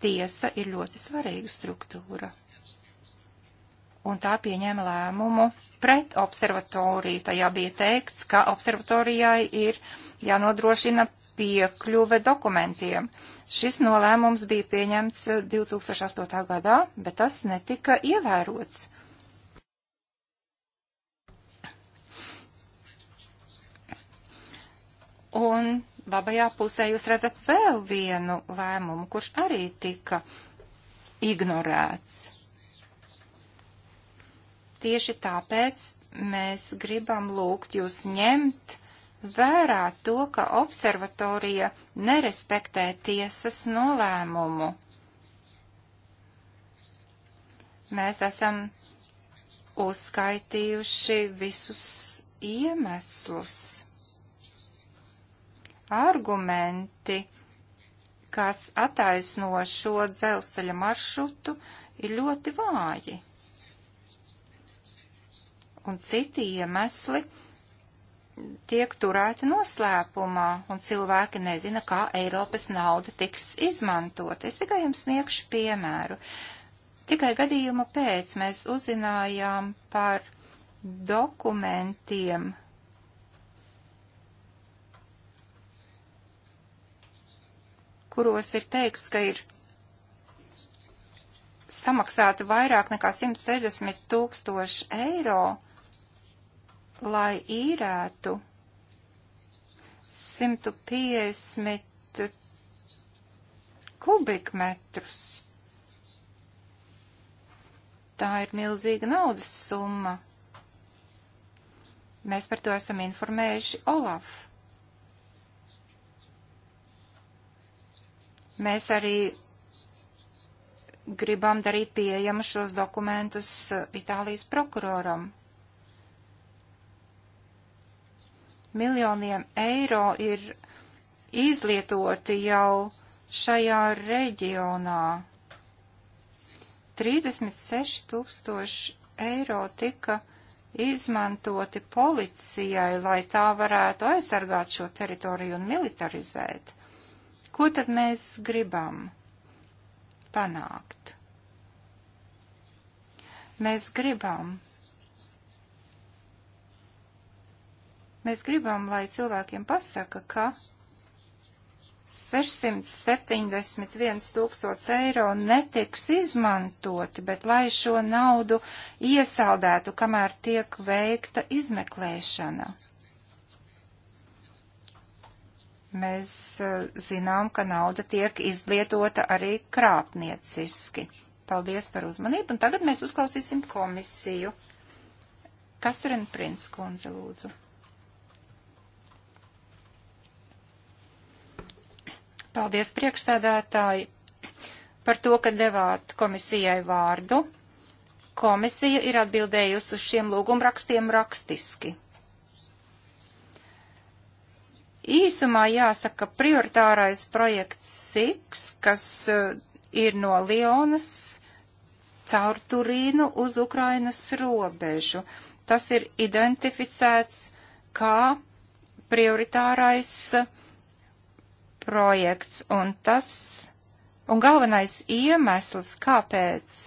Tiesa ir ļoti svarīga struktūra. Un tā pieņēma lēmumu pret observatoriju. Tajā bija teikts, ka observatorijai ir jānodrošina piekļuve dokumentiem. Šis nolēmums bija pieņemts 2008. gadā, bet tas netika ievērots. Un labajā pusē jūs redzat vēl vienu lēmumu, kurš arī tika ignorēts. Tieši tāpēc mēs gribam lūgt jūs ņemt vērā to, ka observatorija nerespektē tiesas nolēmumu. Mēs esam uzskaitījuši visus iemeslus, argumenti, kas attaisno šo dzelzceļa maršrutu, ir ļoti vāji un citi iemesli tiek turēti noslēpumā, un cilvēki nezina, kā Eiropas nauda tiks izmantot. Es tikai jums sniegšu piemēru. Tikai gadījuma pēc mēs uzzinājām par dokumentiem, kuros ir teikts, ka ir samaksāti vairāk nekā 160 tūkstoši eiro lai īrētu 150 kubikmetrus. Tā ir milzīga naudas summa. Mēs par to esam informējuši Olaf. Mēs arī gribam darīt pieejamu šos dokumentus Itālijas prokuroram. miljoniem eiro ir izlietoti jau šajā reģionā. 36 tūkstoši eiro tika izmantoti policijai, lai tā varētu aizsargāt šo teritoriju un militarizēt. Ko tad mēs gribam panākt? Mēs gribam Mēs gribam, lai cilvēkiem pasaka, ka 671 tūkstots eiro netiks izmantoti, bet lai šo naudu iesaldētu, kamēr tiek veikta izmeklēšana. Mēs eh, zinām, ka nauda tiek izlietota arī krāpnieciski. Paldies par uzmanību, un tagad mēs uzklausīsim komisiju. Kas ir Prince kundze, lūdzu? Paldies priekšstādātāji par to, ka devāt komisijai vārdu. Komisija ir atbildējusi uz šiem lūgumrakstiem rakstiski. Īsumā jāsaka prioritārais projekts SIX, kas eh, ir no Lionas caur Turīnu uz Ukrainas robežu. Tas ir identificēts kā prioritārais projekts projekts, un tas, un galvenais iemesls, kāpēc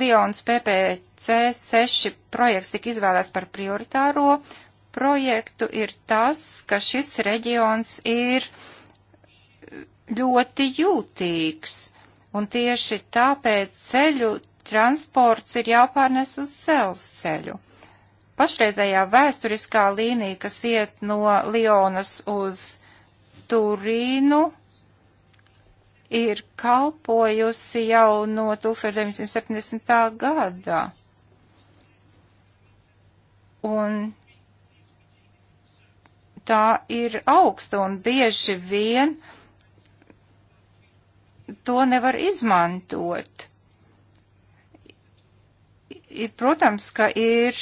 Lions PPC 6 projekts tika izvēlēts par prioritāro projektu, ir tas, ka šis reģions ir ļoti jūtīgs, un tieši tāpēc ceļu transports ir jāpārnes uz dzelzceļu. ceļu pašreizējā vēsturiskā līnija, kas iet no Lionas uz Turīnu, ir kalpojusi jau no 1970. gada. Un tā ir augsta un bieži vien to nevar izmantot. Protams, ka ir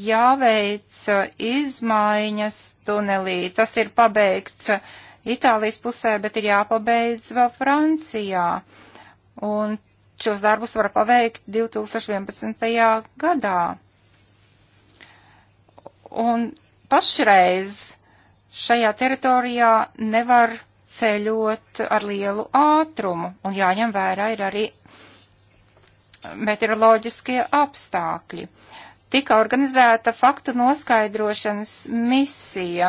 jāveic uh, izmaiņas tunelī. Tas ir pabeigts uh, Itālijas pusē, bet ir jāpabeidz vēl Francijā. Un šos darbus var paveikt 2011. gadā. Un pašreiz šajā teritorijā nevar ceļot ar lielu ātrumu, un jāņem vērā ir arī meteoroloģiskie apstākļi. Uh, tika organizēta faktu noskaidrošanas misija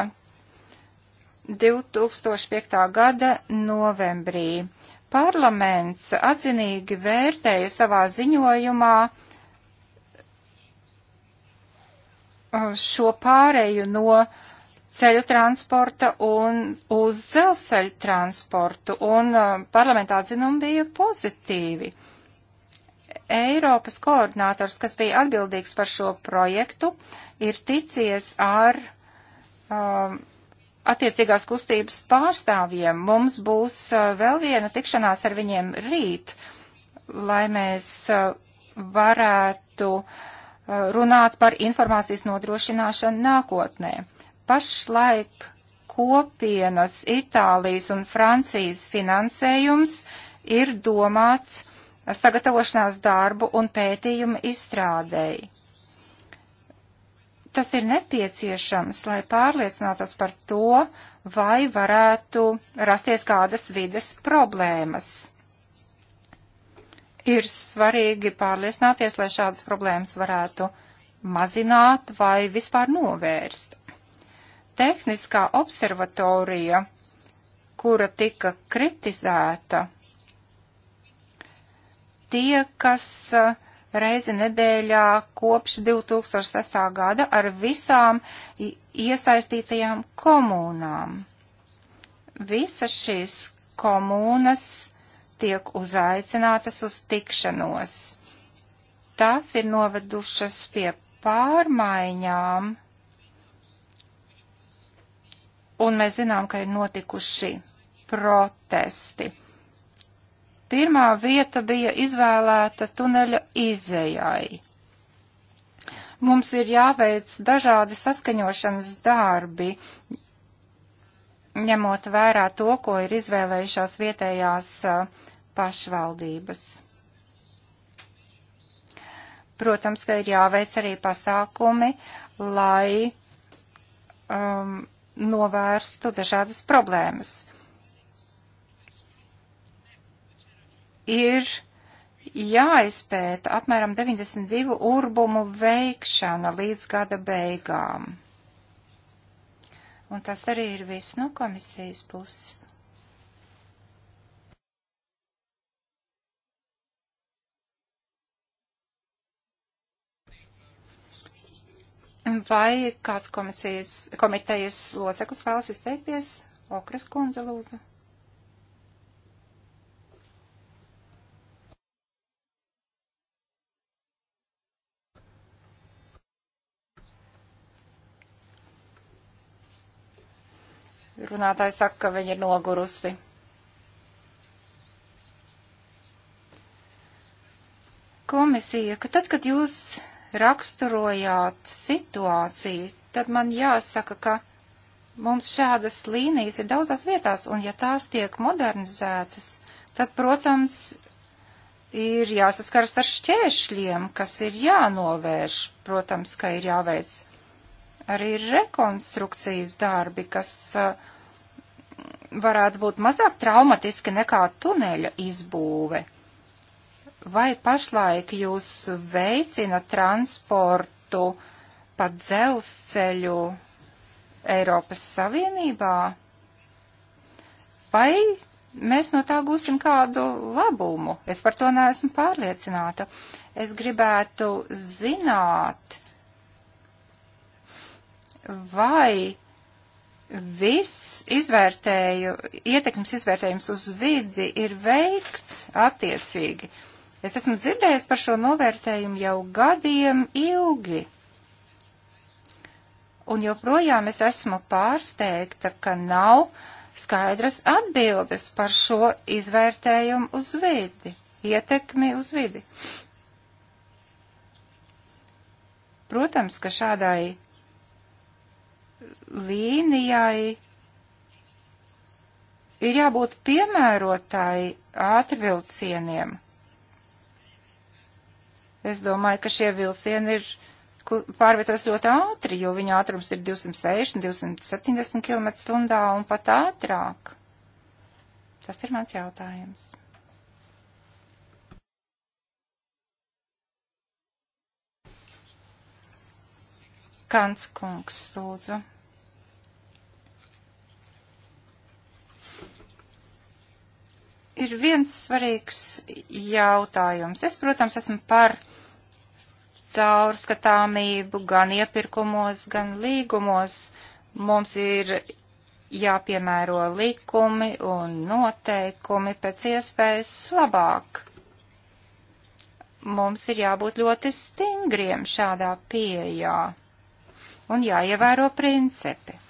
2005. gada novembrī. Parlaments atzinīgi vērtēja savā ziņojumā uh, šo pāreju no ceļu transporta un uz dzelzceļu transportu, un uh, parlamentā atzinumi bija pozitīvi. Uh, Eiropas koordinators, kas bija atbildīgs par šo projektu, ir ticies ar um, attiecīgās kustības pārstāvjiem. Mums būs uh, vēl viena tikšanās ar viņiem rīt, lai mēs uh, varētu uh, runāt par informācijas nodrošināšanu nākotnē. Pašlaik kopienas Itālijas un Francijas finansējums ir domāts sagatavošanās darbu un pētījumu izstrādēji. Tas ir nepieciešams, lai pārliecinātos par to, vai varētu rasties kādas vides problēmas. Ir svarīgi pārliecināties, lai šādas problēmas varētu mazināt vai vispār novērst. Tehniskā observatorija, kura tika kritizēta tie, kas eh, reizi nedēļā kopš 2006. gada ar visām iesaistītajām komunām. Visas šīs komunas tiek uzaicinātas uz tikšanos. Tās ir novedušas pie pārmaiņām, un mēs zinām, ka ir notikuši protesti. Pirmā vieta bija izvēlēta tuneļa izējai. Mums ir jāveic dažādi saskaņošanas darbi, ņemot vērā to, ko ir izvēlējušās vietējās pašvaldības. Protams, ka ir jāveic arī pasākumi, lai um, novērstu dažādas problēmas. ir jāizpēta apmēram 92 urbumu veikšana līdz gada beigām. Un tas arī ir viss no komisijas puses. Vai kāds komisijas, komitejas loceklis vēlas izteikties? Okras kundze, lūdzu. Runātāji saka, ka viņa ir nogurusi. Komisija, ka tad, kad jūs raksturojāt situāciju, tad man jāsaka, ka mums šādas līnijas ir daudzās vietās, un ja tās tiek modernizētas, tad, protams, ir jāsaskars ar šķēršļiem, kas ir jānovērš. Protams, ka ir jāveic arī rekonstrukcijas darbi, kas uh, varētu būt mazāk traumatiski nekā tuneļa izbūve? Vai pašlaik jūs veicina transportu pa dzelzceļu Eiropas Savienībā? Vai mēs no tā gūsim kādu labumu? Es par to neesmu pārliecināta. Es gribētu zināt, vai Viss izvērtēju, ietekmes izvērtējums uz vidi ir veikts attiecīgi. Es esmu dzirdējis par šo novērtējumu jau gadiem ilgi. Un joprojām es esmu pārsteigta, ka nav skaidras atbildes par šo izvērtējumu uz vidi, ietekmi uz vidi. Protams, ka šādai līnijai ir jābūt piemērotai ātrvilcieniem. Es domāju, ka šie vilcieni ir pārvietos ļoti ātri, jo viņa ātrums ir 260, 270 km stundā un pat ātrāk. Tas ir mans jautājums. Kants kungs, lūdzu. ir viens svarīgs jautājums. Es, protams, esmu par caurskatāmību gan iepirkumos, gan līgumos. Mums ir jāpiemēro likumi un noteikumi pēc iespējas labāk. Mums ir jābūt ļoti stingriem šādā pieejā un jāievēro principi.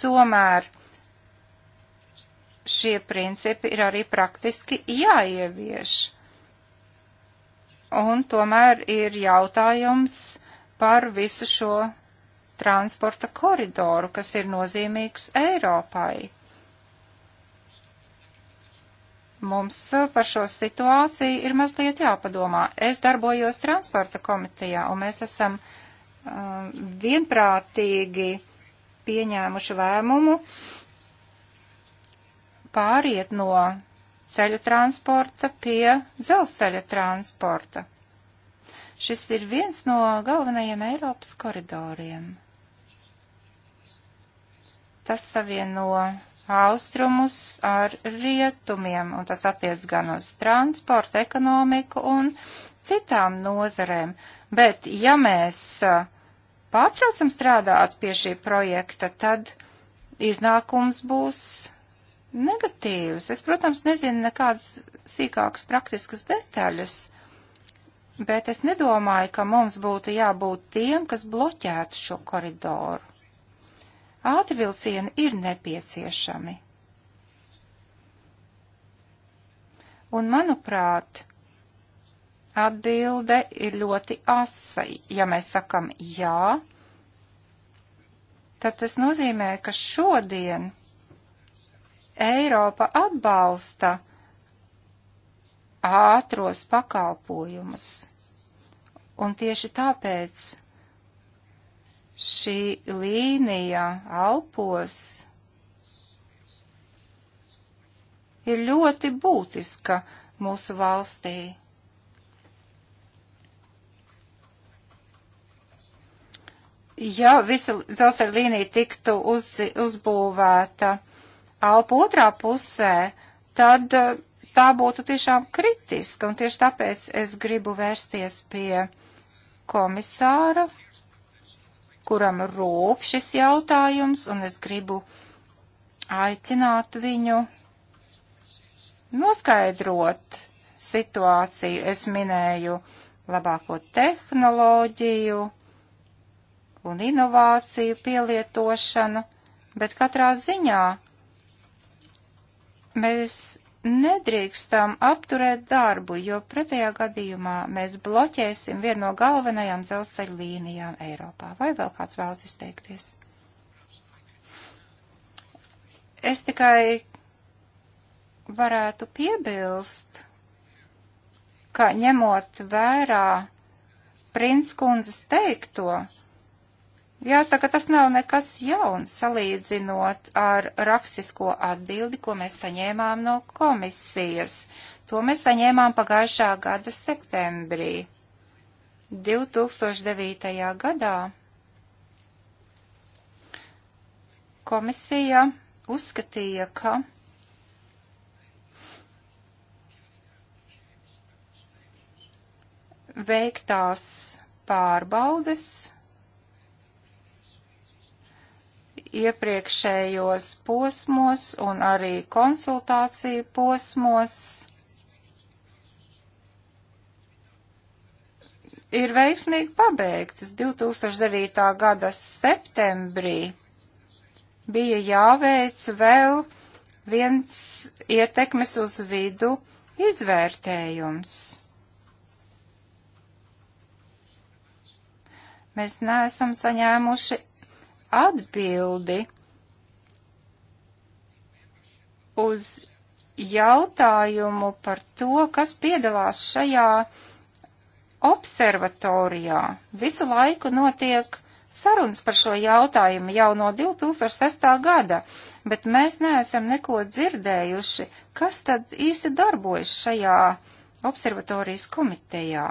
tomēr šie principi ir arī praktiski jāievieš. Un tomēr ir jautājums par visu šo transporta koridoru, kas ir nozīmīgs Eiropai. Mums par šo situāciju ir mazliet jāpadomā. Es darbojos transporta komitejā, un mēs esam um, vienprātīgi uh, pieņēmuši lēmumu pāriet no ceļu transporta pie dzelzceļa transporta. Šis ir viens no galvenajiem Eiropas koridoriem. Tas savieno austrumus ar rietumiem, un tas attiec gan uz transportu, ekonomiku un citām nozarēm. Bet, ja mēs uh, pārtraucam strādāt pie šī projekta, tad iznākums būs negatīvs. Es, protams, nezinu nekādas sīkākas praktiskas detaļas, bet es nedomāju, ka mums būtu jābūt tiem, kas bloķētu šo koridoru. Ātrvilcieni ir nepieciešami. Un, manuprāt, atbilde ir ļoti asa. Ja mēs sakam jā, tad tas nozīmē, ka šodien Eiropa atbalsta ātros pakalpojumus. Un tieši tāpēc šī līnija Alpos ir ļoti būtiska mūsu valstī. ja visa dzelzceļa līnija tiktu uz, uzbūvēta Alpu otrā pusē, tad eh, tā būtu tiešām kritiska, un tieši tāpēc es gribu vērsties pie komisāra, kuram rūp šis jautājums, un es gribu aicināt viņu noskaidrot situāciju. Es minēju labāko tehnoloģiju, un inovāciju pielietošanu, bet katrā ziņā mēs nedrīkstam apturēt darbu, jo pretējā gadījumā mēs bloķēsim vienu no galvenajām dzelzceļa līnijām Eiropā. Vai vēl kāds vēlas izteikties? Es tikai varētu piebilst, ka ņemot vērā prinskundzes teikto, Jāsaka, tas nav nekas jauns salīdzinot ar rakstisko atbildi, ko mēs saņēmām no komisijas. To mēs saņēmām pagājušā gada septembrī. 2009. gadā komisija uzskatīja, ka veiktās pārbaudes iepriekšējos posmos un arī konsultāciju posmos ir veiksmīgi pabeigtas. 2009. gada septembrī bija jāveic vēl viens ietekmes uz vidu izvērtējums. Mēs neesam saņēmuši atbildi uz jautājumu par to, kas piedalās šajā observatorijā. Visu laiku notiek sarunas par šo jautājumu jau no 2006. gada, bet mēs neesam neko dzirdējuši, kas tad īsti darbojas šajā observatorijas komitejā.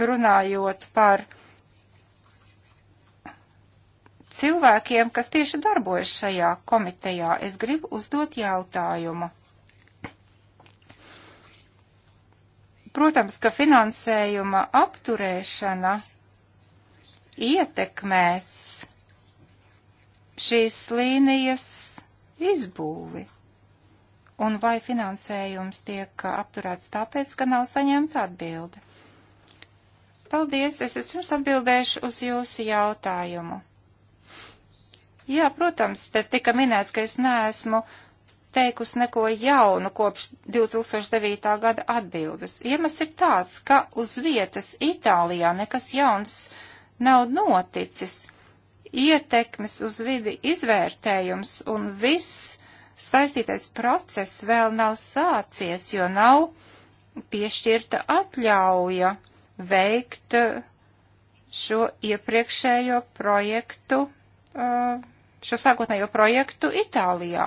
runājot par cilvēkiem, kas tieši darbojas šajā komitejā, es gribu uzdot jautājumu. Protams, ka finansējuma apturēšana ietekmēs šīs līnijas izbūvi. Un vai finansējums tiek apturēts tāpēc, ka nav saņemta atbildi? Paldies, es jums atbildēšu uz jūsu jautājumu. Jā, protams, te tika minēts, ka es neesmu teikusi neko jaunu kopš 2009. gada atbildes. Iemesls ir tāds, ka uz vietas Itālijā nekas jauns nav noticis. Ietekmes uz vidi izvērtējums un viss saistītais process vēl nav sācies, jo nav piešķirta atļauja veikt uh, šo iepriekšējo projektu, uh, šo sākotnējo projektu Itālijā.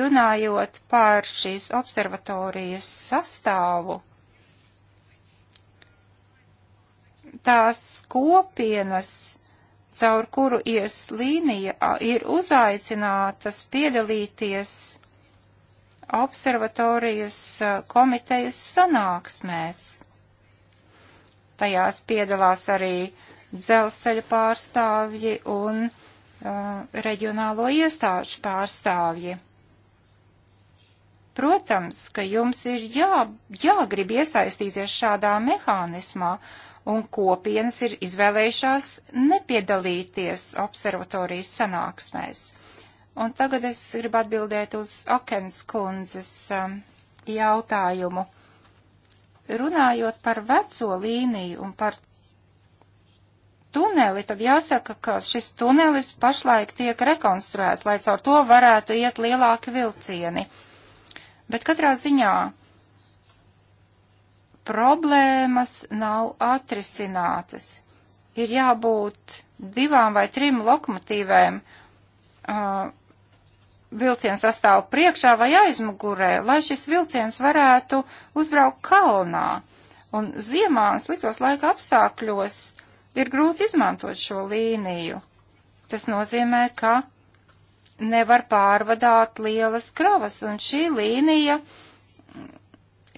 Runājot par šīs observatorijas sastāvu, tās kopienas, caur kuru ies līnija, ir uzaicinātas piedalīties observatorijas komitejas sanāksmēs Tajās piedalās arī dzelzceļa pārstāvji un uh, reģionālo iestāžu pārstāvji. Protams, ka jums ir jā, jāgrib iesaistīties šādā mehānismā, un kopienas ir izvēlējušās nepiedalīties observatorijas sanāksmēs. Un tagad es gribu atbildēt uz Akens kundzes um, jautājumu runājot par veco līniju un par tuneli, tad jāsaka, ka šis tunelis pašlaik tiek rekonstruēts, lai caur to varētu iet lielāki vilcieni. Bet katrā ziņā problēmas nav atrisinātas. Ir jābūt divām vai trim lokomotīvēm. Uh, vilciens sastāv priekšā vai aizmugurē, lai šis vilciens varētu uzbraukt kalnā. Un ziemā un sliktos laika apstākļos ir grūti izmantot šo līniju. Tas nozīmē, ka nevar pārvadāt lielas kravas, un šī līnija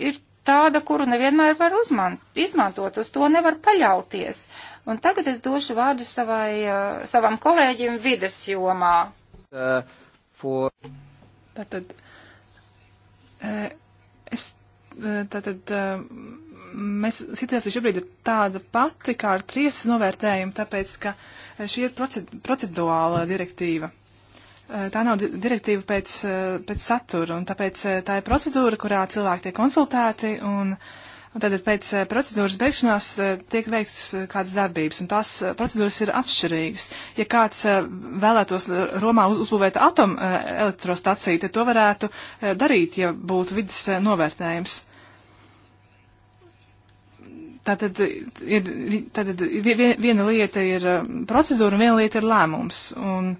ir tāda, kuru nevienmēr var uzman, izmantot, uz to nevar paļauties. Un tagad es došu vārdu savai, eh, savam kolēģim vides jomā. Uh for. Tātad, eh, es, eh, tātad, eh, mēs situācija šobrīd ir tāda pati kā ar triesas novērtējumu, tāpēc, ka šī ir proced, procedūāla direktīva. Tā nav direktīva pēc, pēc satura, un tāpēc tā ir procedūra, kurā cilvēki tiek konsultēti, un uh, Un tad pēc eh, procedūras beigšanās eh, tiek veikts eh, kāds darbības, un tās procedūras ir atšķirīgas. Ja kāds vēlētos Romā uz, uzbūvēt atomu elektrostaciju, tad to varētu darīt, ja būtu vidas novērtējums. Tātad, ir, tātad viena lieta ir procedūra, un viena lieta ir lēmums. Un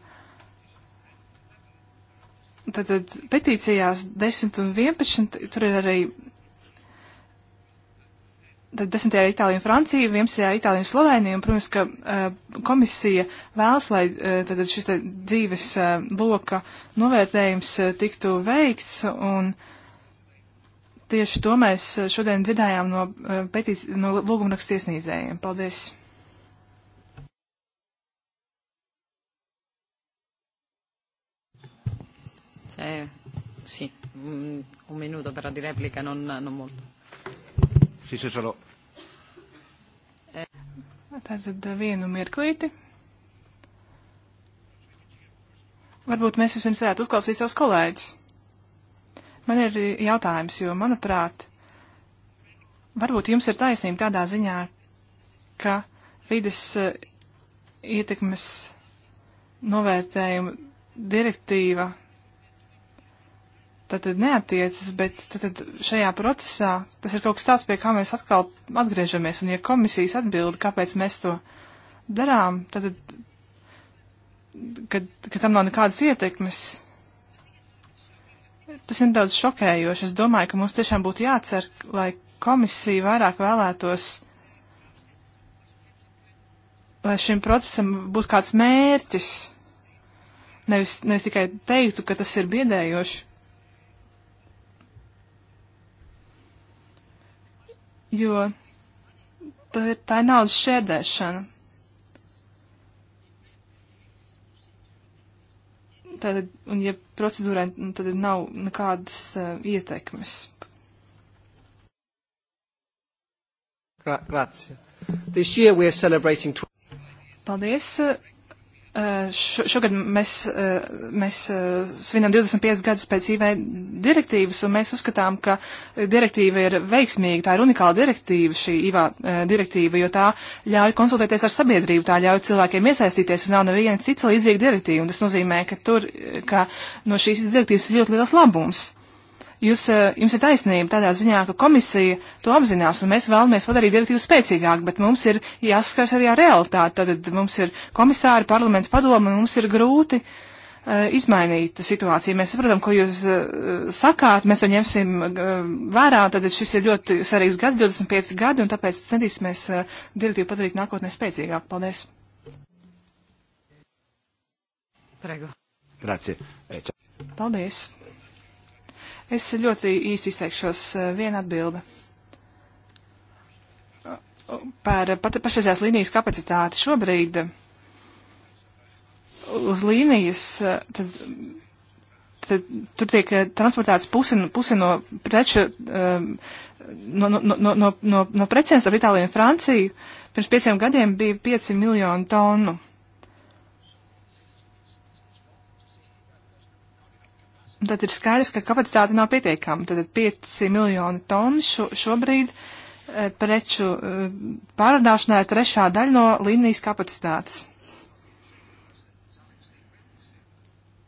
tātad petīcijās 10 un 11 tur ir arī Tad 10. Itālija un Francija, 11. Itālija un Slovenija, un, protams, ka uh, komisija vēlas, lai uh, tad šis tad, dzīves uh, loka novērtējums uh, tiktu veikts, un tieši to mēs šodien dzirdējām no, uh, pētīs, no lūgumraksta tiesnīdzējiem. Paldies! Sì, mm, un minuto però di replica non, non molto. Siis es varu. Tātad eh, vienu mirklīti. Varbūt mēs vispirms varētu uzklausīt savus kolēģus. Man ir eh, jautājums, jo, manuprāt, varbūt jums ir taisnība tādā ziņā, ka vides eh, ietekmes novērtējuma direktīva tātad neatiecas, bet tātad šajā procesā tas ir kaut kas tāds, pie kā mēs atkal atgriežamies, un ja komisijas atbildi, kāpēc mēs to darām, tātad, kad, kad tam nav nekādas ietekmes, tas ir nedaudz šokējoši. Es domāju, ka mums tiešām būtu jācer, lai komisija vairāk vēlētos, lai šim procesam būtu kāds mērķis. Nevis, nevis tikai teiktu, ka tas ir biedējoši, jo tā ir, tā ir naudas šķērdēšana. Tātad, un ja procedūrai nu, tad nav nekādas uh, ietekmes. Gra grazie. This year we are celebrating. Paldies. Uh, Eh, šogad mēs, eh, mēs eh, svinam 25 gadus pēc IV direktīvas, un mēs uzskatām, ka direktīva ir veiksmīga. Tā ir unikāla direktīva, šī IV direktīva, jo tā ļauj konsultēties ar sabiedrību, tā ļauj cilvēkiem iesaistīties, un nav neviena cita līdzīga direktīva. Un tas nozīmē, ka, tur, ka no šīs direktīvas ir ļoti liels labums. Jūs, eh, jums ir taisnība tādā ziņā, ka komisija to apzinās, un mēs vēlamies padarīt direktīvu spēcīgāku, bet mums ir jāskars arī ar realitāti. Tad mums ir komisāri, parlaments padoma, un mums ir grūti uh, izmainīt situāciju. Mēs saprotam, ko jūs uh, sakāt, mēs to ņemsim uh, vērā, tad šis ir ļoti svarīgs gads, 25 gadi, un tāpēc centīsimies direktīvu padarīt nākotnē spēcīgāku. Paldies! Prego. Grazie. Paldies! Es ļoti īsti izteikšos eh, vienu atbildi par pat, pašreizējās līnijas kapacitāti. Šobrīd eh, uz līnijas eh, tad, tad, tur tiek transportēts pusi, pusi no preču, no, no, no, no, no, no precēm starp Itāliju un Franciju. Pirms pieciem gadiem bija 5 miljonu tonu. tad ir skaidrs, ka kapacitāte nav pietiekama. Tad 5 miljoni tonu šo, šobrīd e, preču e, pārādāšanā ir trešā daļa no līnijas kapacitātes.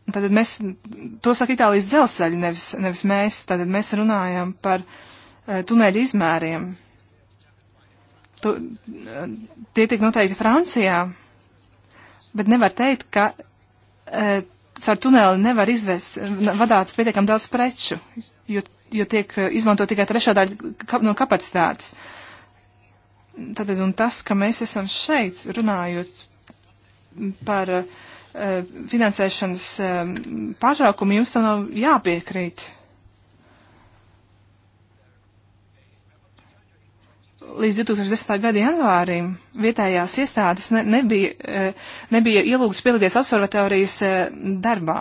Tātad mēs, to saka Itālijas dzelzceļi, nevis, nevis mēs, tātad mēs runājam par e, tuneļu izmēriem. Tu, tie tiek noteikti Francijā, bet nevar teikt, ka caur tuneli nevar izvest, vadāt pietiekam daudz preču, jo, jo tiek eh, izmanto tikai trešā daļa no kapacitātes. Tātad un tas, ka mēs esam šeit runājot par uh, finansēšanas um, pārtraukumu, jums tam nav jāpiekrīt. līdz 2010. gada janvārim vietējās iestādes ne, nebija, e, nebija ielūgts piedalīties observatorijas e, darbā.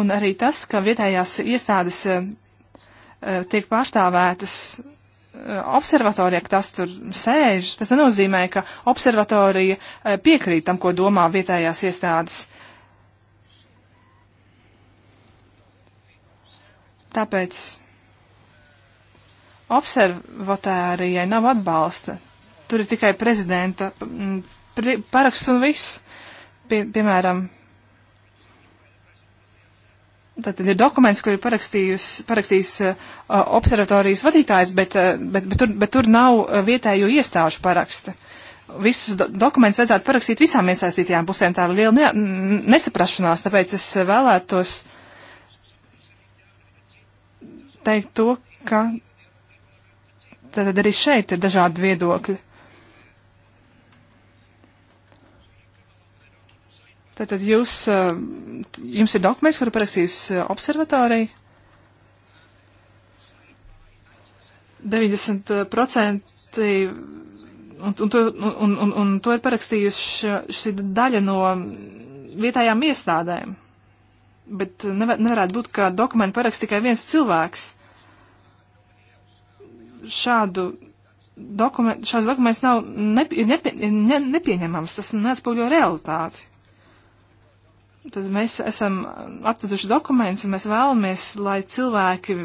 Un arī tas, ka vietējās iestādes e, tiek pārstāvētas observatorijā, ka tas tur sēž, tas nenozīmē, ka observatorija piekrīt tam, ko domā vietējās iestādes. Tāpēc observatārijai nav atbalsta. Tur ir tikai prezidenta paraksts un viss. Pie, piemēram, Tātad ir dokuments, kur ir parakstījis uh, observatorijas vadītājs, bet, uh, bet, bet, tur, bet tur nav uh, vietējo iestāžu paraksta. Visus do dokumentus vajadzētu parakstīt visām iesaistītajām pusēm. Tā ir liela ne nesaprašanās, tāpēc es uh, vēlētos teikt to, ka Tad arī šeit ir dažādi viedokļi. Tātad jūs, eh, jums ir dokuments, kuru parakstījis eh, observatorija. 90% un, un, to, un, un, un to ir parakstījusi šī daļa no vietējām iestādēm. Bet nevar, nevarētu būt, ka dokumentu parakst tikai viens cilvēks. Uh, šādu dokumentu, šāds dokuments nav nepie, nepie, ne, nepieņemams, tas neatspoguļo realitāti. Tad mēs esam atveduši dokumentus un mēs vēlamies, lai cilvēki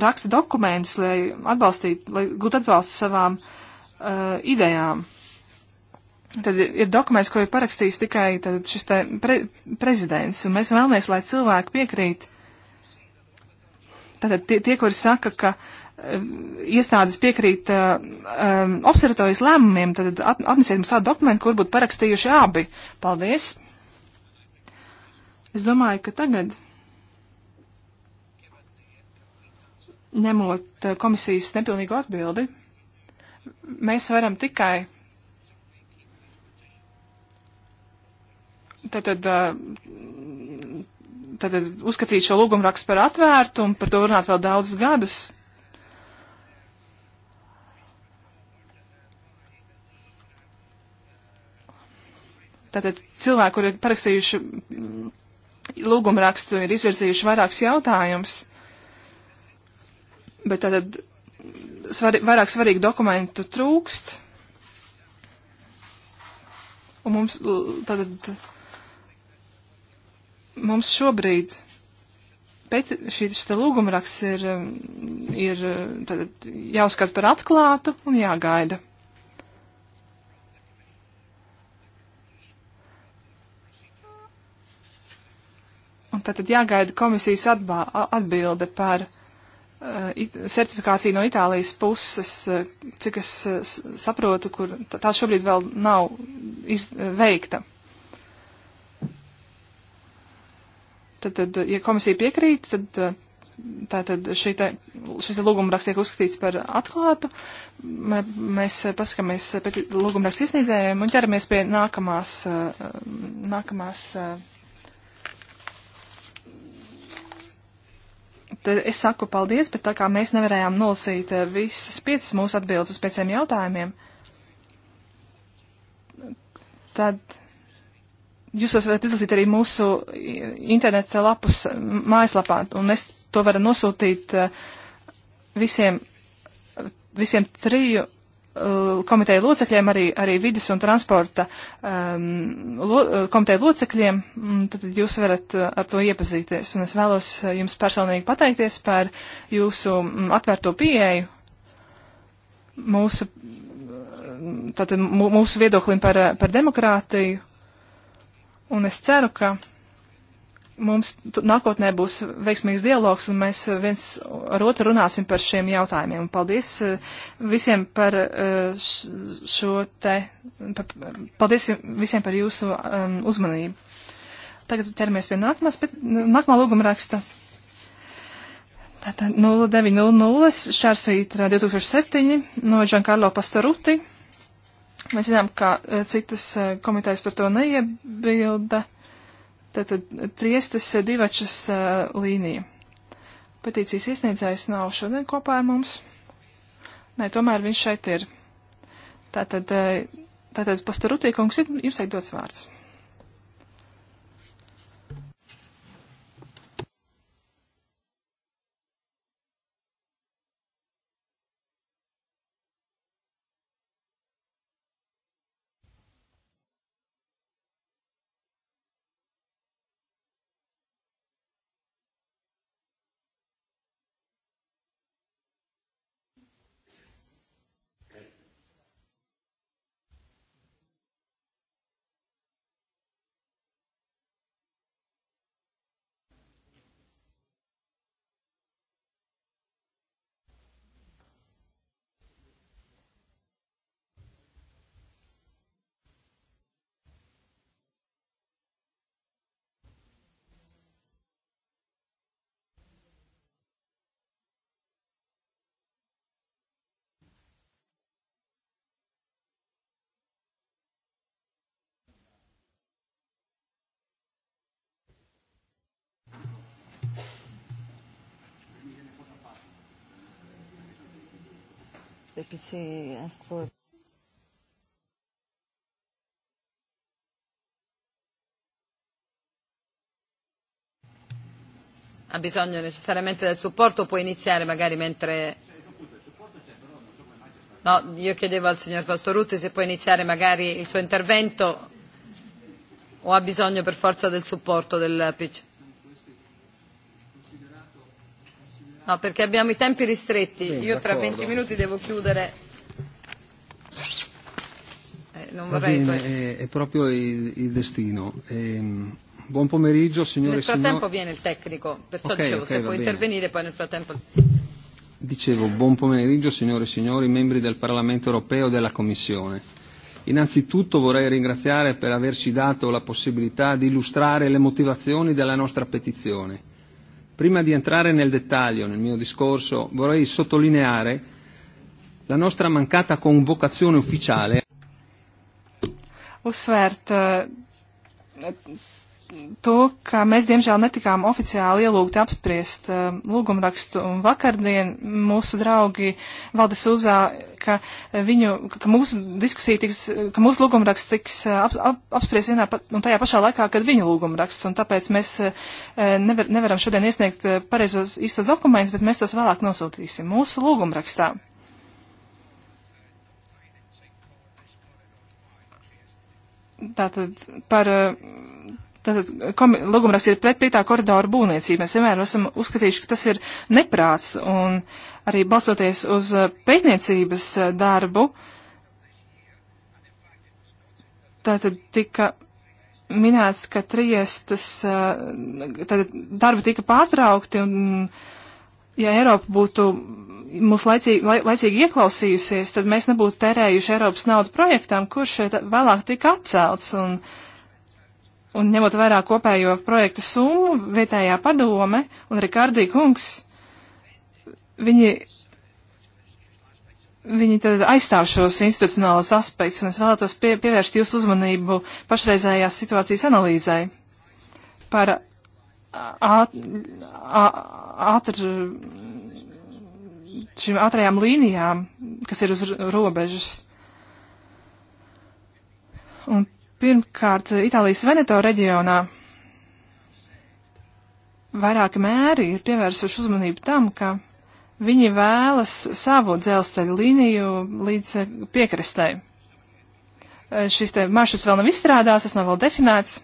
raksta dokumentus, lai atbalstītu, lai gūtu atbalstu savām uh, idejām. Tad ir dokuments, ko ir parakstījis tikai šis te pre, prezidents, un mēs vēlamies, lai cilvēki piekrīt. Tātad tie, tie kuri saka, ka uh, Um, iestādes piekrīt uh, um, observatorijas lēmumiem, tad at, atnesiet mums tādu dokumentu, kur būtu parakstījuši abi. Paldies! Es domāju, ka tagad, ņemot uh, komisijas nepilnīgu atbildi, mēs varam tikai tātad, uh, tātad uzskatīt šo lūgumu rakstu par atvērtu un par to runāt vēl daudzus gadus. Tātad cilvēki, kur ir parakstījuši lūgumrakstu, ir izvirzījuši vairākus jautājumus, bet tātad svar, vairāk svarīgu dokumentu trūkst. Un mums tātad mums šobrīd pēc šīs te lūgumraksts ir, ir tātad jāuzskata par atklātu un jāgaida. Un tātad jāgaida komisijas atbā, atbilde par uh, it, certifikāciju no Itālijas puses, uh, cik es uh, saprotu, kur tā šobrīd vēl nav iz, uh, veikta. Tad, tad, uh, ja komisija piekrīt, tad uh, tātad šī te, šis lūgumraksts tiek uzskatīts par atklātu. Mē, mēs pasakamies pēc lūgumraksta iesniedzējiem un ķeramies pie nākamās, nākamās es saku paldies, bet tā kā mēs nevarējām nolasīt eh, visas piecas mūsu atbildes uz pieciem jautājumiem, tad jūs tos varat izlasīt arī mūsu interneta lapus mājaslapā, un mēs to varam nosūtīt eh, visiem, visiem triju Uh, komiteja locekļiem, arī, arī vidas un transporta um, lo, uh, komiteja locekļiem, mm, tad jūs varat uh, ar to iepazīties. Un es vēlos jums personīgi pateikties par jūsu mm, atvērto pieeju mūsu, mm, tātad mūsu viedoklim par, par demokrātiju. Un es ceru, ka mums nākotnē būs veiksmīgs dialogs, un mēs eh, viens ar otru runāsim par šiem jautājumiem. Paldies eh, visiem par eh, šo te, paldies visiem par jūsu ehm, uzmanību. Tagad ķeramies pie nākamās, bet nākamā lūguma raksta. Tātad 0900 šķērsvītra 2007 no Giancarlo Pastaruti. Mēs zinām, ka citas komitejas par to neiebilda. Tātad Triestas eh, divačas eh, līnija. Petīcijas iesniedzējs nav šodien kopā ar mums. Nē, tomēr viņš šeit ir. Tātad, eh, tātad pastarutī kungs ir, jums tiek dots vārds. επίση ενστρούει. Ha bisogno necessariamente del supporto, può iniziare magari mentre... No, io chiedevo al signor Pastorutti se può iniziare magari il suo intervento o ha bisogno per forza del supporto del pitch. No, perché abbiamo i tempi ristretti. Bene, Io tra 20 minuti devo chiudere. Eh, non Va vorrei bene, poi... è, eh, è proprio il, il destino. Ehm... Buon pomeriggio, signore e signori. Nel frattempo signor... viene il tecnico, perciò okay, dicevo, okay, se può bene. intervenire poi nel frattempo. Dicevo, buon pomeriggio, signore e signori, membri del Parlamento europeo e della Commissione. Innanzitutto vorrei ringraziare per averci dato la possibilità di illustrare le motivazioni della nostra petizione Prima di entrare nel dettaglio nel mio discorso vorrei sottolineare la nostra mancata convocazione ufficiale. Uzsvērt eh, to, ka mēs diemžēl netikām oficiāli ielūgti apspriest uh, lūgumrakstu. Un vakardien mūsu draugi valdes uzā, ka, viņu, ka, ka mūsu diskusija tiks, ka mūsu lūgumraksts tiks eh, ap, ap, apspriest vienā pat, un tajā pašā laikā, kad viņu lūgumraksts. Un tāpēc mēs uh, nevar, nevaram šodien iesniegt uh, pareizos īstos dokumentus, bet mēs tos vēlāk nosūtīsim mūsu lūgumrakstā. Tātad par uh, Tātad lūgumraksts ir pret pietā koridoru būvniecību. Mēs vienmēr esam uzskatījuši, ka tas ir neprāts un arī balstoties uz eh, pētniecības eh, darbu. Tātad tika minēts, ka triestas eh, darbi tika pārtraukti un ja Eiropa būtu mūs laicīgi, lai, laicīgi ieklausījusies, tad mēs nebūtu tērējuši Eiropas naudu projektām, kurš vēlāk tika atcelts. Un, uh, Un ņemot vērā kopējo projekta summu, vietējā padome un Rikardī kungs, viņi, viņi tad aizstāv šos institucionālos aspektus, un es vēlētos pie, pievērst jūsu uzmanību pašreizējās situācijas analīzai par ātru šīm ātrajām līnijām, kas ir uz robežas. Un Pirmkārt, Itālijas Veneto reģionā vairāki mēri ir pievērsuši uzmanību tam, ka viņi vēlas savu dzelzceļa līniju līdz piekrastai. Šis te maršruts vēl nav izstrādās, tas nav vēl definēts,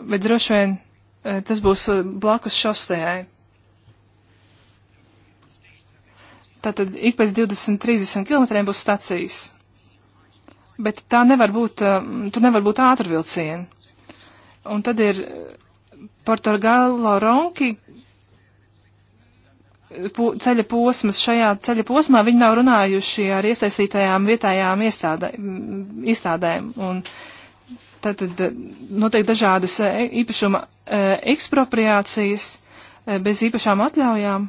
bet droši vien e, tas būs blakus šosejai. Tātad ik pēc 20-30 km būs stacijas bet tā nevar būt, eh, tur nevar būt ātri vilcieni. Un tad ir eh, Portugālo Ronki ceļa posmas. Šajā ceļa posmā viņi nav runājuši ar iesaistītajām vietējām iestādē, mm, iestādēm. Un tad, tad eh, notiek dažādas īpašuma ekspropriācijas bez īpašām atļaujām.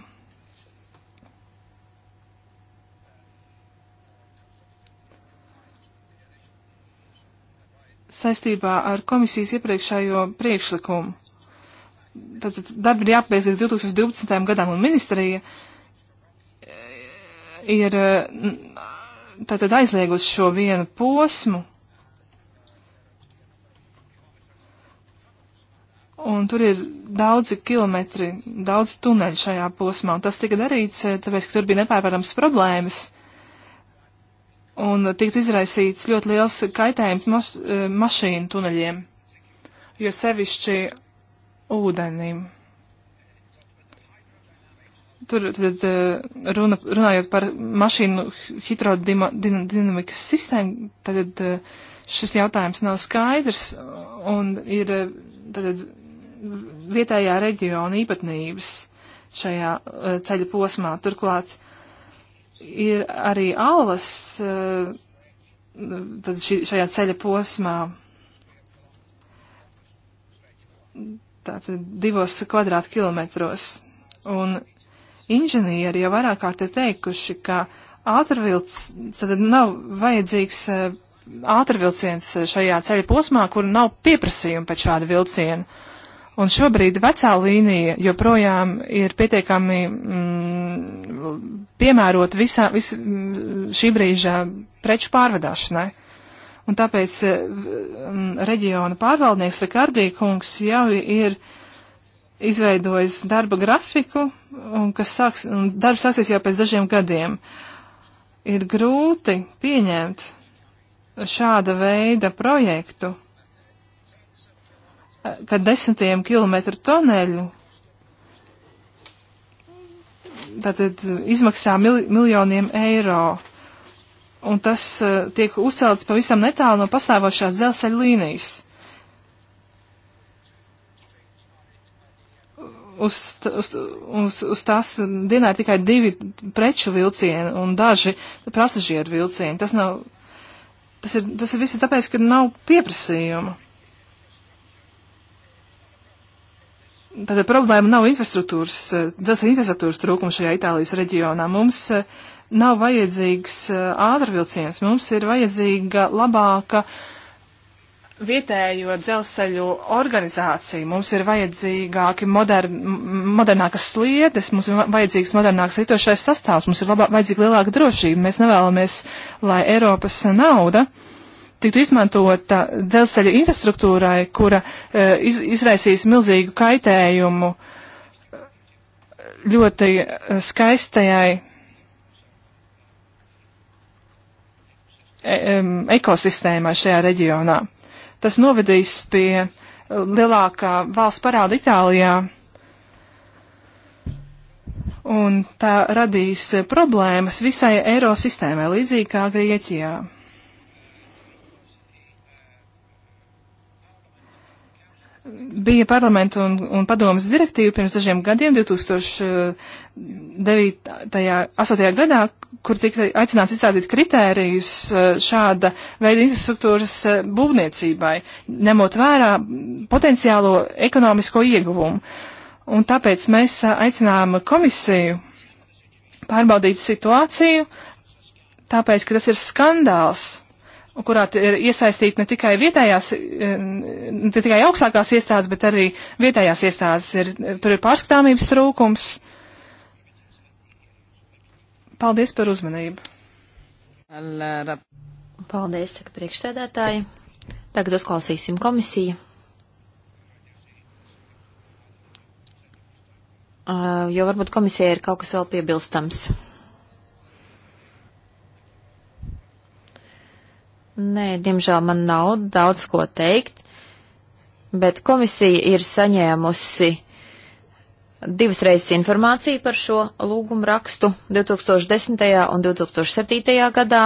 saistībā ar komisijas iepriekšējo priekšlikumu. Tad, tad darbi ir jāpabeidz līdz 2012. gadam, un ministrija eh, ir mm, tātad aizliegusi šo vienu posmu. Un tur ir daudzi kilometri, daudz tuneļi šajā posmā, un tas tika darīts, eh, tāpēc, ka tur bija nepārvarams problēmas un tiktu izraisīts ļoti liels kaitējums mas, e, mašīnu tuneļiem, jo sevišķi ūdenim. Tur tad, e, runa, runājot par mašīnu hidrodinamikas sistēmu, tad e, šis jautājums nav skaidrs un ir tad, vietējā reģiona īpatnības šajā ceļa posmā. Turklāt ir arī alvas eh, tad ši, šajā ceļa posmā. Tātad divos kvadrātkilometros. Un inženieri jau vairāk kārt ir teikuši, ka ātrvilts, tad nav vajadzīgs eh, ātrvilciens šajā ceļa posmā, kur nav pieprasījuma pēc šāda vilciena. Un šobrīd vecā līnija joprojām ir pietiekami mm, piemērot visā, vis, mm, šī brīža preču pārvadāšanai. Un tāpēc eh, mm, reģiona pārvaldnieks Rikardī kungs jau ir izveidojis darba grafiku, un kas sāks, un darbs sāksies jau pēc dažiem gadiem. Ir grūti pieņemt šāda veida projektu, ka desmitiem kilometru toneļu tātad izmaksā mil, miljoniem eiro. Un tas uh, tiek uzcelts pavisam netālu no pastāvošās dzelzceļa līnijas. Uz, uz, uz, uz tās dienā ir tikai divi preču vilcieni un daži pasažieru vilcieni. Tas, nav, tas, ir, tas ir visi tāpēc, ka nav pieprasījuma. Tātad problēma nav infrastruktūras, eh, dzelzceļa infrastruktūras trūkums šajā Itālijas reģionā. Mums eh, nav vajadzīgs eh, ātrvilciens, mums ir vajadzīga labāka vietējo dzelzceļu organizācija, mums ir vajadzīgāki modern, modernākas sliedes, mums ir vajadzīgs modernāks rītošais sastāvs, mums ir labā, vajadzīga lielāka drošība. Mēs nevēlamies, lai Eiropas nauda uh, tiktu izmantota dzelzceļa infrastruktūrai, kura e, iz, izraisīs milzīgu kaitējumu ļoti e, skaistajai e, ekosistēmai šajā reģionā. Tas novedīs pie lielākā valsts parāda Itālijā, un tā radīs problēmas visai eiro sistēmai, līdzīgi kā Grieķijā. bija parlamenta un, un padomas direktīva pirms dažiem gadiem, 2008. gadā, kur tika aicināts izstādīt kritērijus e, šāda veida infrastruktūras e, būvniecībai, ņemot vērā potenciālo ekonomisko ieguvumu. Un tāpēc mēs e, aicinām komisiju pārbaudīt situāciju, tāpēc, ka tas ir skandāls kurā ir iesaistīti ne tikai vietējās, ne tikai augstākās iestādes, bet arī vietējās iestādes. Ir, tur ir pārskatāmības trūkums. Paldies par uzmanību. Paldies, saka priekšsēdētāji. Tagad uzklausīsim komisiju. Jo varbūt komisija ir kaut kas vēl piebilstams. Nē, diemžēl man nav daudz ko teikt, bet komisija ir saņēmusi divas reizes informāciju par šo lūgumu rakstu 2010. un 2007. gadā.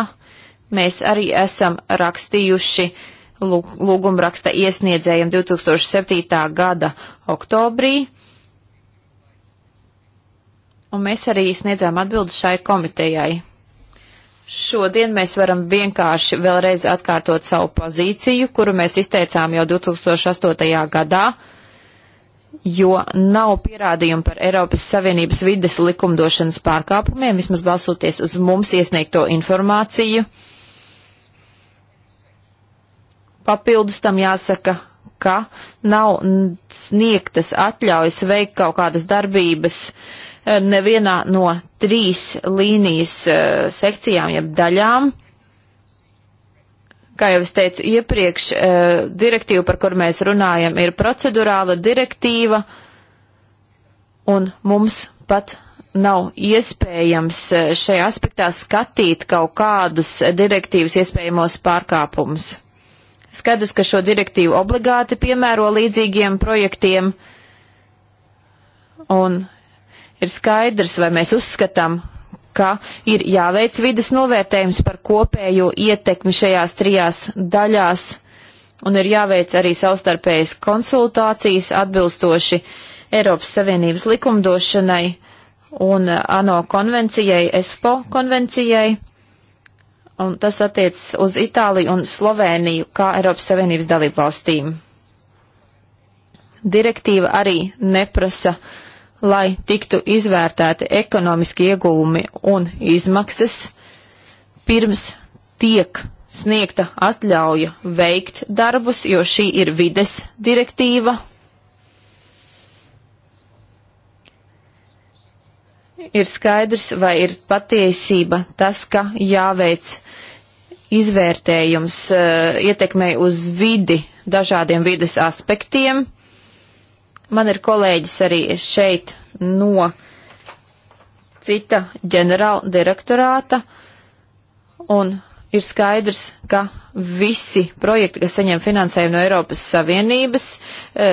Mēs arī esam rakstījuši lūgumu raksta iesniedzējiem 2007. gada oktobrī. Un mēs arī sniedzām atbildi šai komitejai. Šodien mēs varam vienkārši vēlreiz atkārtot savu pozīciju, kuru mēs izteicām jau 2008. gadā, jo nav pierādījumu par Eiropas Savienības vides likumdošanas pārkāpumiem, vismaz balsoties uz mums iesniegto informāciju. Papildus tam jāsaka, ka nav sniegtas atļaujas veikt kaut kādas darbības uh, nevienā no trīs līnijas eh, sekcijām, jeb daļām. Kā jau es teicu iepriekš, eh, direktīva, par kur mēs runājam, ir procedurāla direktīva, un mums pat nav iespējams eh, šajā aspektā skatīt kaut kādus direktīvas iespējamos pārkāpumus. Skatās, ka šo direktīvu obligāti piemēro līdzīgiem projektiem, un ir skaidrs, vai mēs uzskatām, ka ir jāveic vides novērtējums par kopējo ietekmi šajās trijās daļās, un ir jāveic arī savstarpējas konsultācijas atbilstoši Eiropas Savienības likumdošanai un eh, ANO konvencijai, ESPO konvencijai, un tas attiec uz Itāliju un Sloveniju kā Eiropas Savienības dalību valstīm. Direktīva arī neprasa uh, lai tiktu izvērtēti ekonomiski ieguvumi un izmaksas, pirms tiek sniegta atļauja veikt darbus, jo šī ir vides direktīva. Ir skaidrs, vai ir patiesība tas, ka jāveic izvērtējums uh, eh, ietekmei uz vidi dažādiem vides aspektiem, Man ir kolēģis arī šeit no cita ģenerāla direktorāta, un ir skaidrs, ka visi projekti, kas saņem finansējumu no Eiropas Savienības, e,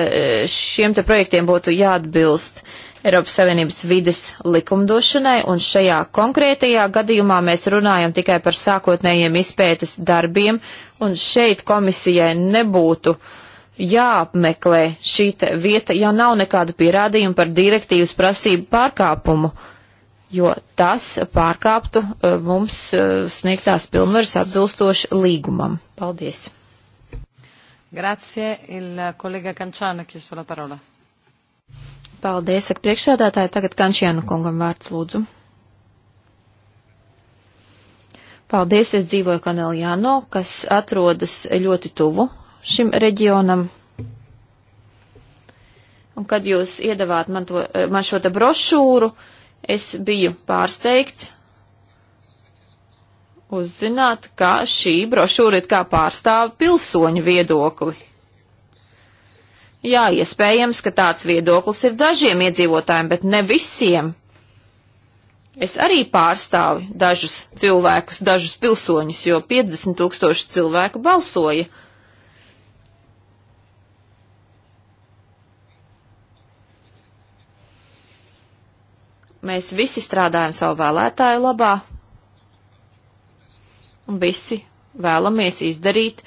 šiem te projektiem būtu jāatbilst Eiropas Savienības vides likumdošanai, un šajā konkrētajā gadījumā mēs runājam tikai par sākotnējiem izpētes darbiem, un šeit komisijai nebūtu uh, jāapmeklē šī vieta, ja nav nekāda pierādījuma par direktīvas prasību pārkāpumu, jo tas pārkāptu e, mums e, sniegtās pilnvaras atbilstoši līgumam. Paldies! Grazie, il kolēga Kančāna, kiesu la parola. Paldies, saka priekšsādātāji, tagad Kančiānu kungam vārds lūdzu. Paldies, es dzīvoju Kaneljāno, kas atrodas ļoti tuvu šim reģionam. Un kad jūs iedavāt man, to, eh, man šo te brošūru, es biju pārsteigts uzzināt, ka šī brošūra it kā pārstāv pilsoņu viedokli. Jā, iespējams, ka tāds viedoklis ir dažiem iedzīvotājiem, bet ne visiem. Es arī pārstāvu dažus cilvēkus, dažus pilsoņus, jo 50 tūkstoši cilvēku balsoja Mēs visi strādājam savu vēlētāju labā un visi vēlamies izdarīt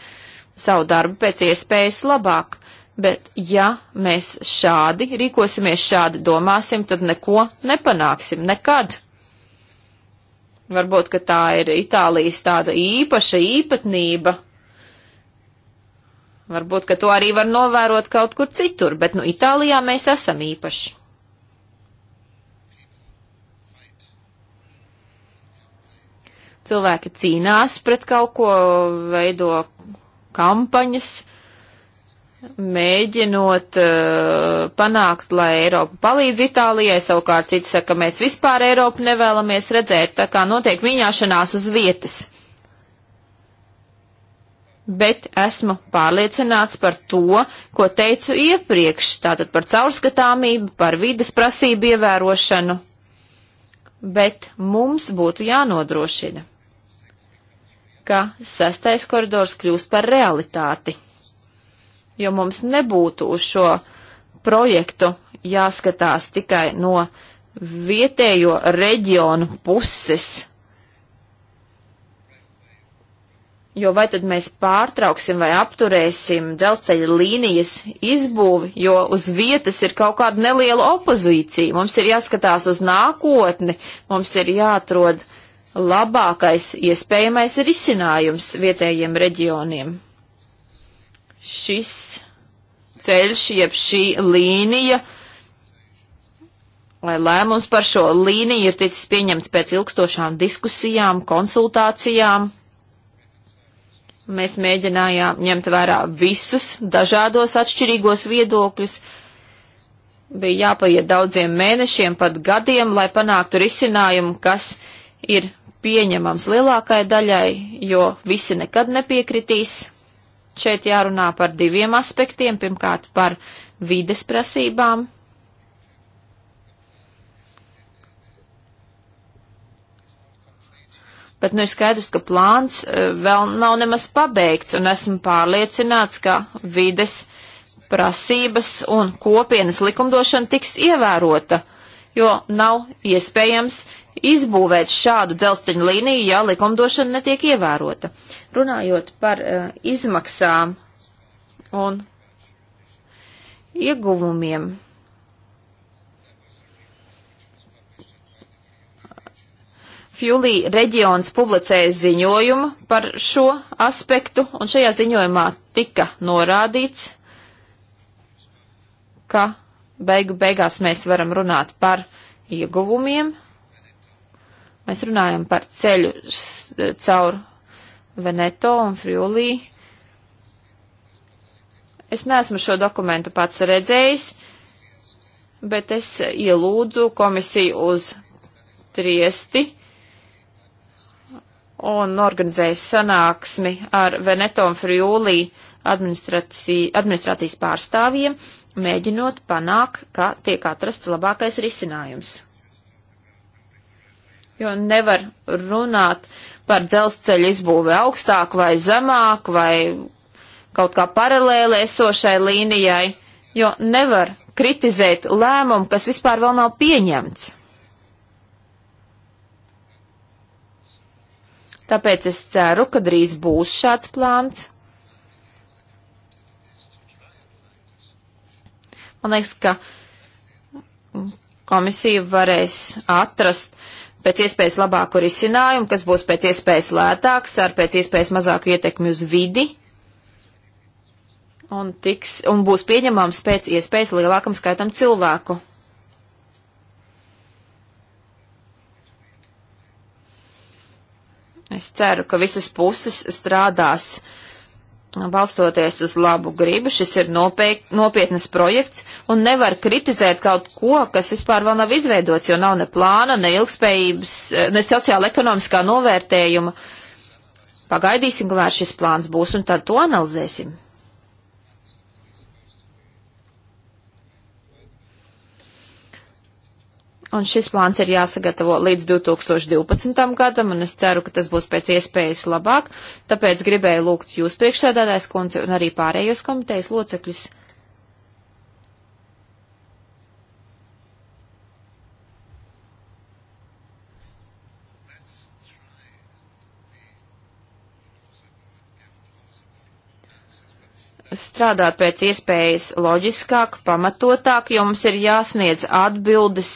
savu darbu pēc iespējas labāk. Bet ja mēs šādi rīkosimies, šādi domāsim, tad neko nepanāksim nekad. Varbūt, ka tā ir Itālijas tāda īpaša īpatnība. Varbūt, ka to arī var novērot kaut kur citur, bet nu Itālijā mēs esam īpaši. cilvēki cīnās pret kaut ko, veido kampaņas, mēģinot uh, panākt, lai Eiropa palīdz Itālijai, savukārt citi saka, ka mēs vispār Eiropu nevēlamies redzēt, tā kā notiek mīņāšanās uz vietas. Bet esmu pārliecināts par to, ko teicu iepriekš, tātad par caurskatāmību, par vides prasību ievērošanu, bet mums būtu jānodrošina ka sastais koridors kļūst par realitāti, jo mums nebūtu uz šo projektu jāskatās tikai no vietējo reģionu puses. Jo vai tad mēs pārtrauksim vai apturēsim dzelzceļa līnijas izbūvi, jo uz vietas ir kaut kāda neliela opozīcija. Mums ir jāskatās uz nākotni, mums ir jāatrod uh, labākais iespējamais risinājums vietējiem reģioniem. Šis ceļš, jeb šī līnija, lai lēmums par šo līniju ir ticis pieņemts pēc ilgstošām diskusijām, konsultācijām. Mēs mēģinājām ņemt vērā visus dažādos atšķirīgos viedokļus, bija jāpaiet daudziem mēnešiem, pat gadiem, lai panāktu risinājumu, kas ir pieņemams lielākai daļai, jo visi nekad nepiekritīs. Šeit jārunā par diviem aspektiem. Pirmkārt, par vides prasībām. Bet nu ir skaidrs, ka plāns e, vēl nav nemaz pabeigts, un esmu pārliecināts, ka vides prasības un kopienas likumdošana tiks ievērota, jo nav iespējams izbūvēt šādu dzelzceļu līniju, ja likumdošana netiek ievērota. Runājot par uh, izmaksām un ieguvumiem. Fjulī reģions publicēja ziņojumu par šo aspektu, un šajā ziņojumā tika norādīts, ka beigu beigās mēs varam runāt par ieguvumiem, Mēs runājam par ceļu caur Veneto un Friulī. Es neesmu šo dokumentu pats redzējis, bet es ielūdzu komisiju uz Triesti un organizēju sanāksmi ar Veneto un Friulī administrācijas pārstāvjiem, mēģinot panākt, ka tiek atrasts labākais risinājums jo nevar runāt par dzelzceļa izbūvi augstāk vai zemāk vai kaut kā paralēli esošai līnijai, jo nevar kritizēt lēmumu, kas vispār vēl nav pieņemts. Tāpēc es ceru, ka drīz būs šāds plāns. Man liekas, ka komisija varēs atrast pēc iespējas labāku risinājumu, kas būs pēc iespējas lētāks, ar pēc iespējas mazāku ietekmi uz vidi un, tiks, un būs pieņemams pēc iespējas lielākam skaitam cilvēku. Es ceru, ka visas puses strādās uh, balstoties uz labu gribu, šis ir nopiet, nopietnas projekts un nevar kritizēt kaut ko, kas vispār vēl nav izveidots, jo nav ne plāna, ne ilgspējības, ne sociāla ekonomiskā novērtējuma. Pagaidīsim, kamēr šis plāns būs un tad to analizēsim. un šis plāns ir jāsagatavo līdz 2012. gadam, un es ceru, ka tas būs pēc iespējas labāk, tāpēc gribēju lūgt jūs priekšsēdētājs kundzi un arī pārējos komitejas locekļus. strādāt pēc iespējas loģiskāk, pamatotāk, jo mums ir jāsniedz atbildes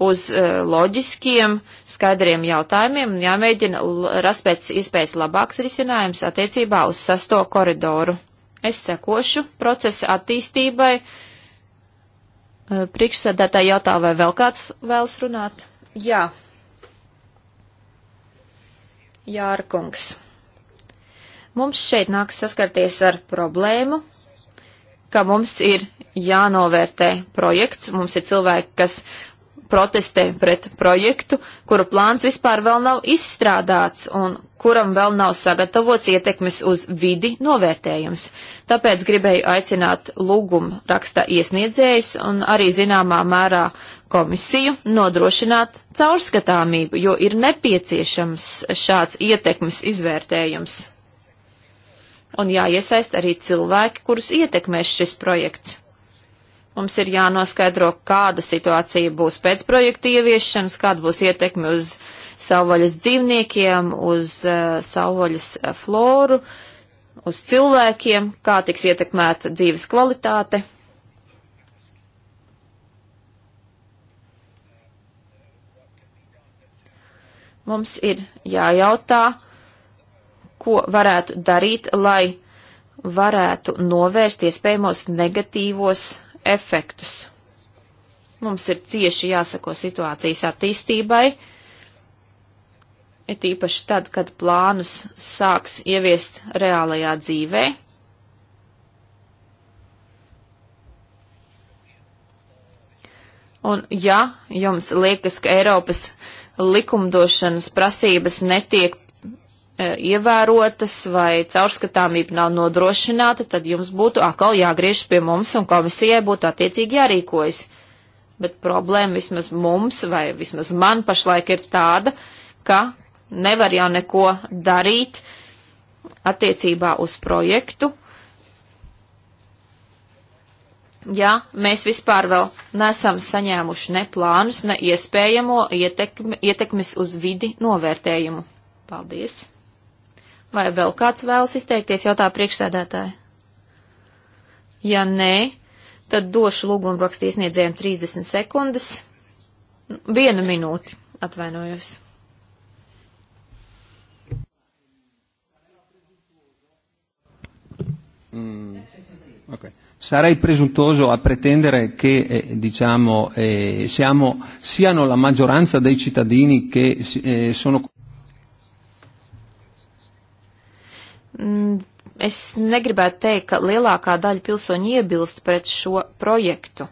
uz e, loģiskiem, skaidriem jautājumiem un jāmēģina rast pēc iespējas labāks risinājums attiecībā uz sasto koridoru. Es sekošu procesa attīstībai. E, priekšsēdētāji jautā, vai vēl kāds vēlas runāt? Jā. Jārkungs. Mums šeit nāks saskarties ar problēmu, ka mums ir jānovērtē projekts, mums ir cilvēki, kas protestē pret projektu, kura plāns vispār vēl nav izstrādāts un kuram vēl nav sagatavots ietekmes uz vidi novērtējums. Tāpēc gribēju aicināt lūgumu raksta iesniedzējus un arī zināmā mērā komisiju nodrošināt caurskatāmību, jo ir nepieciešams šāds ietekmes izvērtējums. Un jāiesaist arī cilvēki, kurus ietekmēs šis projekts. Mums ir jānoskaidro, kāda situācija būs pēc projekta ieviešanas, kāda būs ietekme uz savvaļas dzīvniekiem, uz uh, savvaļas eh, floru, uz cilvēkiem, kā tiks ietekmēta dzīves kvalitāte. Mums ir jājautā, ko varētu darīt, lai varētu novērst iespējamos negatīvos efektus. Mums ir cieši jāsako situācijas attīstībai, ir tīpaši tad, kad plānus sāks ieviest reālajā dzīvē. Un ja jums liekas, ka Eiropas likumdošanas prasības netiek E, ievērotas vai caurskatāmība nav nodrošināta, tad jums būtu atkal jāgriežas pie mums un komisijai būtu attiecīgi jārīkojas. Bet problēma vismaz mums vai vismaz man pašlaik ir tāda, ka nevar jau neko darīt attiecībā uz projektu. Ja mēs vispār vēl nesam saņēmuši ne plānus, ne iespējamo ietekmi, ietekmes uz vidi novērtējumu. Paldies! Vai vēl kāds vēlas izteikties, jautā priekšsēdētāji? Ja nē, tad došu lūgumrakstu iesniedzējiem 30 sekundes. Vienu minūti, atvainojos. Mm. Okay. Sarei presuntuoso a pretendere che eh, diciamo, eh, siamo, siano la maggioranza dei cittadini che eh, sono. Mm, es negribētu teikt, ka lielākā daļa pilsoņu iebilst pret šo projektu.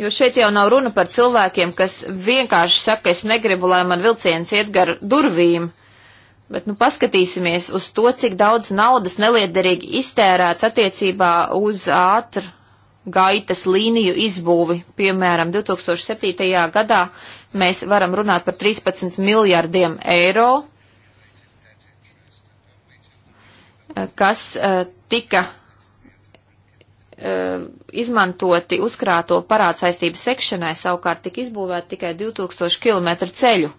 Jo šeit jau nav runa par cilvēkiem, kas vienkārši saka, es negribu, lai man vilciens iet gar durvīm. Bet nu paskatīsimies uz to, cik daudz naudas neliederīgi iztērēts attiecībā uz ātru gaitas līniju izbūvi. Piemēram, 2007. gadā mēs varam runāt par 13 miljardiem eiro, eh, kas eh, tika eh, izmantoti uzkrāto parādsaistību sekšanai, savukārt tika izbūvēta tikai 2000 km ceļu.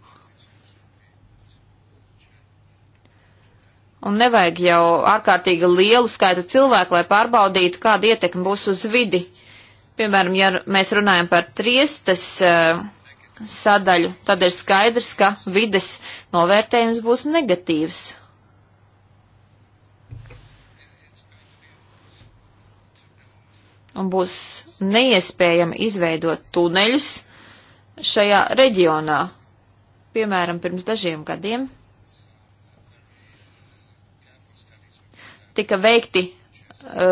Un nevajag jau ārkārtīgi lielu skaitu cilvēku, lai pārbaudītu, kāda ietekme būs uz vidi. Piemēram, ja mēs runājam par triestes uh, sadaļu, tad ir skaidrs, ka vides novērtējums būs negatīvs. Un būs neiespējami izveidot tuneļus šajā reģionā. Piemēram, pirms dažiem gadiem tika veikti eh,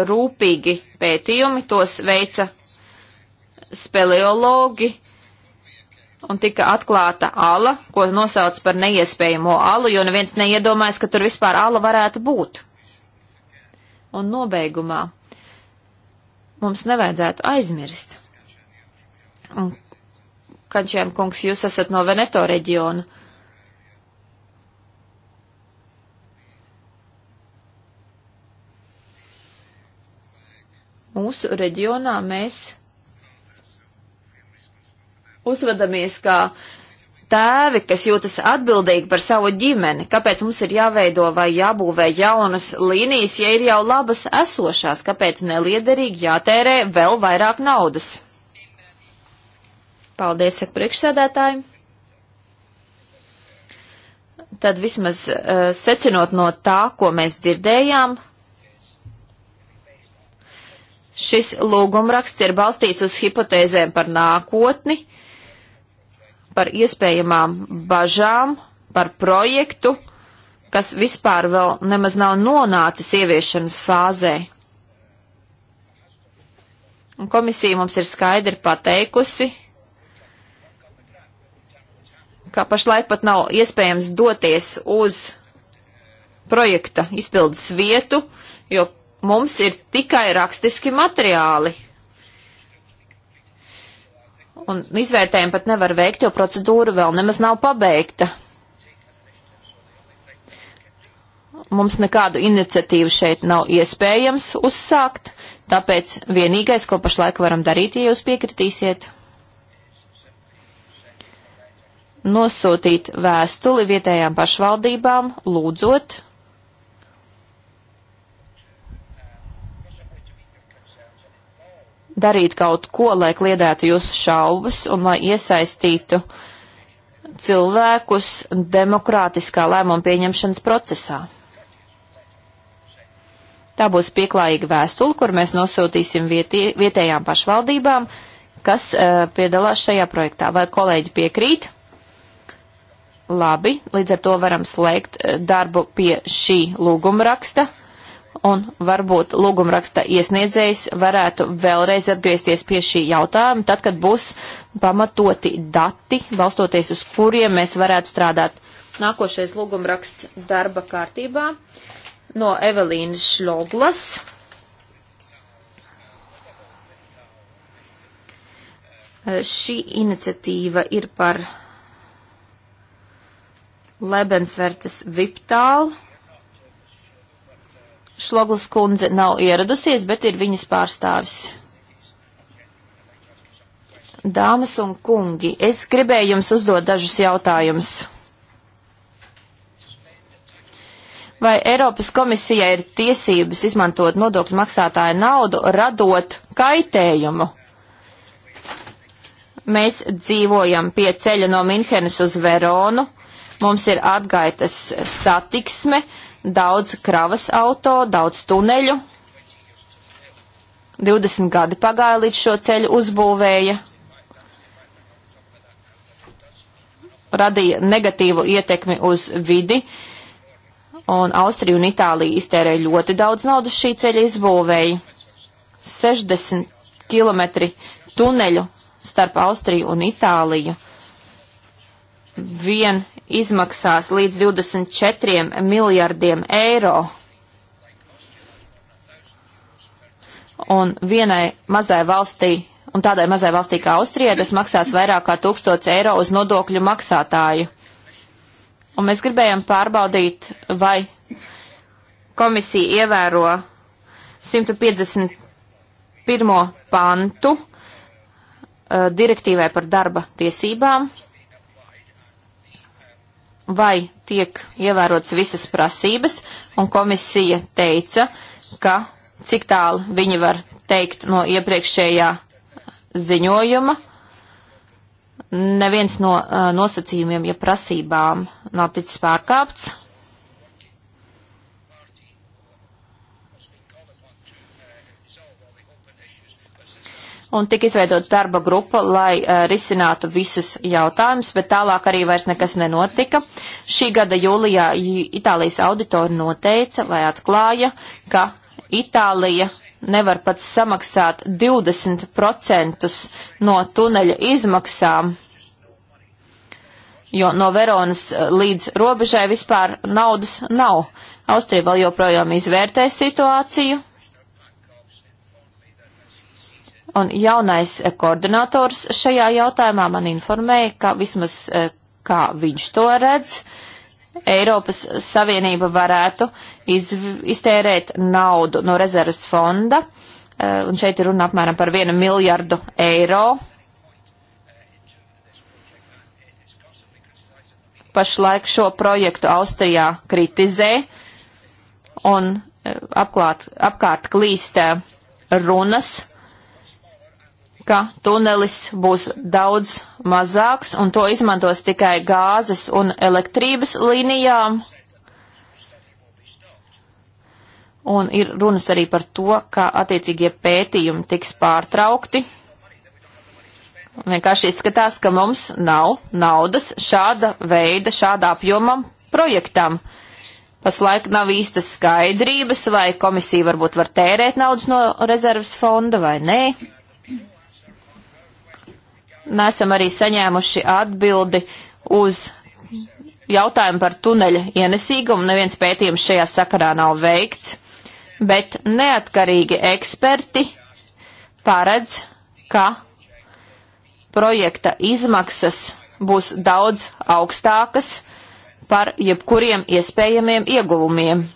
rūpīgi pētījumi, tos veica speleologi, un tika atklāta ala, ko nosauc par neiespējamo alu, jo neviens neiedomājas, ka tur vispār ala varētu būt. Un nobeigumā mums nevajadzētu aizmirst. Un, Kančēn kungs, jūs esat no Veneto reģiona. Mūsu reģionā mēs uzvedamies kā tēvi, kas jūtas atbildīgi par savu ģimeni, kāpēc mums ir jāveido vai jābūvē jaunas līnijas, ja ir jau labas esošās, kāpēc neliederīgi jātērē vēl vairāk naudas. Paldies, saka priekšsēdētāji. Tad vismaz uh, secinot no tā, ko mēs dzirdējām, Šis lūgumraksts ir balstīts uz hipotēzēm par nākotni, par iespējamām bažām, par projektu, kas vispār vēl nemaz nav nonācis ieviešanas fāzē. Un komisija mums ir skaidri pateikusi, ka pašlaik pat nav iespējams doties uz projekta izpildes vietu, jo mums ir tikai rakstiski materiāli. Un izvērtējumu pat nevar veikt, jo procedūra vēl nemaz nav pabeigta. Mums nekādu iniciatīvu šeit nav iespējams uzsākt, tāpēc vienīgais, ko pašlaik varam darīt, ja jūs piekritīsiet, nosūtīt vēstuli vietējām pašvaldībām, lūdzot darīt kaut ko, lai kliedētu jūsu šaubas un lai iesaistītu cilvēkus demokrātiskā lēmuma pieņemšanas procesā. Tā būs pieklājīga vēstule, kur mēs nosūtīsim vietie, vietējām pašvaldībām, kas uh, piedalās šajā projektā. Vai kolēģi piekrīt? Labi, līdz ar to varam slēgt eh, darbu pie šī lūguma raksta un varbūt lūgumraksta iesniedzējs varētu vēlreiz atgriezties pie šī jautājuma, tad, kad būs pamatoti dati, balstoties uz kuriem mēs varētu strādāt. Nākošais lūgumraksts darba kārtībā no Evelīnas Šloglas. Šī iniciatīva ir par Lebensvertes Viptālu Šloglas kundze nav ieradusies, bet ir viņas pārstāvis. Dāmas un kungi, es gribēju jums uzdot dažus jautājumus. Vai Eiropas komisija ir tiesības izmantot nodokļu maksātāju naudu, radot kaitējumu? Mēs dzīvojam pie ceļa no Minhenes uz Veronu, mums ir atgaitas satiksme, uh, daudz kravas auto, daudz tuneļu. 20 gadi pagāja līdz šo ceļu uzbūvēja. Radīja negatīvu ietekmi uz vidi, un Austrija un Itālija iztērēja ļoti daudz naudas šī ceļa izbūvēja. 60 km tuneļu starp Austriju un Itāliju vien izmaksās līdz 24 miljardiem eiro. Un vienai mazai valstī, un tādai mazai valstī kā Austrija, tas maksās vairāk kā 1000 eiro uz nodokļu maksātāju. Un mēs gribējām pārbaudīt, vai komisija ievēro 151. pantu eh, direktīvai par darba tiesībām vai tiek ievērotas visas prasības, un komisija teica, ka cik tālu viņi var teikt no iepriekšējā ziņojuma, neviens no uh, nosacījumiem, ja prasībām nav ticis pārkāpts, un tika izveidot darba grupa, lai uh, risinātu visus jautājumus, bet tālāk arī vairs nekas nenotika. Šī gada jūlijā Itālijas auditori noteica vai atklāja, ka Itālija nevar pat samaksāt 20% no tuneļa izmaksām, jo no Veronas e, līdz robežai vispār naudas nav. Austrija vēl joprojām izvērtē situāciju, Un jaunais eh, koordinators šajā jautājumā man informēja, ka vismaz eh, kā viņš to redz, Eiropas Savienība varētu izv, iztērēt naudu no rezervas fonda, eh, un šeit ir runa apmēram par vienu miljardu eiro. Pašlaik šo projektu Austrijā kritizē un apklāt, apkārt klīst runas ka tunelis būs daudz mazāks un to izmantos tikai gāzes un elektrības līnijām. Un ir runas arī par to, ka attiecīgie pētījumi tiks pārtraukti. Vienkārši izskatās, ka mums nav naudas šāda veida, šāda apjomam projektam. Pašlaik nav īstas skaidrības, vai komisija varbūt var tērēt naudas no rezerves fonda vai nē nesam arī saņēmuši atbildi uz jautājumu par tuneļa ienesīgumu. Neviens pētījums šajā sakarā nav veikts, bet neatkarīgi eksperti paredz, ka projekta izmaksas būs daudz augstākas par jebkuriem iespējamiem ieguvumiem.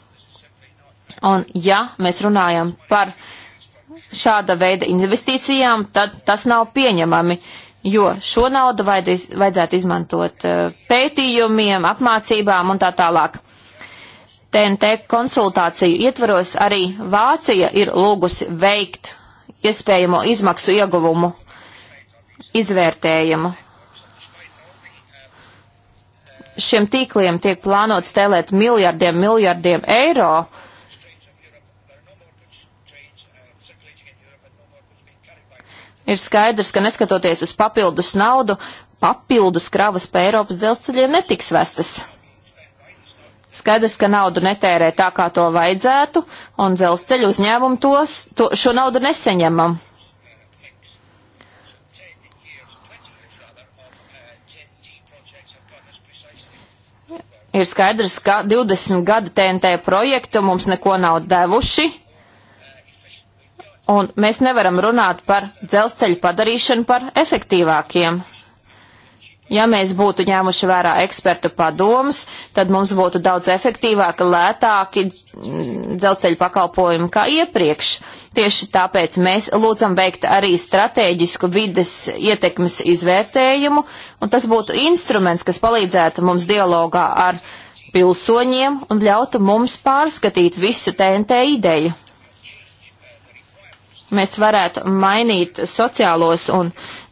Un ja mēs runājam par šāda veida investīcijām, tad tas nav pieņemami jo šo naudu vajadzētu izmantot eh, pētījumiem, apmācībām un tā tālāk. TNT konsultāciju ietvaros arī Vācija ir lūgusi veikt iespējamo izmaksu ieguvumu izvērtējumu. Šiem tīkliem tiek plānots tēlēt miljardiem, miljardiem eiro, Ir skaidrs, ka neskatoties uz papildus naudu, papildus kravas pa Eiropas dzelzceļiem netiks vestas. Skaidrs, ka naudu netērē tā, kā to vajadzētu, un dzelzceļu uzņēmumu tos, to, šo naudu neseņemam. Ir skaidrs, ka 20 gada TNT projektu mums neko nav devuši, Un mēs nevaram runāt par dzelzceļu padarīšanu par efektīvākiem. Ja mēs būtu ņēmuši vērā ekspertu padomus, tad mums būtu daudz efektīvāki, lētāki dzelzceļa pakalpojumi kā iepriekš. Tieši tāpēc mēs lūdzam veikt arī strateģisku vides ietekmes izvērtējumu, un tas būtu instruments, kas palīdzētu mums dialogā ar pilsoņiem un ļautu mums pārskatīt visu TNT ideju mēs varētu mainīt sociālos un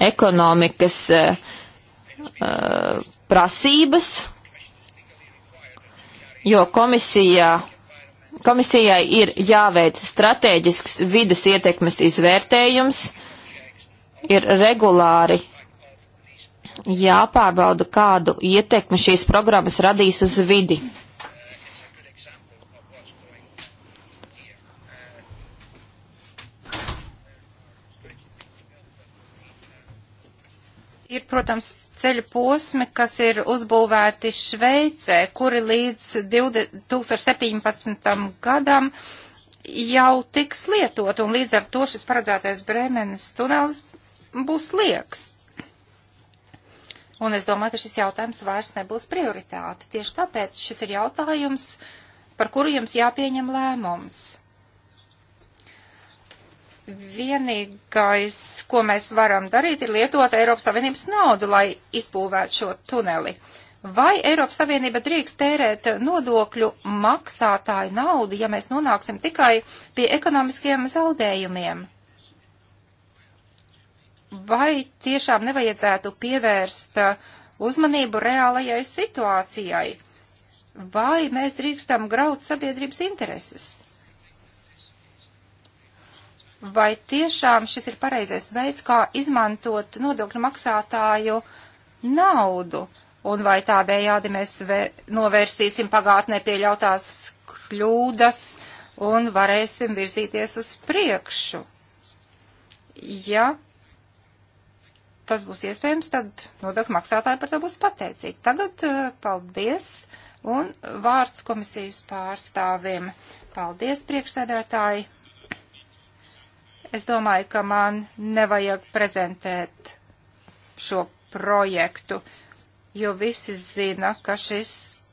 ekonomikas uh, prasības, jo komisijā, komisijai ir jāveic strateģisks vidas ietekmes izvērtējums, ir regulāri jāpārbauda, kādu ietekmi šīs programmas radīs uz vidi. ir, protams, ceļu posmi, kas ir uzbūvēti Šveicē, kuri līdz 2017. gadam jau tiks lietot, un līdz ar to šis paredzētais Brēmenes tunelis būs lieks. Un es domāju, ka šis jautājums vairs nebūs prioritāte. Tieši tāpēc šis ir jautājums, par kuru jums jāpieņem lēmums vienīgais, ko mēs varam darīt, ir lietot Eiropas Savienības naudu, lai izbūvētu šo tuneli. Vai Eiropas Savienība drīkst tērēt nodokļu maksātāju naudu, ja mēs nonāksim tikai pie ekonomiskiem zaudējumiem? Vai tiešām nevajadzētu pievērst uzmanību reālajai situācijai? Vai mēs drīkstam graut sabiedrības intereses? vai tiešām šis ir pareizais veids, kā izmantot nodokļu maksātāju naudu, un vai tādējādi mēs novērsīsim pagātnē pieļautās kļūdas un varēsim virzīties uz priekšu. Ja tas būs iespējams, tad nodokļu maksātāji par to būs pateicīgi. Tagad eh, paldies un vārds komisijas pārstāvim. Paldies, priekšsēdētāji! Es domāju, ka man nevajag prezentēt šo projektu, jo visi zina, ka šis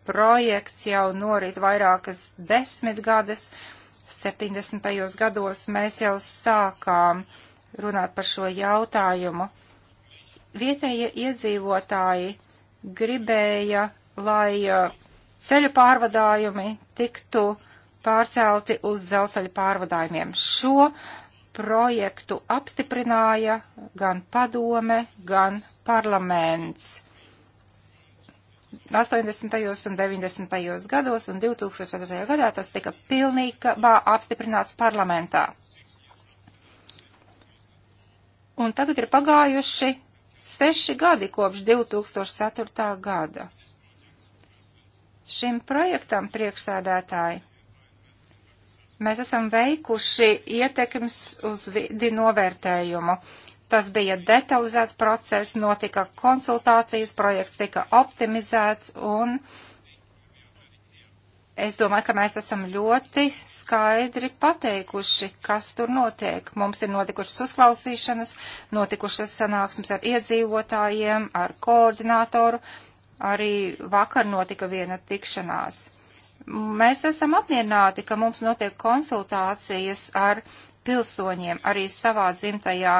projekts jau norit vairākas desmitgades. 70. gados mēs jau sākām runāt par šo jautājumu. Vietējie iedzīvotāji gribēja, lai uh, ceļu pārvadājumi tiktu pārcelti uz dzelzceļa pārvadājumiem. Šo projektu apstiprināja gan padome, gan parlaments. 80. un 90. gados un 2004. gadā tas tika pilnībā apstiprināts parlamentā. Un tagad ir pagājuši seši gadi kopš 2004. gada. Šim projektam priekšsēdētāji Mēs esam veikuši ietekmes uz vidi novērtējumu. Tas bija detalizēts process, notika konsultācijas, projekts tika optimizēts un es domāju, ka mēs esam ļoti skaidri pateikuši, kas tur notiek. Mums ir notikušas uzklausīšanas, notikušas sanāksmes ar iedzīvotājiem, ar koordinātoru. Arī vakar notika viena tikšanās mēs esam apmierināti, ka mums notiek konsultācijas ar pilsoņiem arī savā dzimtajā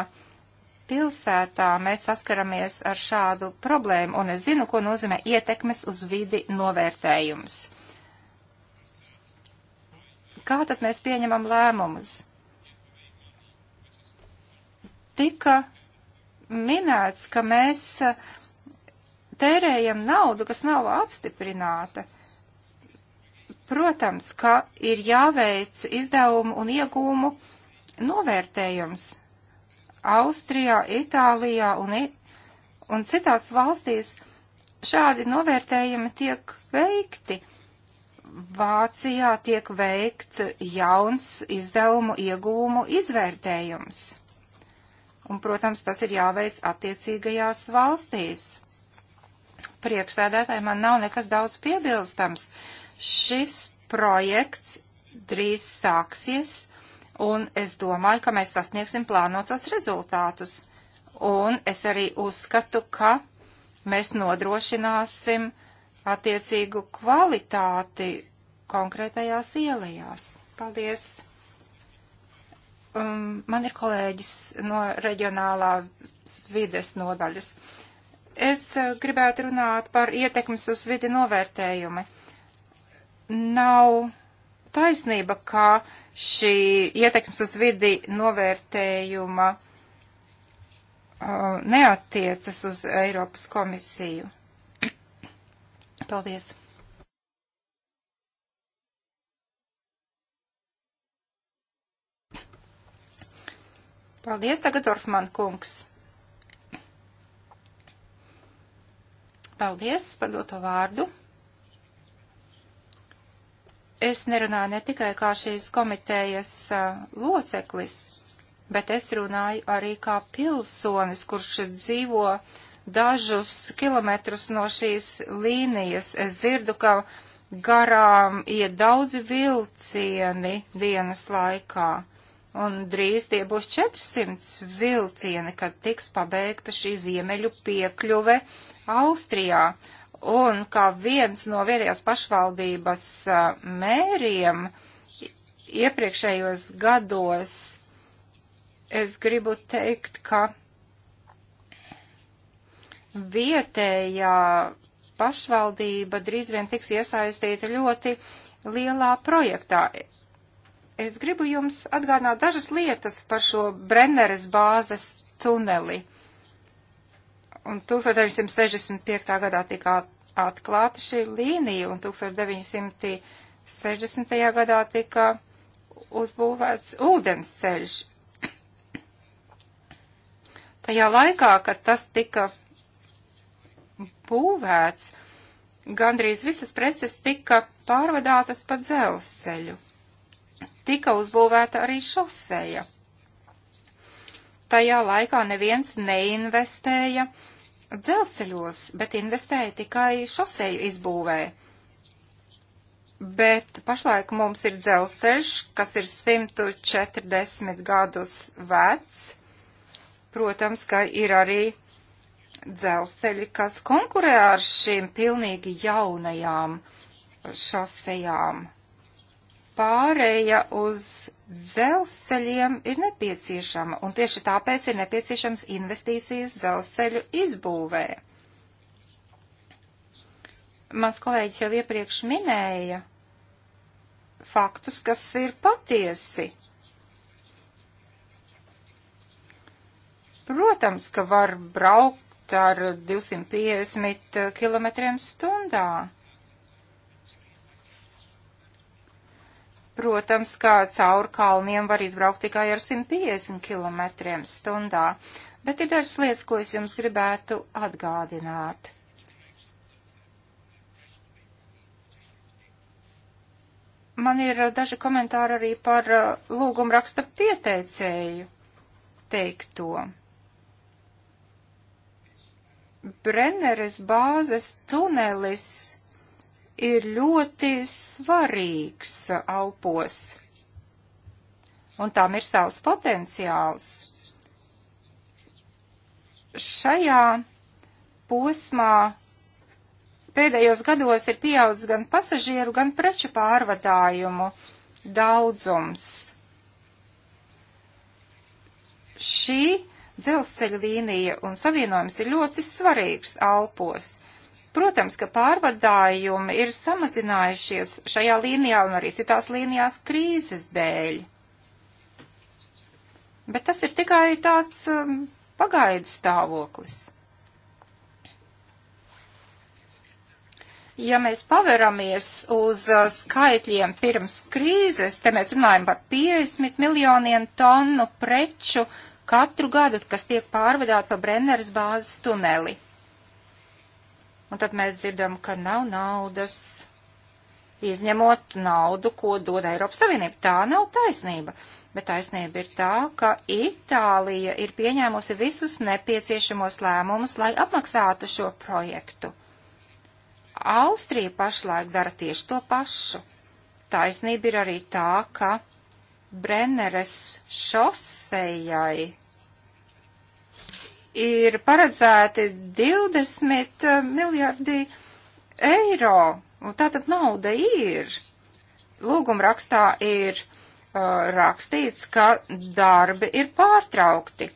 pilsētā. Mēs saskaramies ar šādu problēmu, un es zinu, ko nozīmē ietekmes uz vidi novērtējums. Kā tad mēs pieņemam lēmumus? Tika minēts, ka mēs tērējam naudu, kas nav apstiprināta. Protams, ka ir jāveic izdevumu un iegūmu novērtējums. Austrijā, Itālijā un, un citās valstīs šādi novērtējumi tiek veikti. Vācijā tiek veikts jauns izdevumu iegūmu izvērtējums. Un, protams, tas ir jāveic attiecīgajās valstīs. Priekšsēdētāji man nav nekas daudz piebilstams. Uh, Šis projekts drīz sāksies, un es domāju, ka mēs sasniegsim plānotos rezultātus. Un es arī uzskatu, ka mēs nodrošināsim attiecīgu kvalitāti konkrētajās ielējās. Paldies! Um, man ir kolēģis no reģionālā vides nodaļas. Es uh, gribētu runāt par ietekmes uz vidi novērtējumu nav taisnība, ka šī ietekmes uz vidi novērtējuma uh, neatiecas uz Eiropas komisiju. Paldies! Paldies, tagad Orfman kungs. Paldies par doto vārdu es nerunāju ne tikai kā šīs komitejas uh, loceklis, bet es runāju arī kā pilsonis, kurš dzīvo dažus kilometrus no šīs līnijas. Es dzirdu, ka garām iet daudzi vilcieni dienas laikā, un drīz tie būs 400 vilcieni, kad tiks pabeigta šī ziemeļu piekļuve Austrijā. Un kā viens no vietējās pašvaldības mēriem iepriekšējos gados, es gribu teikt, ka vietējā pašvaldība drīz vien tiks iesaistīta ļoti lielā projektā. Es gribu jums atgādināt dažas lietas par šo Brenneres bāzes tuneli. Un 1965. gadā tika atklāta šī līnija, un 1960. gadā tika uzbūvēts ūdens ceļš. Tajā laikā, kad tas tika būvēts, gandrīz visas preces tika pārvadātas pa dzelzceļu. Tika uzbūvēta arī šoseja. Tajā laikā neviens neinvestēja uh, dzelzceļos, bet investēja tikai šoseju izbūvē. Bet pašlaik mums ir dzelzceļš, kas ir 140 gadus vecs. Protams, ka ir arī dzelzceļi, kas konkurē ar šīm pilnīgi jaunajām šosejām pārēja uz dzelzceļiem ir nepieciešama, un tieši tāpēc ir nepieciešams investīcijas dzelzceļu izbūvē. Mans kolēģis jau iepriekš minēja faktus, kas ir patiesi. Protams, ka var braukt ar 250 km stundā. Protams, ka cauri kalniem var izbraukt tikai ar 150 km stundā, bet ir dažas lietas, ko es jums gribētu atgādināt. Man ir eh, daži komentāri arī par eh, lūgumu raksta pieteicēju teikto. Brenneres bāzes tunelis ir ļoti svarīgs aupos, un tām ir savs potenciāls. Šajā posmā pēdējos gados ir pieaudzis gan pasažieru, gan preču pārvadājumu daudzums. Šī dzelzceļa līnija un savienojums ir ļoti svarīgs Alpos. Protams, ka pārvadājumi ir samazinājušies šajā līnijā un arī citās līnijās krīzes dēļ. Bet tas ir tikai tāds um, pagaidu stāvoklis. Ja mēs paveramies uz uh, skaitļiem pirms krīzes, te mēs runājam par 50 miljoniem tonu preču katru gadu, kas tiek pārvadāti pa Brenneras bāzes tuneli. Un tad mēs dzirdam, ka nav naudas, izņemot naudu, ko dod Eiropas Savienība. Tā nav taisnība. Bet taisnība ir tā, ka Itālija ir pieņēmusi visus nepieciešamos lēmumus, lai apmaksātu šo projektu. Austrija pašlaik dara tieši to pašu. Taisnība ir arī tā, ka Brenneres šosejai ir paredzēti 20 eh, miljardi eiro, un tātad nauda ir. Lūguma rakstā ir uh, rakstīts, ka darbi ir pārtraukti.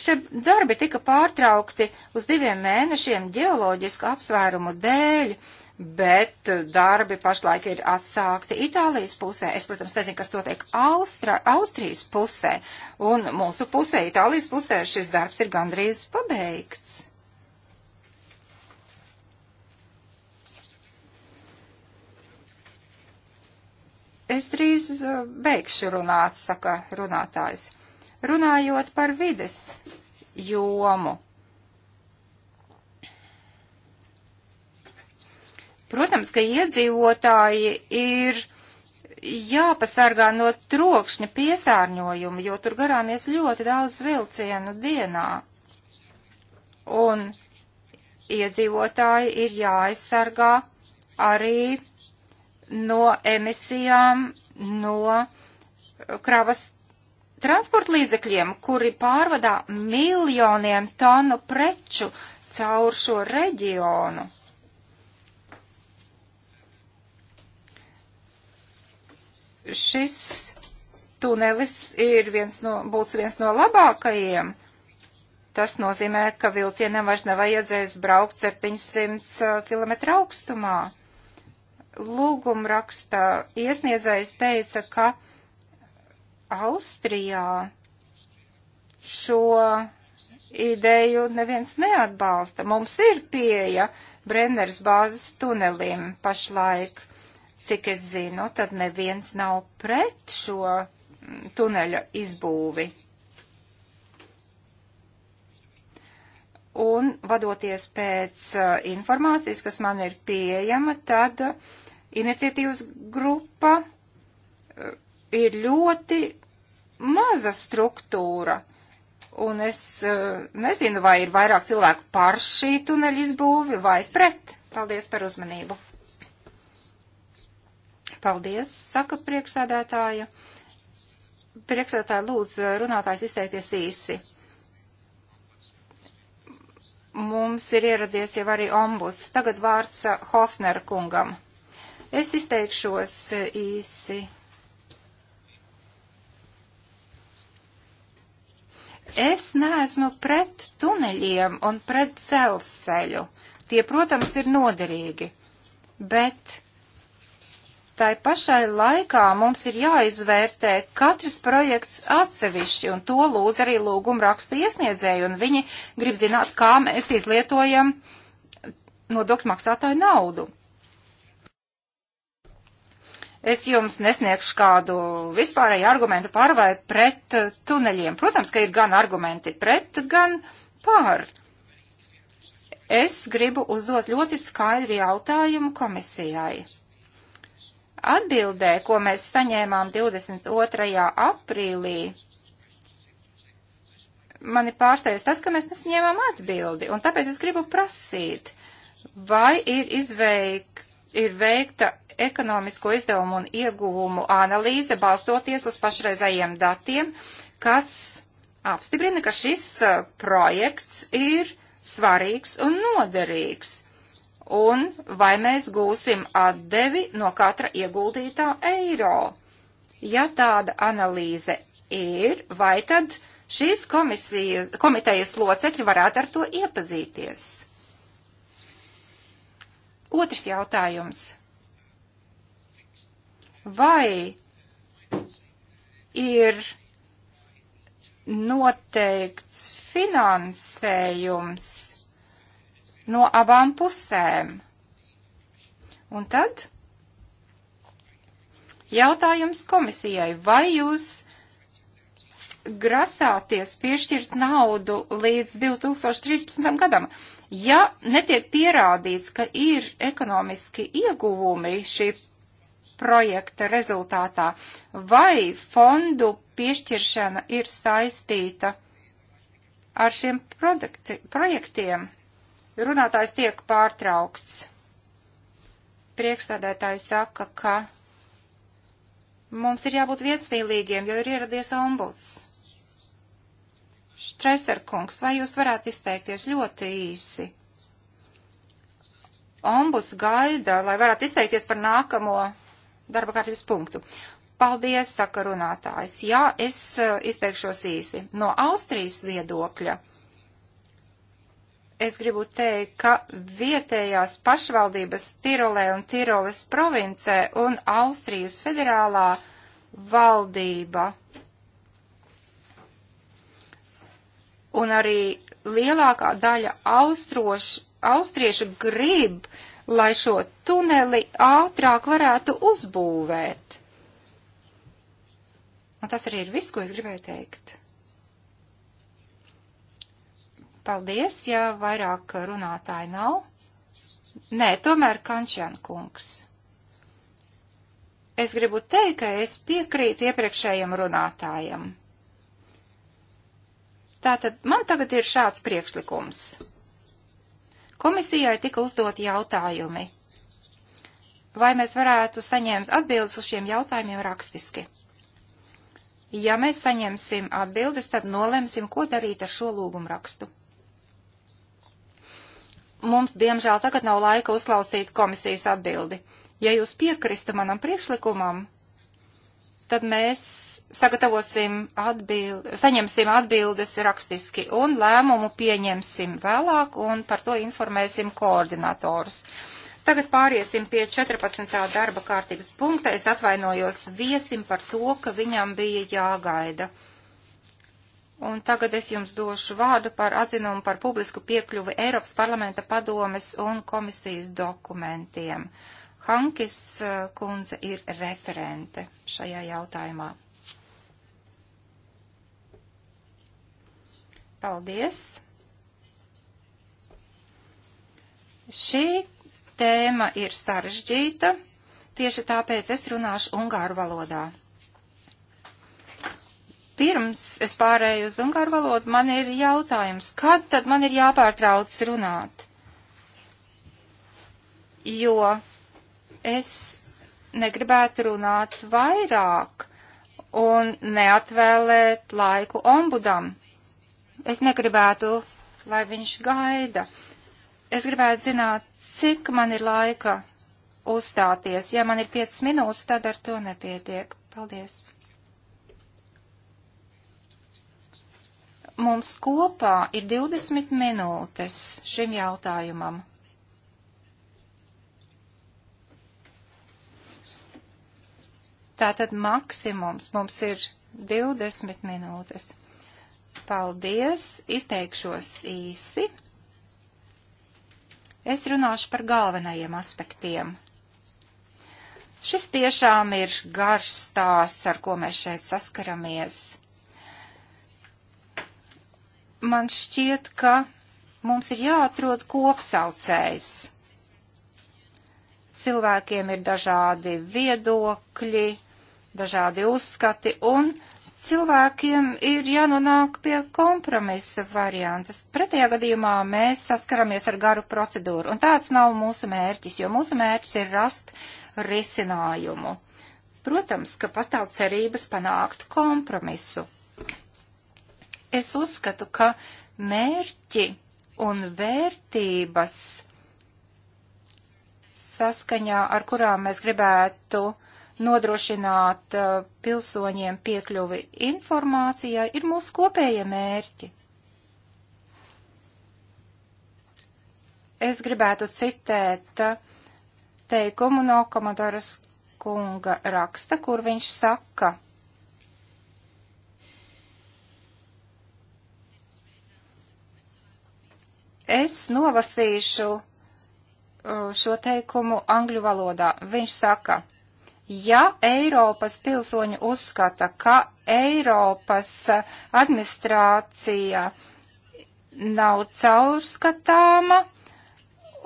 Šie darbi tika pārtraukti uz diviem mēnešiem geoloģisku apsvērumu dēļ, uh, bet darbi pašlaik ir atsākti Itālijas pusē. Es, protams, nezinu, kas notiek Austra, Austrijas pusē, un mūsu pusē, Itālijas pusē, šis darbs ir gandrīz pabeigts. Es drīz eh, beigšu runāt, saka runātājs. Runājot par vides jomu, Protams, ka iedzīvotāji ir jāpasargā no trokšņa piesārņojuma, jo tur garāmies ļoti daudz vilcienu dienā. Un iedzīvotāji ir jāaizsargā arī no emisijām no kravas transporta līdzekļiem, kuri pārvadā miljoniem tonu preču caur šo reģionu. šis tunelis ir viens no, būs viens no labākajiem. Tas nozīmē, ka vilcienam vairs nevajadzēs braukt 700 km augstumā. Lūguma raksta iesniedzējs teica, ka Austrijā šo ideju neviens neatbalsta. Mums ir pieeja Brenners bāzes tunelim pašlaik Cik es zinu, tad neviens nav pret šo mm, tuneļa izbūvi. Un vadoties pēc uh, informācijas, kas man ir pieejama, tad iniciatīvas grupa uh, ir ļoti maza struktūra. Un es uh, nezinu, vai ir vairāk cilvēku par šī tuneļa izbūvi vai pret. Paldies par uzmanību! Paldies, saka priekšsēdētāja. Priekšsēdētāja lūdz runātājs izteikties īsi. Mums ir ieradies jau arī ombuds. Tagad vārds eh, Hofner kungam. Es izteikšos eh, īsi. Es neesmu pret tuneļiem un pret dzelzceļu. Tie, protams, ir noderīgi, bet Tai pašai laikā mums ir jāizvērtē katrs projekts atsevišķi, un to lūdz arī lūguma raksta iesniedzēji, un viņi grib zināt, kā mēs izlietojam nodokļu maksātāju naudu. Es jums nesniegšu kādu vispārēju argumentu par vai pret tuneļiem. Protams, ka ir gan argumenti pret, gan par. Es gribu uzdot ļoti skaidru jautājumu komisijai Atbildē, ko mēs saņēmām 22. aprīlī, mani pārsteidz tas, ka mēs nesaņēmām atbildi, un tāpēc es gribu prasīt, vai ir, izveik, ir veikta ekonomisko izdevumu un ieguvumu analīze balstoties uz pašreizējiem datiem, kas apstiprina, ka šis eh, projekts ir svarīgs un noderīgs un vai mēs gūsim atdevi no katra ieguldītā eiro. Ja tāda analīze ir, vai tad šīs komitejas locekļi varētu ar to iepazīties? Otrs jautājums. Vai ir noteikts finansējums no abām pusēm. Un tad jautājums komisijai, vai jūs grasāties piešķirt naudu līdz 2013. gadam? Ja netiek pierādīts, ka ir ekonomiski ieguvumi šī projekta rezultātā, vai fondu piešķiršana ir saistīta ar šiem produkti, projektiem? Runātājs tiek pārtraukts. Priekšstādētājs saka, ka mums ir jābūt viesmīlīgiem, jo ir ieradies ombuds. Štreserkungs, vai jūs varētu izteikties ļoti īsi? Ombuds gaida, lai varētu izteikties par nākamo darba kārtības punktu. Paldies, saka runātājs. Jā, es eh, izteikšos īsi. No Austrijas viedokļa es gribu teikt, ka vietējās pašvaldības Tirolē un Tiroles provincē un Austrijas federālā valdība un arī lielākā daļa austroš, austriešu grib, lai šo tuneli ātrāk varētu uzbūvēt. Un tas arī ir viss, ko es gribēju teikt. Paldies, ja vairāk runātāji nav. Nē, tomēr Kančan kungs. Es gribu teikt, ka es piekrītu iepriekšējiem runātājiem. Tātad man tagad ir šāds priekšlikums. Komisijai tika uzdot jautājumi. Vai mēs varētu saņemt atbildes uz šiem jautājumiem rakstiski? Ja mēs saņemsim atbildes, tad nolemsim, ko darīt ar šo lūgumu rakstu mums, diemžēl, tagad nav laika uzklausīt komisijas atbildi. Ja jūs piekristu manam priekšlikumam, tad mēs sagatavosim atbild, saņemsim atbildes rakstiski un lēmumu pieņemsim vēlāk un par to informēsim koordinatorus. Tagad pāriesim pie 14. darba kārtības punkta. Es atvainojos viesim par to, ka viņam bija jāgaida. Un tagad es jums došu vārdu par atzinumu par publisku piekļuvi Eiropas parlamenta padomes un komisijas dokumentiem. Hankis eh, kundze ir referente šajā jautājumā. Paldies! Šī tēma ir sarežģīta, tieši tāpēc es runāšu ungāru valodā. Pirms es pārēju uz ungāru valodu, man ir jautājums, kad tad man ir jāpārtrauc runāt? Jo es negribētu runāt vairāk un neatvēlēt laiku ombudam. Es negribētu, lai viņš gaida. Es gribētu zināt, cik man ir laika uzstāties. Ja man ir 5 minūtes, tad ar to nepietiek. Paldies! Mums kopā ir 20 minūtes šim jautājumam. Tātad maksimums mums ir 20 minūtes. Paldies, izteikšos īsi. Es runāšu par galvenajiem aspektiem. Šis tiešām ir garš stāsts, ar ko mēs šeit saskaramies man šķiet, ka mums ir jāatrod kopsaucējs. Cilvēkiem ir dažādi viedokļi, dažādi uzskati, un cilvēkiem ir jānonāk pie kompromisa variantas. Pretējā gadījumā mēs saskaramies ar garu procedūru, un tāds nav mūsu mērķis, jo mūsu mērķis ir rast risinājumu. Protams, ka pastāv cerības panākt kompromisu. Es uzskatu, ka mērķi un vērtības saskaņā, ar kurām mēs gribētu nodrošināt uh, pilsoņiem piekļuvi informācijai, ir mūsu kopējie mērķi. Es gribētu citēt uh, teikumu no komandaras kunga raksta, kur viņš saka, Es nolasīšu uh, šo teikumu angļu valodā. Viņš saka, ja Eiropas pilsoņi uzskata, ka Eiropas administrācija nav caurskatāma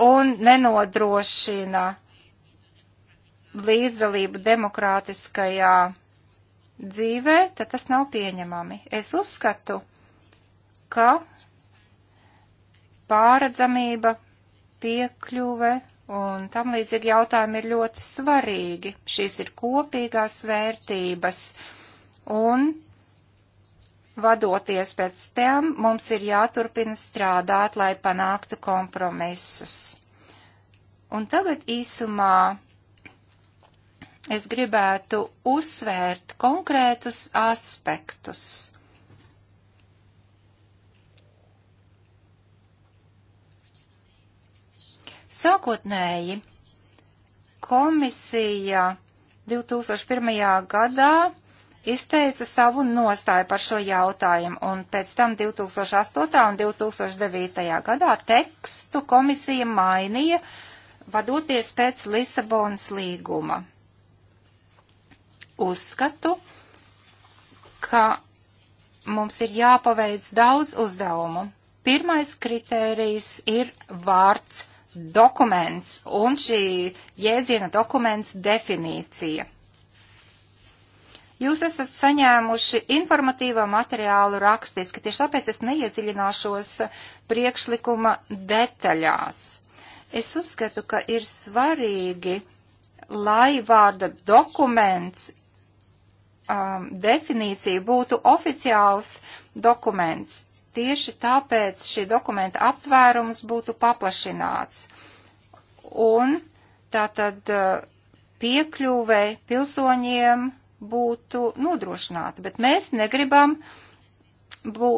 un nenodrošina līdzdalību demokrātiskajā dzīvē, tad tas nav pieņemami. Es uzskatu, ka pāredzamība, piekļuve un tam līdzīgi jautājumi ir ļoti svarīgi. Šīs ir kopīgās vērtības un vadoties pēc tām mums ir jāturpina strādāt, lai panāktu kompromisus. Un tagad īsumā es gribētu uzsvērt konkrētus aspektus Sākotnēji komisija 2001. gadā izteica savu nostāju par šo jautājumu, un pēc tam 2008. un 2009. gadā tekstu komisija mainīja, vadoties pēc Lisabonas līguma. Uzskatu, ka mums ir jāpaveic daudz uzdevumu. Pirmais kritērijs ir vārds dokuments un šī jēdziena dokuments definīcija. Jūs esat saņēmuši informatīvo materiālu rakstiski, tieši tāpēc es neiedziļināšos priekšlikuma detaļās. Es uzskatu, ka ir svarīgi, lai vārda dokuments um, definīcija būtu oficiāls dokuments. Tieši tāpēc šī dokumenta aptvērums būtu paplašināts. Un tātad uh, piekļuvē pilsoņiem būtu nodrošināta, bet mēs negribam, bū,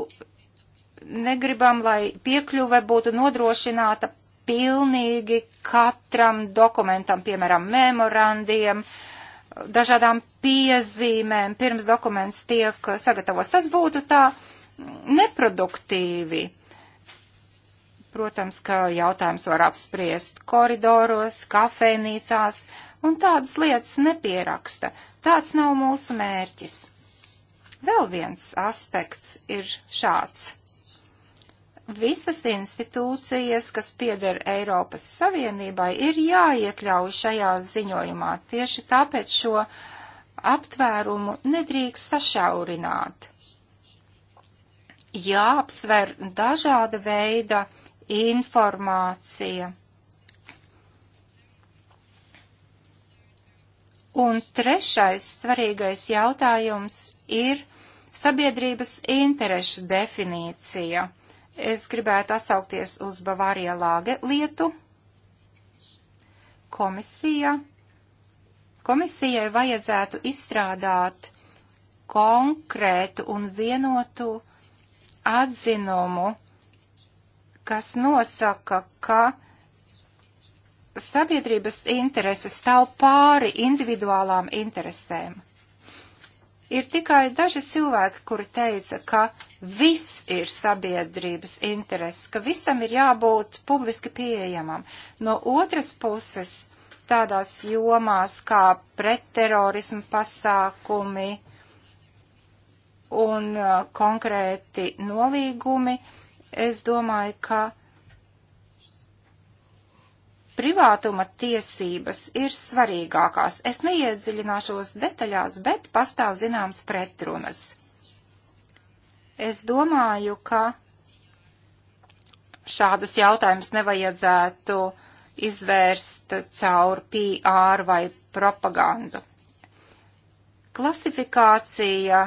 negribam, lai piekļuve būtu nodrošināta pilnīgi katram dokumentam, piemēram, memorandiem, dažādām piezīmēm, pirms dokuments tiek sagatavots. Tas būtu tā neproduktīvi. Protams, ka jautājums var apspriest koridoros, kafejnīcās, un tādas lietas nepieraksta. Tāds nav mūsu mērķis. Vēl viens aspekts ir šāds. Visas institūcijas, kas pieder Eiropas Savienībai, ir jāiekļauj šajā ziņojumā. Tieši tāpēc šo aptvērumu nedrīkst sašaurināt jāapsver dažāda veida informācija. Un trešais svarīgais jautājums ir sabiedrības interešu definīcija. Es gribētu atsaukties uz Bavārija Lāge lietu. Komisija. Komisijai vajadzētu izstrādāt konkrētu un vienotu uh, atzinumu, kas nosaka, ka sabiedrības intereses stāv pāri individuālām interesēm. Ir tikai daži cilvēki, kuri teica, ka viss ir sabiedrības intereses, ka visam ir jābūt publiski pieejamam. No otras puses, tādās jomās kā pretterorismu pasākumi, un uh, konkrēti nolīgumi, es domāju, ka privātuma tiesības ir svarīgākās. Es neiedziļināšos detaļās, bet pastāv zināms pretrunas. Es domāju, ka šādus jautājumus nevajadzētu izvērst caur PR vai propagandu. Klasifikācija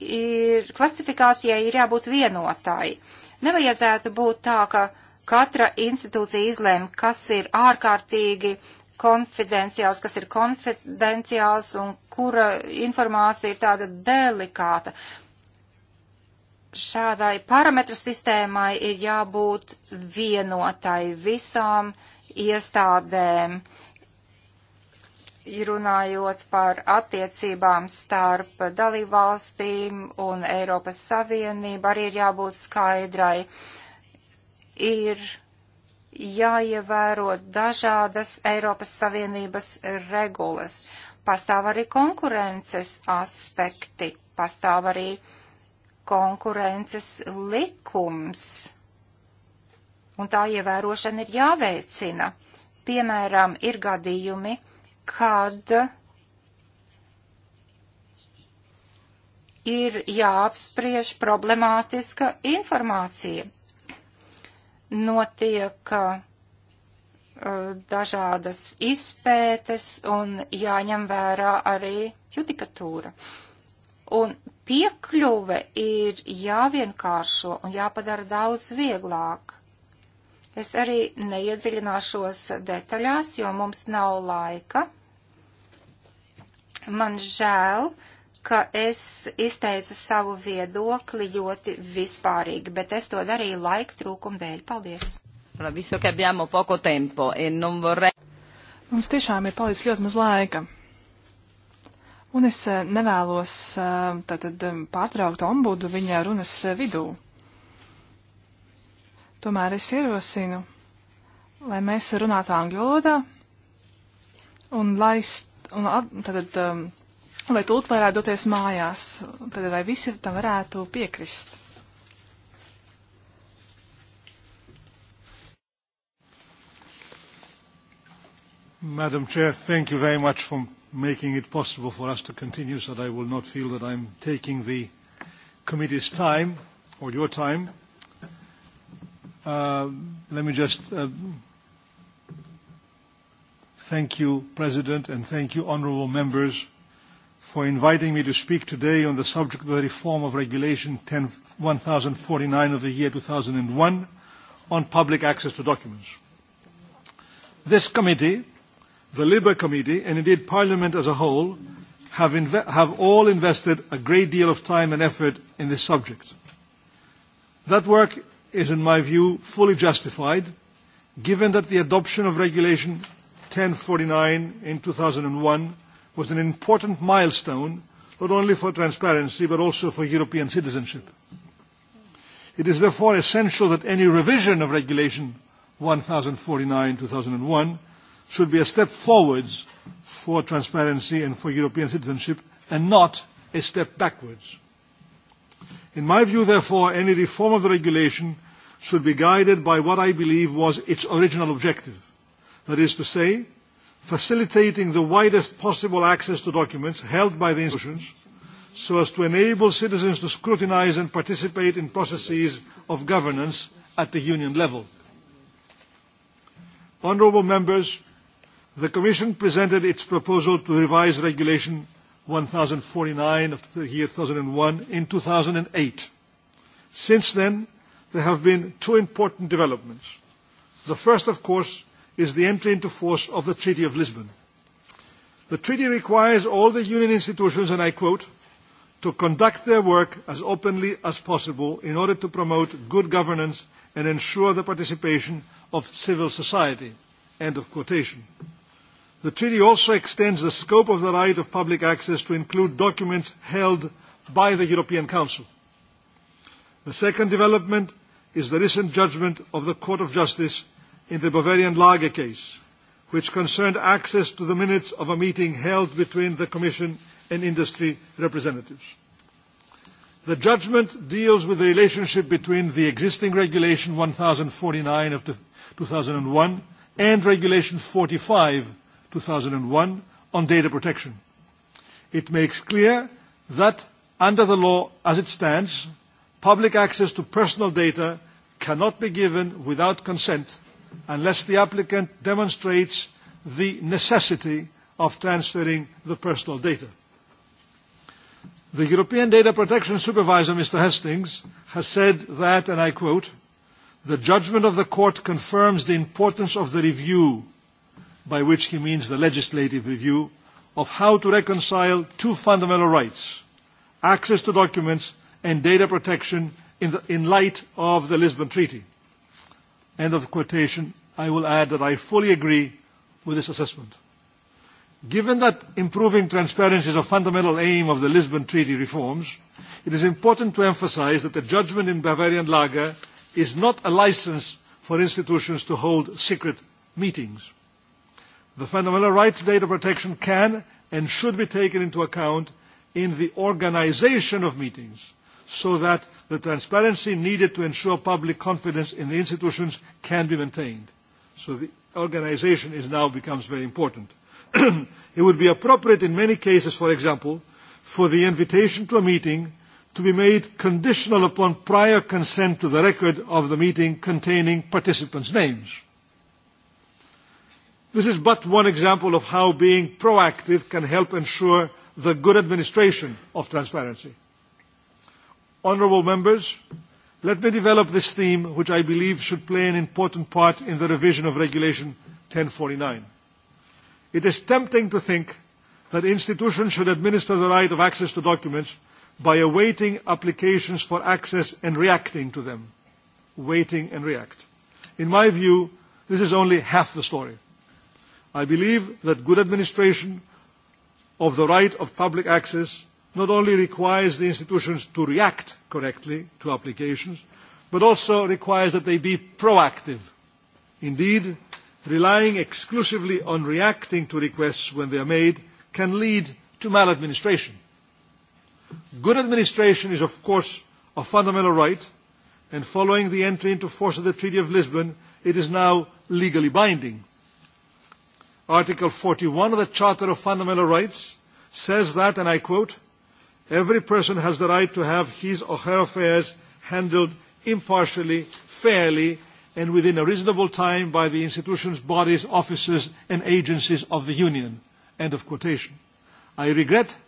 ir, klasifikācijai ir jābūt vienotai. Nevajadzētu būt tā, ka katra institūcija izlēma, kas ir ārkārtīgi konfidenciāls, kas ir konfidenciāls un kura informācija ir tāda delikāta. Šādai parametru sistēmai ir jābūt vienotai visām iestādēm. Uh, runājot par attiecībām starp dalībvalstīm un Eiropas Savienību, arī ir jābūt skaidrai. Ir jāievēro dažādas Eiropas Savienības regulas. Pastāv arī konkurences aspekti, pastāv arī konkurences likums, un tā ievērošana ir jāveicina. Piemēram, ir gadījumi, kad ir jāapspriež problemātiska informācija. Notiek uh, dažādas izpētes un jāņem vērā arī judikatūra. Un piekļuve ir jāvienkāršo un jāpadara daudz vieglāk. Es arī neiedziļināšos detaļās, jo mums nav laika. Man žēl, ka es izteicu savu viedokli ļoti vispārīgi, bet es to darīju laika trūkuma dēļ. Paldies! E Mums tiešām ir palicis ļoti maz laika. Un es eh, nevēlos eh, tātad eh, pārtraukt ombudu viņa runas vidū. Tomēr es ierosinu, lai mēs runātu angļu valodā un lai un tad, um, lai tūlīt varētu doties mājās, tad vai visi tam varētu piekrist. Madam Chair, thank you very much for making it possible for us to continue so that I will not feel that I'm taking the committee's time or your time. Uh, let me just uh, Thank you, President, and thank you, honourable members, for inviting me to speak today on the subject of the reform of Regulation 10, 1049 of the year 2001 on public access to documents. This committee, the Labour Committee, and indeed Parliament as a whole, have, inve- have all invested a great deal of time and effort in this subject. That work is, in my view, fully justified, given that the adoption of Regulation 1049 in 2001 was an important milestone not only for transparency but also for European citizenship. It is therefore essential that any revision of Regulation 1049-2001 should be a step forwards for transparency and for European citizenship and not a step backwards. In my view, therefore, any reform of the regulation should be guided by what I believe was its original objective, That is to say, facilitating the widest possible access to documents held by the institutions so as to enable citizens to scrutinize and participate in processes of governance at the Union level. Honourable Members, the Commission presented its proposal to revise Regulation 1049 of the year 2001 in 2008. Since then, there have been two important developments. The first, of course, is the entry into force of the Treaty of Lisbon. The treaty requires all the Union institutions, and I quote, to conduct their work as openly as possible in order to promote good governance and ensure the participation of civil society. End of quotation. The treaty also extends the scope of the right of public access to include documents held by the European Council. The second development is the recent judgment of the Court of Justice in the Bavarian Lager case, which concerned access to the minutes of a meeting held between the Commission and industry representatives. The judgment deals with the relationship between the existing Regulation 1049 of 2001 and Regulation 45 2001 on data protection. It makes clear that under the law as it stands, public access to personal data cannot be given without consent unless the applicant demonstrates the necessity of transferring the personal data. The European Data Protection Supervisor, Mr. Hastings, has said that, and I quote, the judgment of the court confirms the importance of the review, by which he means the legislative review, of how to reconcile two fundamental rights, access to documents and data protection in, the, in light of the Lisbon Treaty. End of quotation. I will add that I fully agree with this assessment. Given that improving transparency is a fundamental aim of the Lisbon Treaty reforms, it is important to emphasize that the judgment in Bavarian Lager is not a license for institutions to hold secret meetings. The fundamental right to data protection can and should be taken into account in the organization of meetings so that the transparency needed to ensure public confidence in the institutions can be maintained. So the organization is now becomes very important. it would be appropriate in many cases, for example, for the invitation to a meeting to be made conditional upon prior consent to the record of the meeting containing participants' names. This is but one example of how being proactive can help ensure the good administration of transparency honourable members, let me develop this theme, which I believe should play an important part in the revision of Regulation 1049. It is tempting to think that institutions should administer the right of access to documents by awaiting applications for access and reacting to them. Waiting and react. In my view, this is only half the story. I believe that good administration of the right of public access not only requires the institutions to react correctly to applications, but also requires that they be proactive. Indeed, relying exclusively on reacting to requests when they are made can lead to maladministration. Good administration is, of course, a fundamental right, and following the entry into force of the Treaty of Lisbon, it is now legally binding. Article 41 of the Charter of Fundamental Rights says that, and I quote, Every person has the right to have his or her affairs handled impartially, fairly, and within a reasonable time by the institutions, bodies, offices, and agencies of the Union. End of quotation. I regret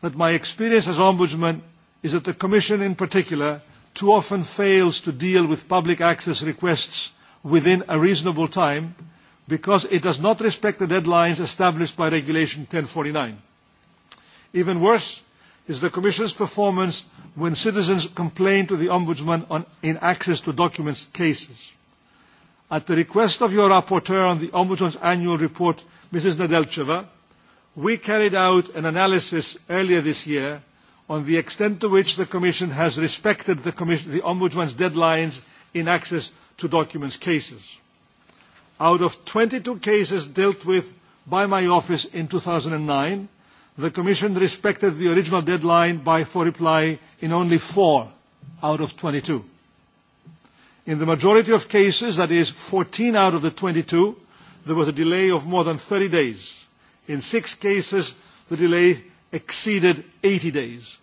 that my experience as Ombudsman is that the Commission in particular too often fails to deal with public access requests within a reasonable time because it does not respect the deadlines established by Regulation 1049. Even worse, is the Commission's performance when citizens complain to the Ombudsman on, in access to documents cases. At the request of your rapporteur on the Ombudsman's annual report, Mrs. Nedelcheva, we carried out an analysis earlier this year on the extent to which the Commission has respected the, Commission, the Ombudsman's deadlines in access to documents cases. Out of 22 cases dealt with by my office in 2009, the Commission respected the original deadline by, for reply in only four out of 22. In the majority of cases, that is 14 out of the 22, there was a delay of more than 30 days. In six cases, the delay exceeded 80 days.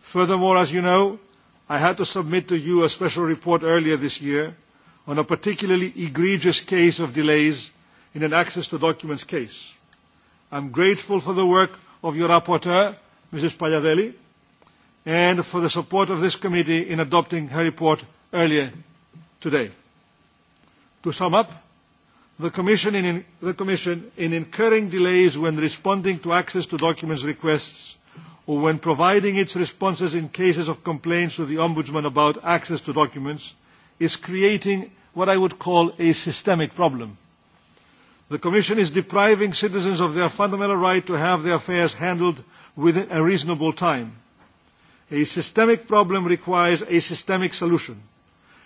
Furthermore, as you know, I had to submit to you a special report earlier this year on a particularly egregious case of delays in an access to documents case. I'm grateful for the work of your rapporteur, Mrs. Pagliadelli, and for the support of this committee in adopting her report earlier today. To sum up, the Commission, in, the Commission, in incurring delays when responding to access to documents requests or when providing its responses in cases of complaints to the Ombudsman about access to documents, is creating what I would call a systemic problem. The Commission is depriving citizens of their fundamental right to have their affairs handled within a reasonable time. A systemic problem requires a systemic solution,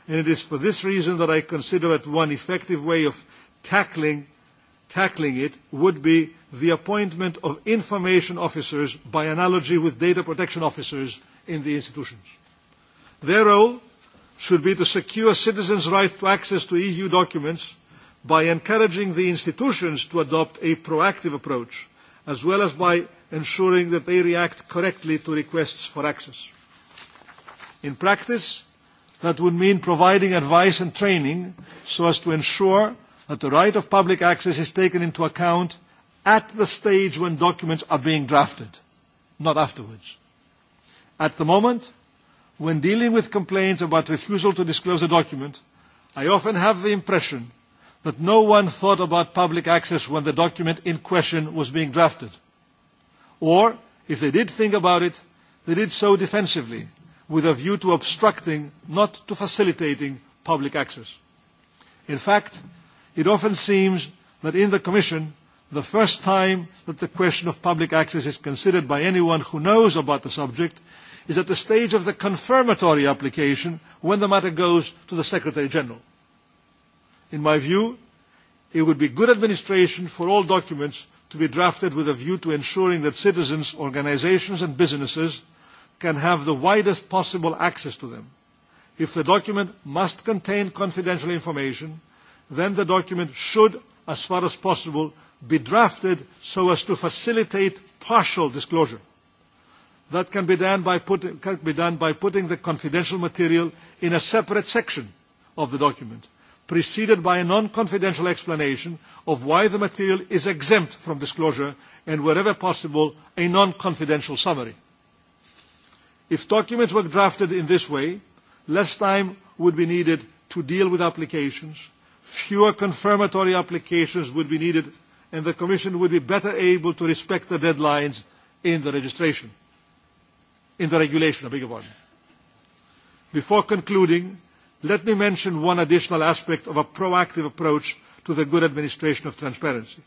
and it is for this reason that I consider that one effective way of tackling, tackling it would be the appointment of information officers by analogy with data protection officers in the institutions. Their role should be to secure citizens' right to access to EU documents by encouraging the institutions to adopt a proactive approach, as well as by ensuring that they react correctly to requests for access. In practice, that would mean providing advice and training so as to ensure that the right of public access is taken into account at the stage when documents are being drafted, not afterwards. At the moment, when dealing with complaints about refusal to disclose a document, I often have the impression that no one thought about public access when the document in question was being drafted. Or, if they did think about it, they did so defensively, with a view to obstructing, not to facilitating, public access. In fact, it often seems that in the Commission, the first time that the question of public access is considered by anyone who knows about the subject is at the stage of the confirmatory application when the matter goes to the Secretary General. In my view, it would be good administration for all documents to be drafted with a view to ensuring that citizens, organizations and businesses can have the widest possible access to them. If the document must contain confidential information, then the document should, as far as possible, be drafted so as to facilitate partial disclosure. That can be done by, put, can be done by putting the confidential material in a separate section of the document preceded by a non-confidential explanation of why the material is exempt from disclosure and, wherever possible, a non-confidential summary. If documents were drafted in this way, less time would be needed to deal with applications, fewer confirmatory applications would be needed, and the Commission would be better able to respect the deadlines in the registration, in the regulation, I beg your pardon. Before concluding, Let me mention one additional aspect of a proactive approach to the good administration of transparency.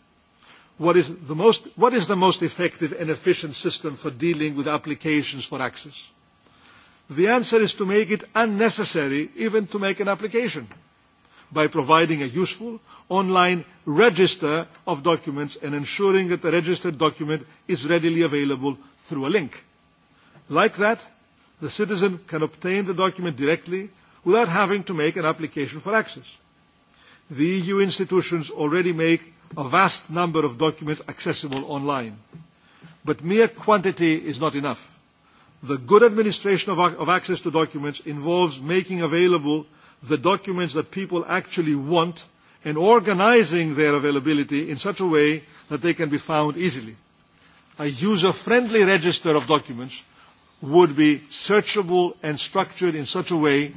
What is the most, what is the most effective and efficient system for dealing with applications for access? The answer is to make it unnecessary even to make an application by providing a useful online register of documents and ensuring that the registered document is readily available through a link. Like that, the citizen can obtain the document directly without having to make an application for access. The EU institutions already make a vast number of documents accessible online. But mere quantity is not enough. The good administration of, of access to documents involves making available the documents that people actually want and organizing their availability in such a way that they can be found easily. A user-friendly register of documents would be searchable and structured in such a way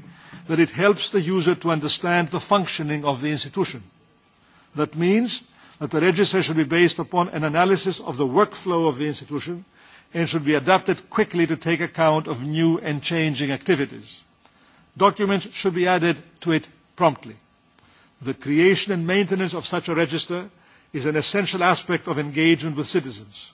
that it helps the user to understand the functioning of the institution. That means that the register should be based upon an analysis of the workflow of the institution and should be adapted quickly to take account of new and changing activities. Documents should be added to it promptly. The creation and maintenance of such a register is an essential aspect of engagement with citizens.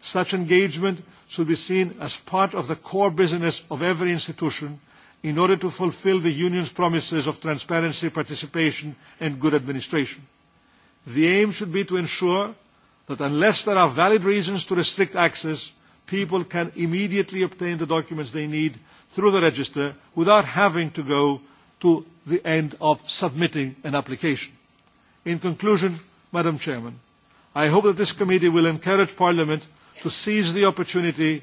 Such engagement should be seen as part of the core business of every institution in order to fulfill the Union's promises of transparency, participation and good administration. The aim should be to ensure that unless there are valid reasons to restrict access, people can immediately obtain the documents they need through the register without having to go to the end of submitting an application. In conclusion, Madam Chairman, I hope that this committee will encourage Parliament to seize the opportunity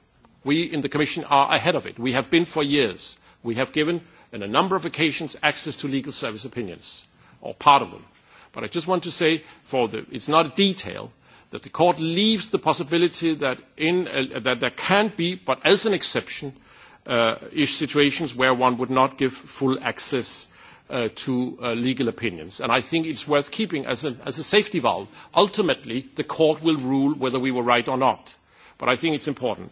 We in the Commission are ahead of it. We have been for years. We have given, on a number of occasions, access to legal service opinions, or part of them. But I just want to say, for the, it's not a detail, that the court leaves the possibility that, in, uh, that there can be, but as an exception, uh, is situations where one would not give full access uh, to uh, legal opinions. And I think it's worth keeping as a, as a safety valve. Ultimately, the court will rule whether we were right or not. But I think it's important.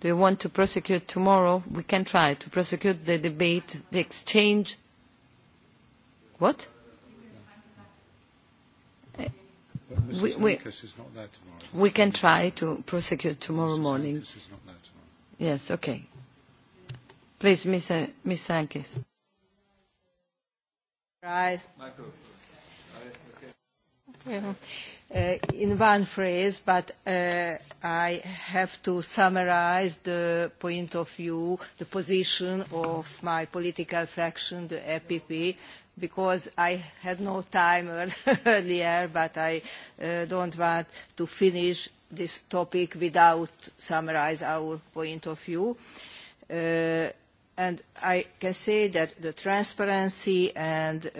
do you want to prosecute tomorrow? We can try to prosecute the debate, the exchange. What? We, we, we can try to prosecute tomorrow morning. Yes, okay. Please, Ms. Uh, Ms. Sankis. Right. Okay uh, in one phrase, but uh, I have to summarize the point of view, the position of my political fraction, the EPP, because I had no time earlier, but I uh, don't want to finish this topic without summarize our point of view. Uh, And I can say that the transparency and uh,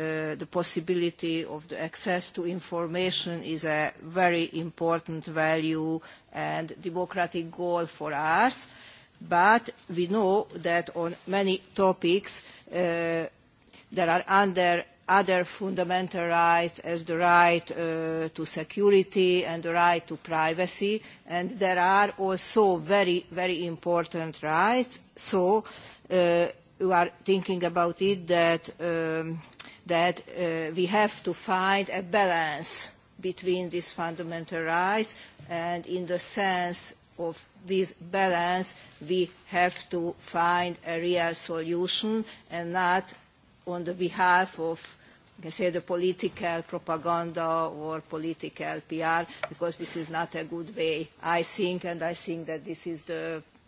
the possibility of the access to information is a very important value and democratic goal for us. But we know that on many topics uh, there are under other fundamental rights as the right uh, to security and the right to privacy. And there are also very, very important rights. So uh, who are thinking about it that, um, that uh, we have to find a balance between these fundamental rights and in the sense of this balance we have to find a real solution and not on the behalf of you can say the political propaganda or political PR because this is not a good way I think and I think that this is the